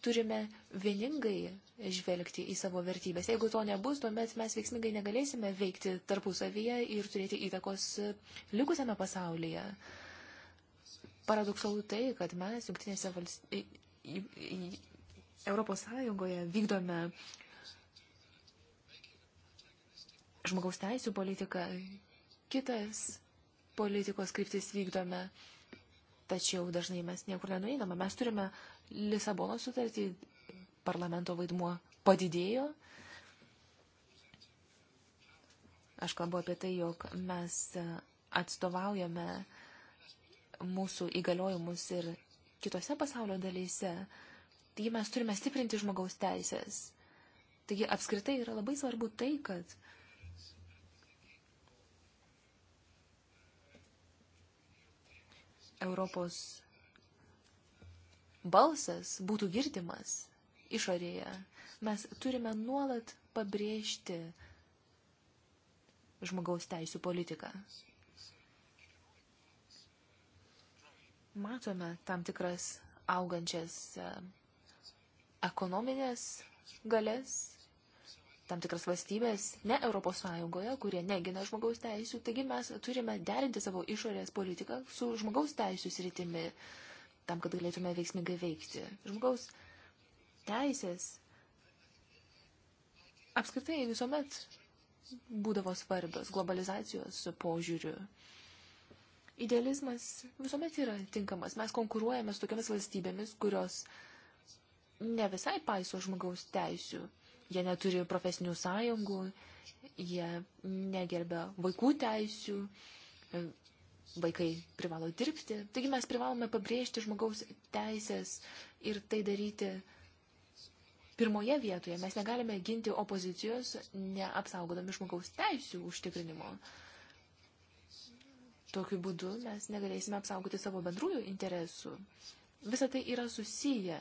turime vieningai žvelgti į savo vertybės. Jeigu to nebus, tuomet mes veiksmingai negalėsime veikti tarpusavyje ir turėti įtakos likusiame pasaulyje. Paradoksalu tai, kad mes Junktinėse valstybėse Europos Sąjungoje vykdome žmogaus teisų politiką, kitas politikos kryptis vykdome, tačiau dažnai mes niekur nenueiname. Mes turime Lisabono sutartį parlamento vaidmuo padidėjo. Aš kalbu apie tai, jog mes atstovaujame mūsų įgaliojimus ir kitose pasaulio dalyse. Taigi mes turime stiprinti žmogaus teisės. Taigi apskritai yra labai svarbu tai, kad Europos balsas būtų girdimas išorėje. Mes turime nuolat pabrėžti žmogaus teisų politiką. Matome tam tikras augančias e, ekonominės galės, tam tikras valstybės, ne Europos Sąjungoje, kurie negina žmogaus teisų. Taigi mes turime derinti savo išorės politiką su žmogaus teisų sritimi. Uh, tam, kad galėtume veiksmingai veikti. Žmogaus teisės apskritai visuomet būdavo svarbios globalizacijos požiūriu. Idealizmas visuomet yra tinkamas. Mes konkuruojame su tokiamis valstybėmis, kurios ne visai paiso žmogaus teisių. Jie neturi profesinių sąjungų, jie negerbia vaikų teisių, vaikai privalo dirbti. Taigi mes privalome pabrėžti žmogaus teisės ir tai daryti pirmoje vietoje. Mes negalime ginti opozicijos neapsaugodami žmogaus teisų užtikrinimo. Tokiu būdu mes negalėsime apsaugoti savo bendrųjų interesų. Visa tai yra susiję.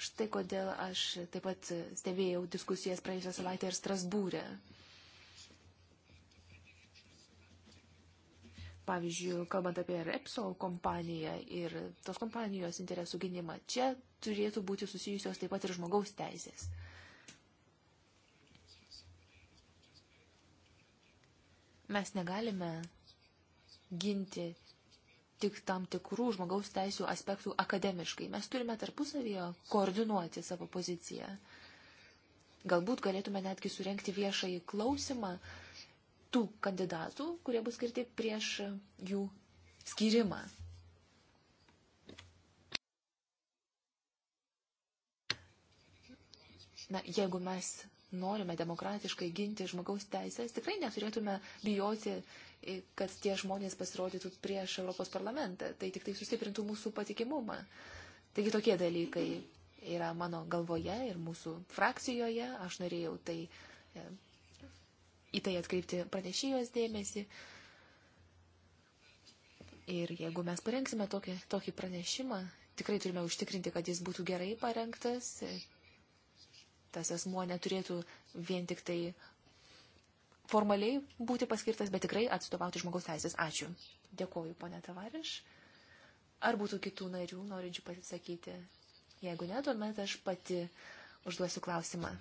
Štai kodėl aš taip pat stebėjau diskusijas praėjusią savaitę ir Strasbūrę. E. pavyzdžiui, kalbant apie Repsol kompaniją ir tos kompanijos interesų gynimą, čia turėtų būti susijusios taip pat ir žmogaus teisės. Mes negalime ginti tik tam tikrų žmogaus teisų aspektų akademiškai. Mes turime tarpusavyje koordinuoti savo poziciją. Galbūt galėtume netgi surenkti viešąjį klausimą, uh, tų kandidatų, kurie bus skirti prieš jų skirimą. Na, jeigu mes norime demokratiškai ginti žmogaus teisės, tikrai neturėtume bijoti, kad tie žmonės pasirodytų prieš Europos parlamentą. Tai tik tai sustiprintų mūsų patikimumą. Taigi tokie dalykai yra mano galvoje ir mūsų frakcijoje. Aš norėjau tai e, į tai atkreipti pranešėjos dėmesį. Ir jeigu mes parengsime tokį, tokį pranešimą, tikrai turime užtikrinti, kad jis būtų gerai parengtas. Tas asmuo neturėtų vien tik tai formaliai būti paskirtas, bet tikrai atstovauti žmogaus teisės. Ačiū. Dėkoju, ponė Tavariš. Ar būtų kitų narių, norinčių pasisakyti? Jeigu ne, tuomet aš pati užduosiu klausimą.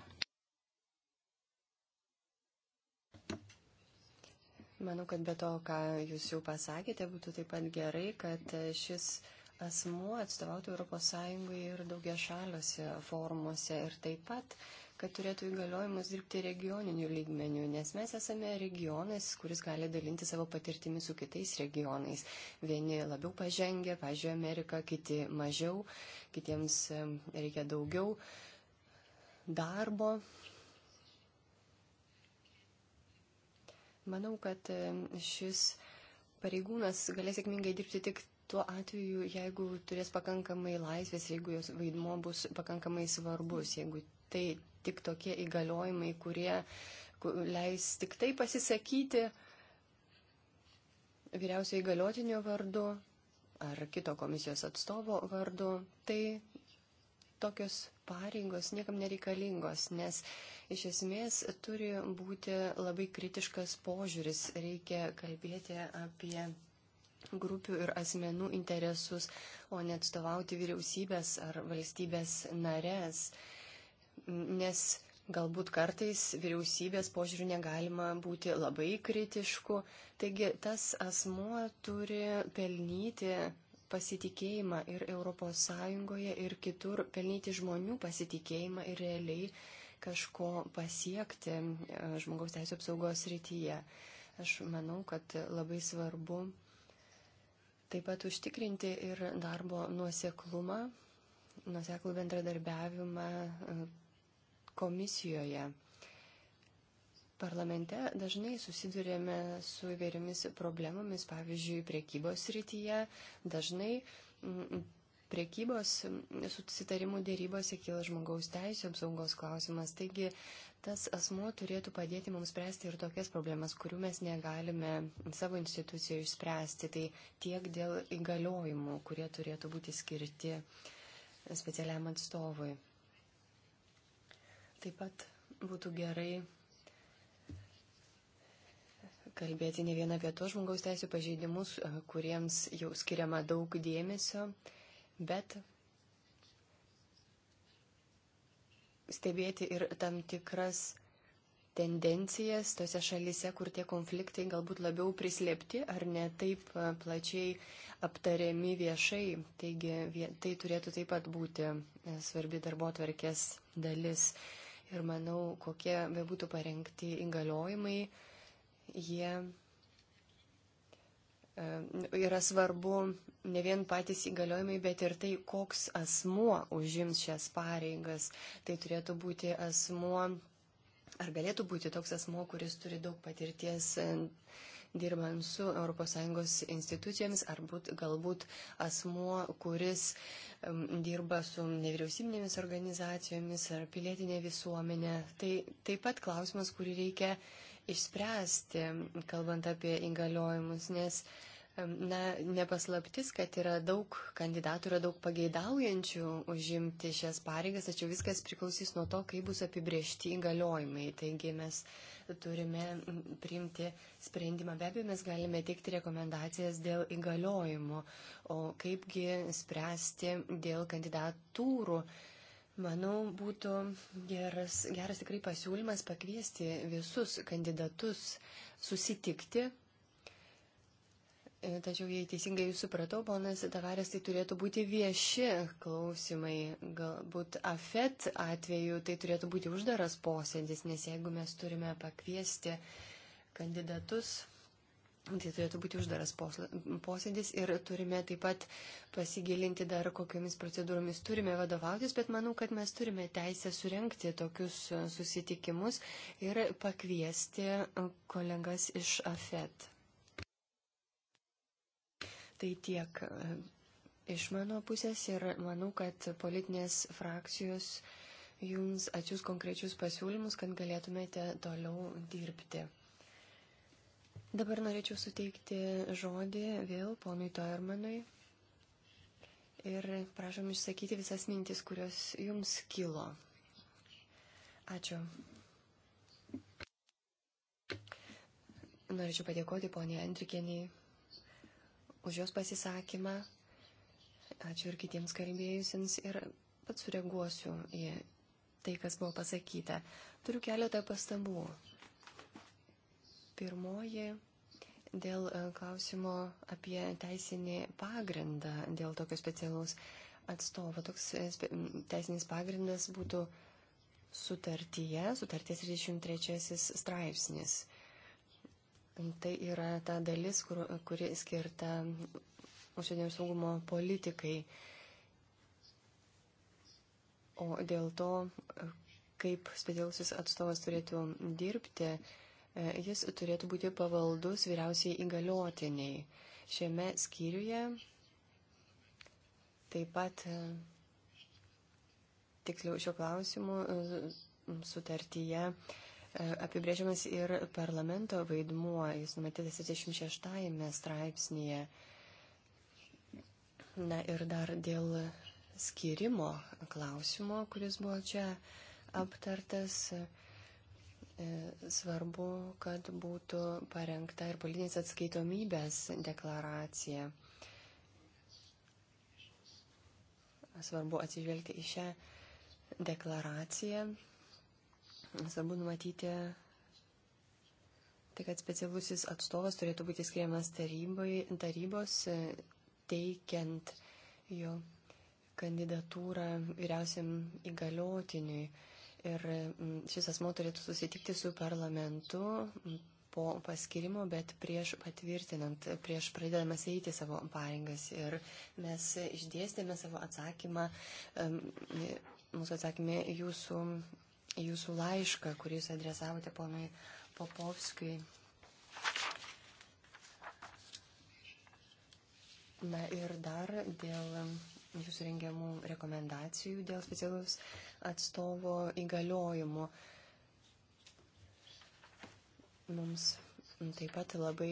Manau, kad be to, ką jūs jau pasakėte, būtų taip pat gerai, kad šis asmuo atstovautų ES ir daugia šaliuose formuose ir taip pat, kad turėtų įgaliojimus dirbti regioniniu lygmeniu, nes mes esame regionas, kuris gali dalinti savo patirtimi su kitais regionais. Vieni labiau pažengę, pažiūrėjau, Amerika, kiti mažiau, kitiems reikia daugiau darbo Manau, kad e, šis pareigūnas galės sėkmingai dirbti tik tuo atveju, jeigu turės pakankamai laisvės, jeigu jos vaidmo bus pakankamai svarbus, jeigu tai tik tokie įgaliojimai, kurie leis tik tai pasisakyti vyriausio įgaliotinio vardu ar kito komisijos atstovo vardu, tai tokios pareigos niekam nereikalingos, nes Iš esmės turi būti labai kritiškas požiūris, reikia kalbėti apie grupių ir asmenų interesus, o ne atstovauti vyriausybės ar valstybės narės, nes galbūt kartais vyriausybės požiūrių negalima būti labai kritišku. Taigi tas asmuo turi pelnyti pasitikėjimą ir ES, ir kitur, pelnyti žmonių pasitikėjimą ir realiai kažko pasiekti e, žmogaus teisų apsaugos rytyje. Aš manau, kad labai svarbu taip pat užtikrinti ir darbo nuoseklumą, nuoseklų bendradarbiavimą e, komisijoje. Parlamente dažnai susidurėme su įvairiomis problemomis, pavyzdžiui, priekybos rytyje. Dažnai priekybos susitarimų dėrybose kyla žmogaus teisų apsaugos klausimas. Taigi tas asmuo turėtų padėti mums spręsti ir tokias problemas, kurių mes negalime savo institucijoje išspręsti. Tai tiek dėl įgaliojimų, kurie turėtų būti skirti specialiam atstovui. Taip pat būtų gerai kalbėti ne vieną apie tos žmogaus teisų pažeidimus, kuriems jau skiriama daug dėmesio bet stebėti ir tam tikras tendencijas tose šalise, kur tie konfliktai galbūt labiau prislėpti ar ne taip e, plačiai aptariami viešai. Taigi tai turėtų taip pat būti e, svarbi darbo tvarkės dalis. Ir manau, kokie bebūtų parengti įgaliojimai, jie yra svarbu ne vien patys įgaliojimai, bet ir tai, koks asmuo užims šias pareigas. Tai turėtų būti asmuo, ar galėtų būti toks asmuo, kuris turi daug patirties dirbant su ES institucijomis, ar būt, galbūt asmuo, kuris um, dirba su nevyriausybinėmis organizacijomis ar pilietinė visuomenė. Tai taip pat klausimas, kurį reikia išspręsti, kalbant apie įgaliojimus, nes uh, Na, nepaslaptis, kad yra daug kandidatų, yra daug pageidaujančių užimti šias pareigas, tačiau viskas priklausys nuo to, kaip bus apibriešti įgaliojimai. Taigi mes turime priimti sprendimą. Be abejo, mes galime teikti rekomendacijas dėl įgaliojimų, o kaipgi spręsti dėl kandidatūrų. Manau, būtų geras, geras tikrai pasiūlymas pakviesti visus kandidatus susitikti E, tačiau, jei teisingai jūs supratau, ponas Tavarės, tai turėtų būti vieši klausimai. Galbūt AFET atveju tai turėtų būti uždaras posėdis, nes jeigu mes turime pakviesti kandidatus, tai turėtų būti uždaras posėdis ir turime taip pat pasigilinti dar, kokiamis procedūromis turime vadovautis, bet manau, kad mes turime teisę surenkti tokius susitikimus ir pakviesti kolegas iš AFET. Tai tiek e, iš mano pusės ir manau, kad politinės frakcijos jums atsiūs konkrečius pasiūlymus, kad galėtumėte toliau dirbti. Dabar norėčiau suteikti žodį vėl ponui Toermanui ir prašom išsakyti visas mintis, kurios jums kilo. Ačiū. Norėčiau padėkoti poniai Andrikieniai už jos pasisakymą. Ačiū ir kitiems kalbėjusiems ir pats sureaguosiu į tai, kas buvo pasakyta. Turiu keletą pastabų. Pirmoji dėl e, klausimo apie teisinį pagrindą, dėl tokio specialaus atstovo. Toks e, teisinis pagrindas būtų sutartyje, sutarties 33 straipsnis. Tai yra ta dalis, kur, kuri skirta užsienio saugumo politikai. O dėl to, kaip specialusis atstovas turėtų dirbti, e, jis turėtų būti pavaldus vyriausiai įgaliotiniai. Šiame skyriuje taip pat, e, tiksliau šio klausimu, e, sutartyje apibrėžiamas ir parlamento vaidmuo, jis numatytas 36 straipsnėje. Na ir dar dėl skirimo klausimo, kuris buvo čia aptartas, e, svarbu, kad būtų parengta ir politinės atskaitomybės deklaracija. Svarbu atsižvelgti į šią deklaraciją svarbu numatyti tai, kad specialusis atstovas turėtų būti skiriamas tarybai, tarybos, teikiant jo kandidatūrą vyriausiam įgaliotiniui. Ir mm, šis asmo turėtų susitikti su parlamentu po paskirimo, bet prieš patvirtinant, prieš pradėdamas eiti savo pareigas. Ir mes išdėstėme savo atsakymą, mūsų atsakymė jūsų jūsų laišką, kurį jūs adresavote ponui Popovskijui. Na ir dar dėl jūsų rengiamų rekomendacijų, dėl specialus atstovo įgaliojimų. Mums taip pat labai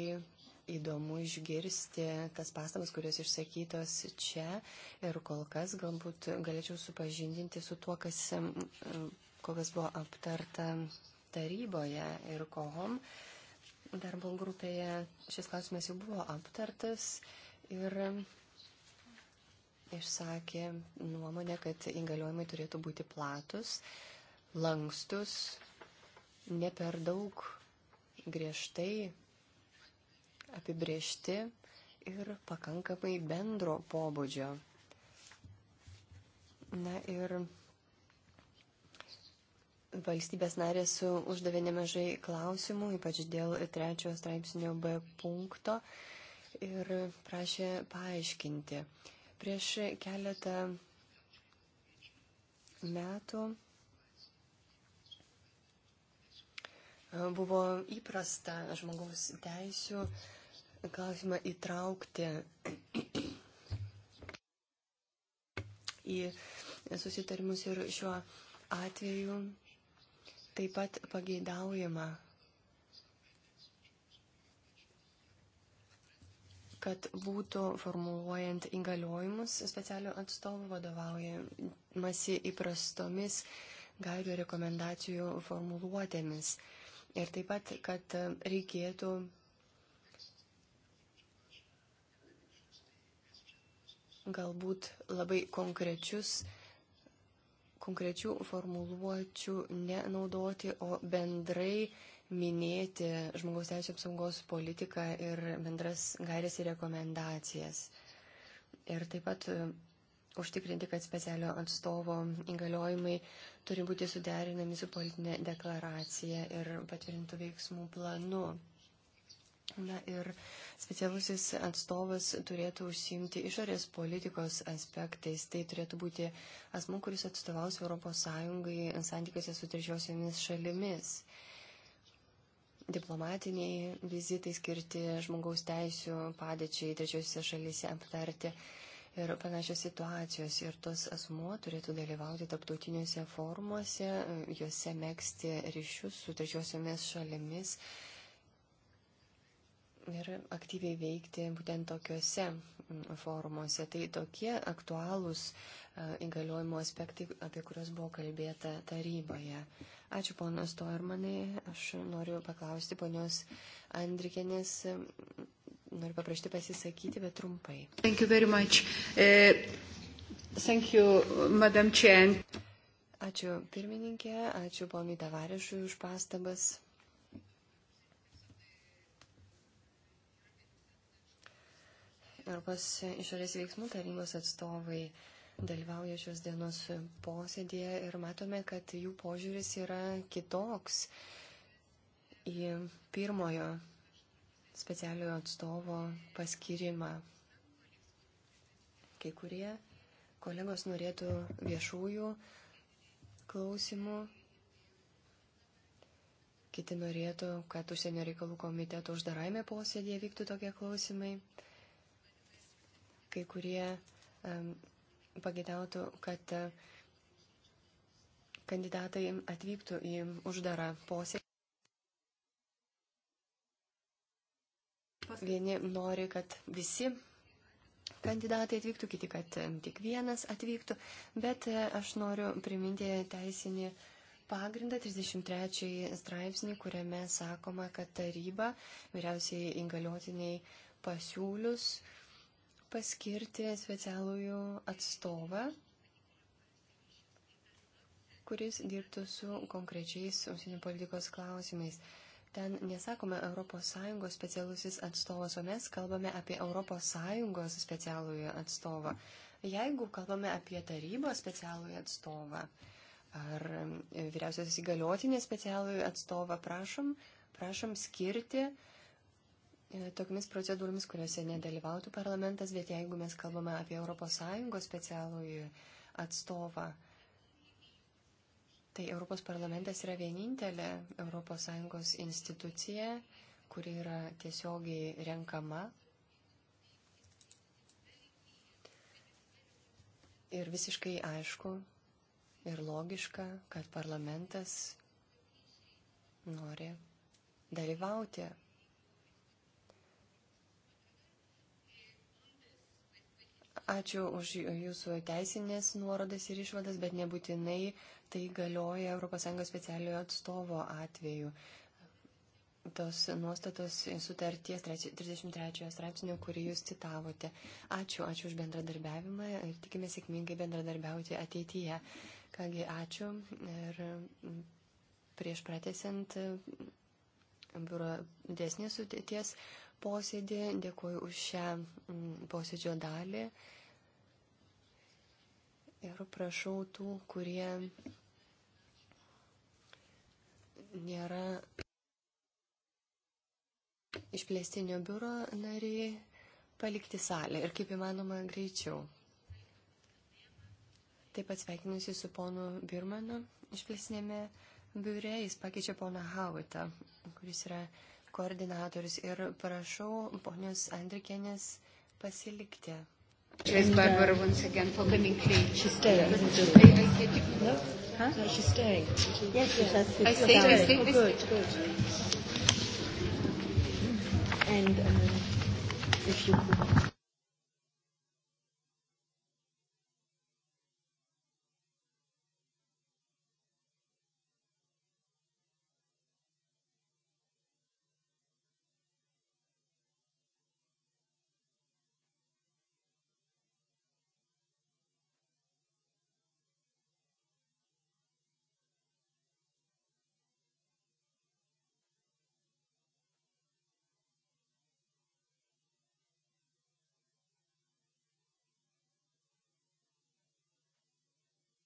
įdomu išgirsti tas pastabas, kurios išsakytos čia ir kol kas galbūt galėčiau supažindinti su tuo, kas kokias buvo aptarta taryboje ir kohom darbo grupėje. Šis klausimas jau buvo aptartas ir išsakė nuomonę, kad įgaliojimai turėtų būti platus, lankstus, ne per daug griežtai apibriešti ir pakankamai bendro pobūdžio. Na ir Valstybės narės uždavė nemažai klausimų, ypač dėl trečiojo straipsnio B punkto ir prašė paaiškinti. Prieš keletą metų buvo įprasta žmogaus teisų klausimą įtraukti į susitarimus ir šiuo atveju Taip pat pageidaujama, kad būtų formuluojant įgaliojimus specialių atstovų vadovaujamasi įprastomis gairių rekomendacijų formuluotėmis. Ir taip pat, kad reikėtų galbūt labai konkrečius konkrečių formuluočių nenaudoti, o bendrai minėti žmogaus teisų apsaugos politiką ir bendras gairias ir rekomendacijas. Ir taip pat e, užtikrinti, kad specialio atstovo įgaliojimai turi būti suderinami su politinė deklaracija ir patvirtintų veiksmų planu. Na ir specialusis atstovas turėtų užsiimti išorės politikos aspektais. Tai turėtų būti asmo, kuris atstovaus ES santykiuose su trečiosiomis šalimis. Diplomatiniai vizitai skirti žmogaus teisų padėčiai trečiosiuose šalyse aptarti ir panašios situacijos. Ir tas asmuo turėtų dalyvauti taptautiniuose formuose, juose mėgsti ryšius su trečiosiomis šalimis ir aktyviai veikti būtent tokiuose mm, forumuose. Tai tokie aktualūs e, įgaliojimo aspektai, apie kuriuos buvo kalbėta taryboje. Ačiū ponas Toermanai. Aš noriu paklausti ponios Andrikėnės. Mm, noriu paprašyti pasisakyti, bet trumpai. Thank you very much. Uh, thank you, Madam Chen. Ačiū pirmininkė, ačiū ponui Tavarišui už pastabas. Europos išorės veiksmų tarybos atstovai dalyvauja šios dienos posėdėje ir matome, kad jų požiūris yra kitoks į pirmojo specialiojo atstovo paskirimą. Kai kurie kolegos norėtų viešųjų klausimų, kiti norėtų, kad užsienio reikalų komiteto uždarajame posėdėje vyktų tokie klausimai kai kurie pagėdautų, kad e, kandidatai atvyktų į uždarą posėdį. Vieni nori, kad visi kandidatai atvyktų, kiti, kad tik vienas atvyktų, bet e, aš noriu priminti teisinį pagrindą 33 straipsnį, kuriame sakoma, kad taryba vyriausiai įgaliotiniai pasiūlius paskirti specialųjų atstovą, kuris dirbtų su konkrečiais užsienio politikos klausimais. Ten nesakome ES specialusis atstovas, o mes kalbame apie ES specialųjį atstovą. Jeigu kalbame apie tarybos specialųjį atstovą ar e, vyriausios įgaliotinės specialųjį atstovą, prašom, prašom skirti uh, E, tokiamis procedūromis, kuriuose nedalyvautų parlamentas, bet jeigu mes kalbame apie ES specialųjį atstovą, tai Europos parlamentas yra vienintelė ES institucija, kuri yra tiesiogiai renkama. Ir visiškai aišku ir logiška, kad parlamentas nori dalyvauti Ačiū už jūsų teisinės nuorodas ir išvadas, bet nebūtinai tai galioja ES specialiojo atstovo atveju. Tos nuostatos sutarties 33 straipsnio, kurį jūs citavote. Ačiū, ačiū už bendradarbiavimą ir tikime sėkmingai bendradarbiauti ateityje. Kągi, ačiū ir prieš pratesiant biuro dėsnės sudėties posėdį, dėkuoju už šią mm, posėdžio dalį. Ir prašau tų, kurie nėra išplėstinio biuro nariai, palikti salę ir kaip įmanoma greičiau. Taip pat sveikinusi su ponu Birmanu išplėstinėme biure, jis pakeičia poną Havitą, kuris yra koordinatorius ir prašau ponios Andrikienės pasilikti. Yes, Barbara, once again, for coming late. She's staying. I, I said you... No? Huh? ¿Ah? No, she's staying. She, yes, she yes. Says I stayed, I stayed. Oh, good, good. And um, if you could...